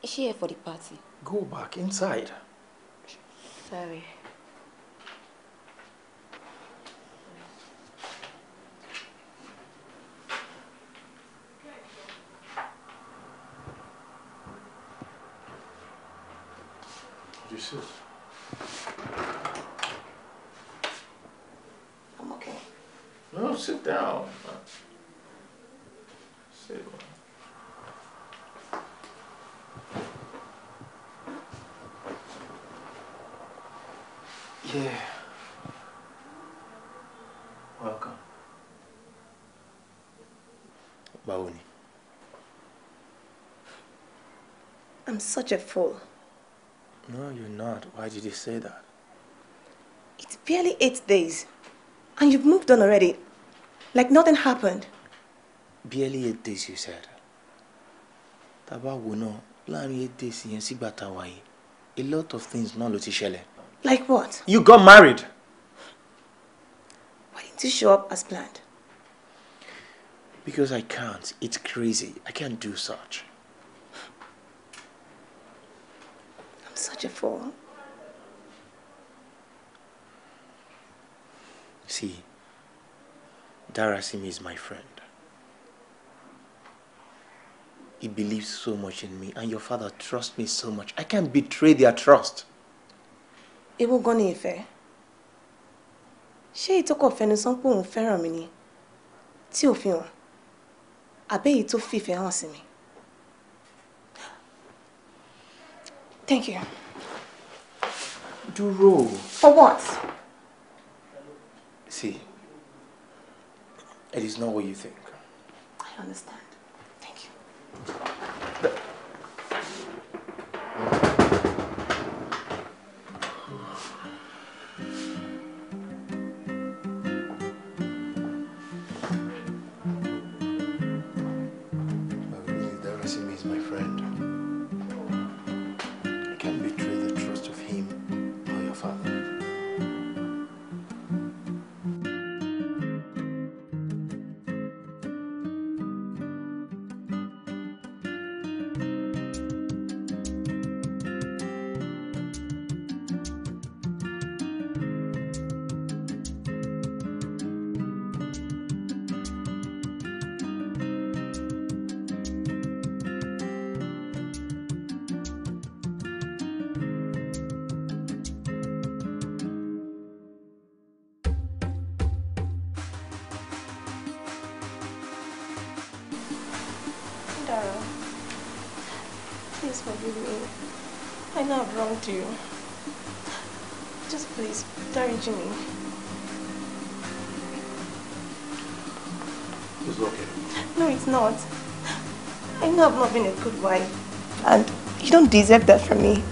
Is she here for the party? Go back inside. Sorry. I'm such a fool. No, you're not. Why did you say that? It's barely eight days. And you've moved on already. Like nothing happened. Barely eight days, you said. Taba wuno, náà láàrin eight days yẹn sígbà tá a lot of things náà ló ti Like what? You got married. Why didn't you show up as planned? Because I can't. It's crazy. I can't do such. I'm such a fool. See, Darasimi is my friend. He believes so much in me, and your father trusts me so much. I can't betray their trust. Ewo gan ni She Ṣé ìtọ́kọ̀ fẹnusán unfera òun Ti mi ni? Tí ò fi hàn. Àbẹ́yìí mi. Thank you. Dúró. For what? See, it is not what you think. I understand. Thank you. Please forgive me. I know I've wronged you. Just please, don't reach me. It's okay. No, it's not. I know I've not been a good wife. And you don't deserve that from me.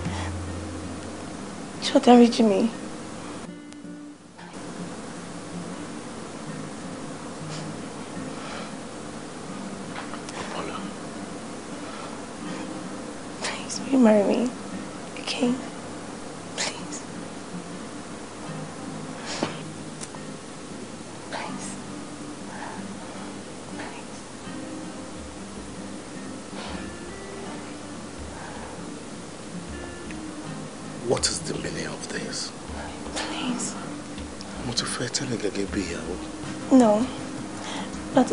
Don't marry me.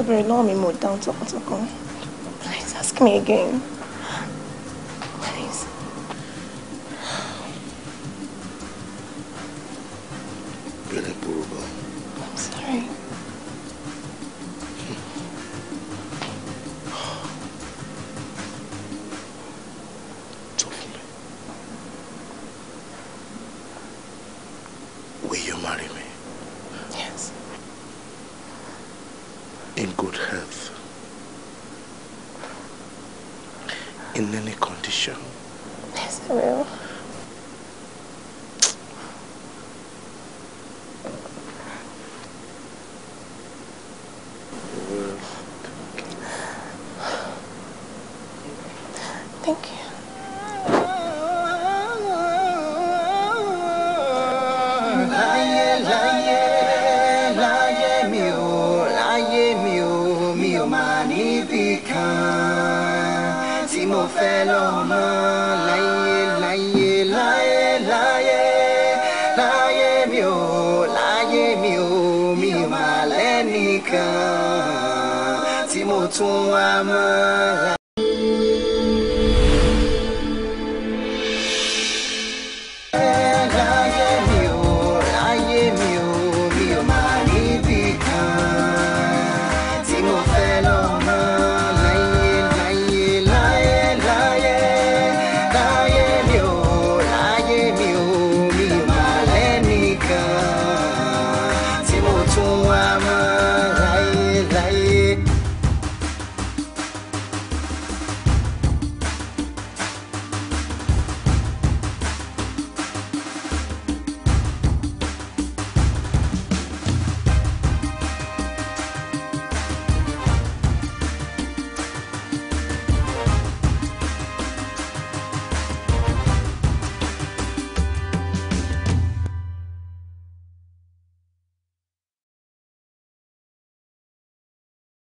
Very bẹ̀rẹ̀ lọ́wọ́ mi mo dáhùn tọkàntọkàn. Please ask me again.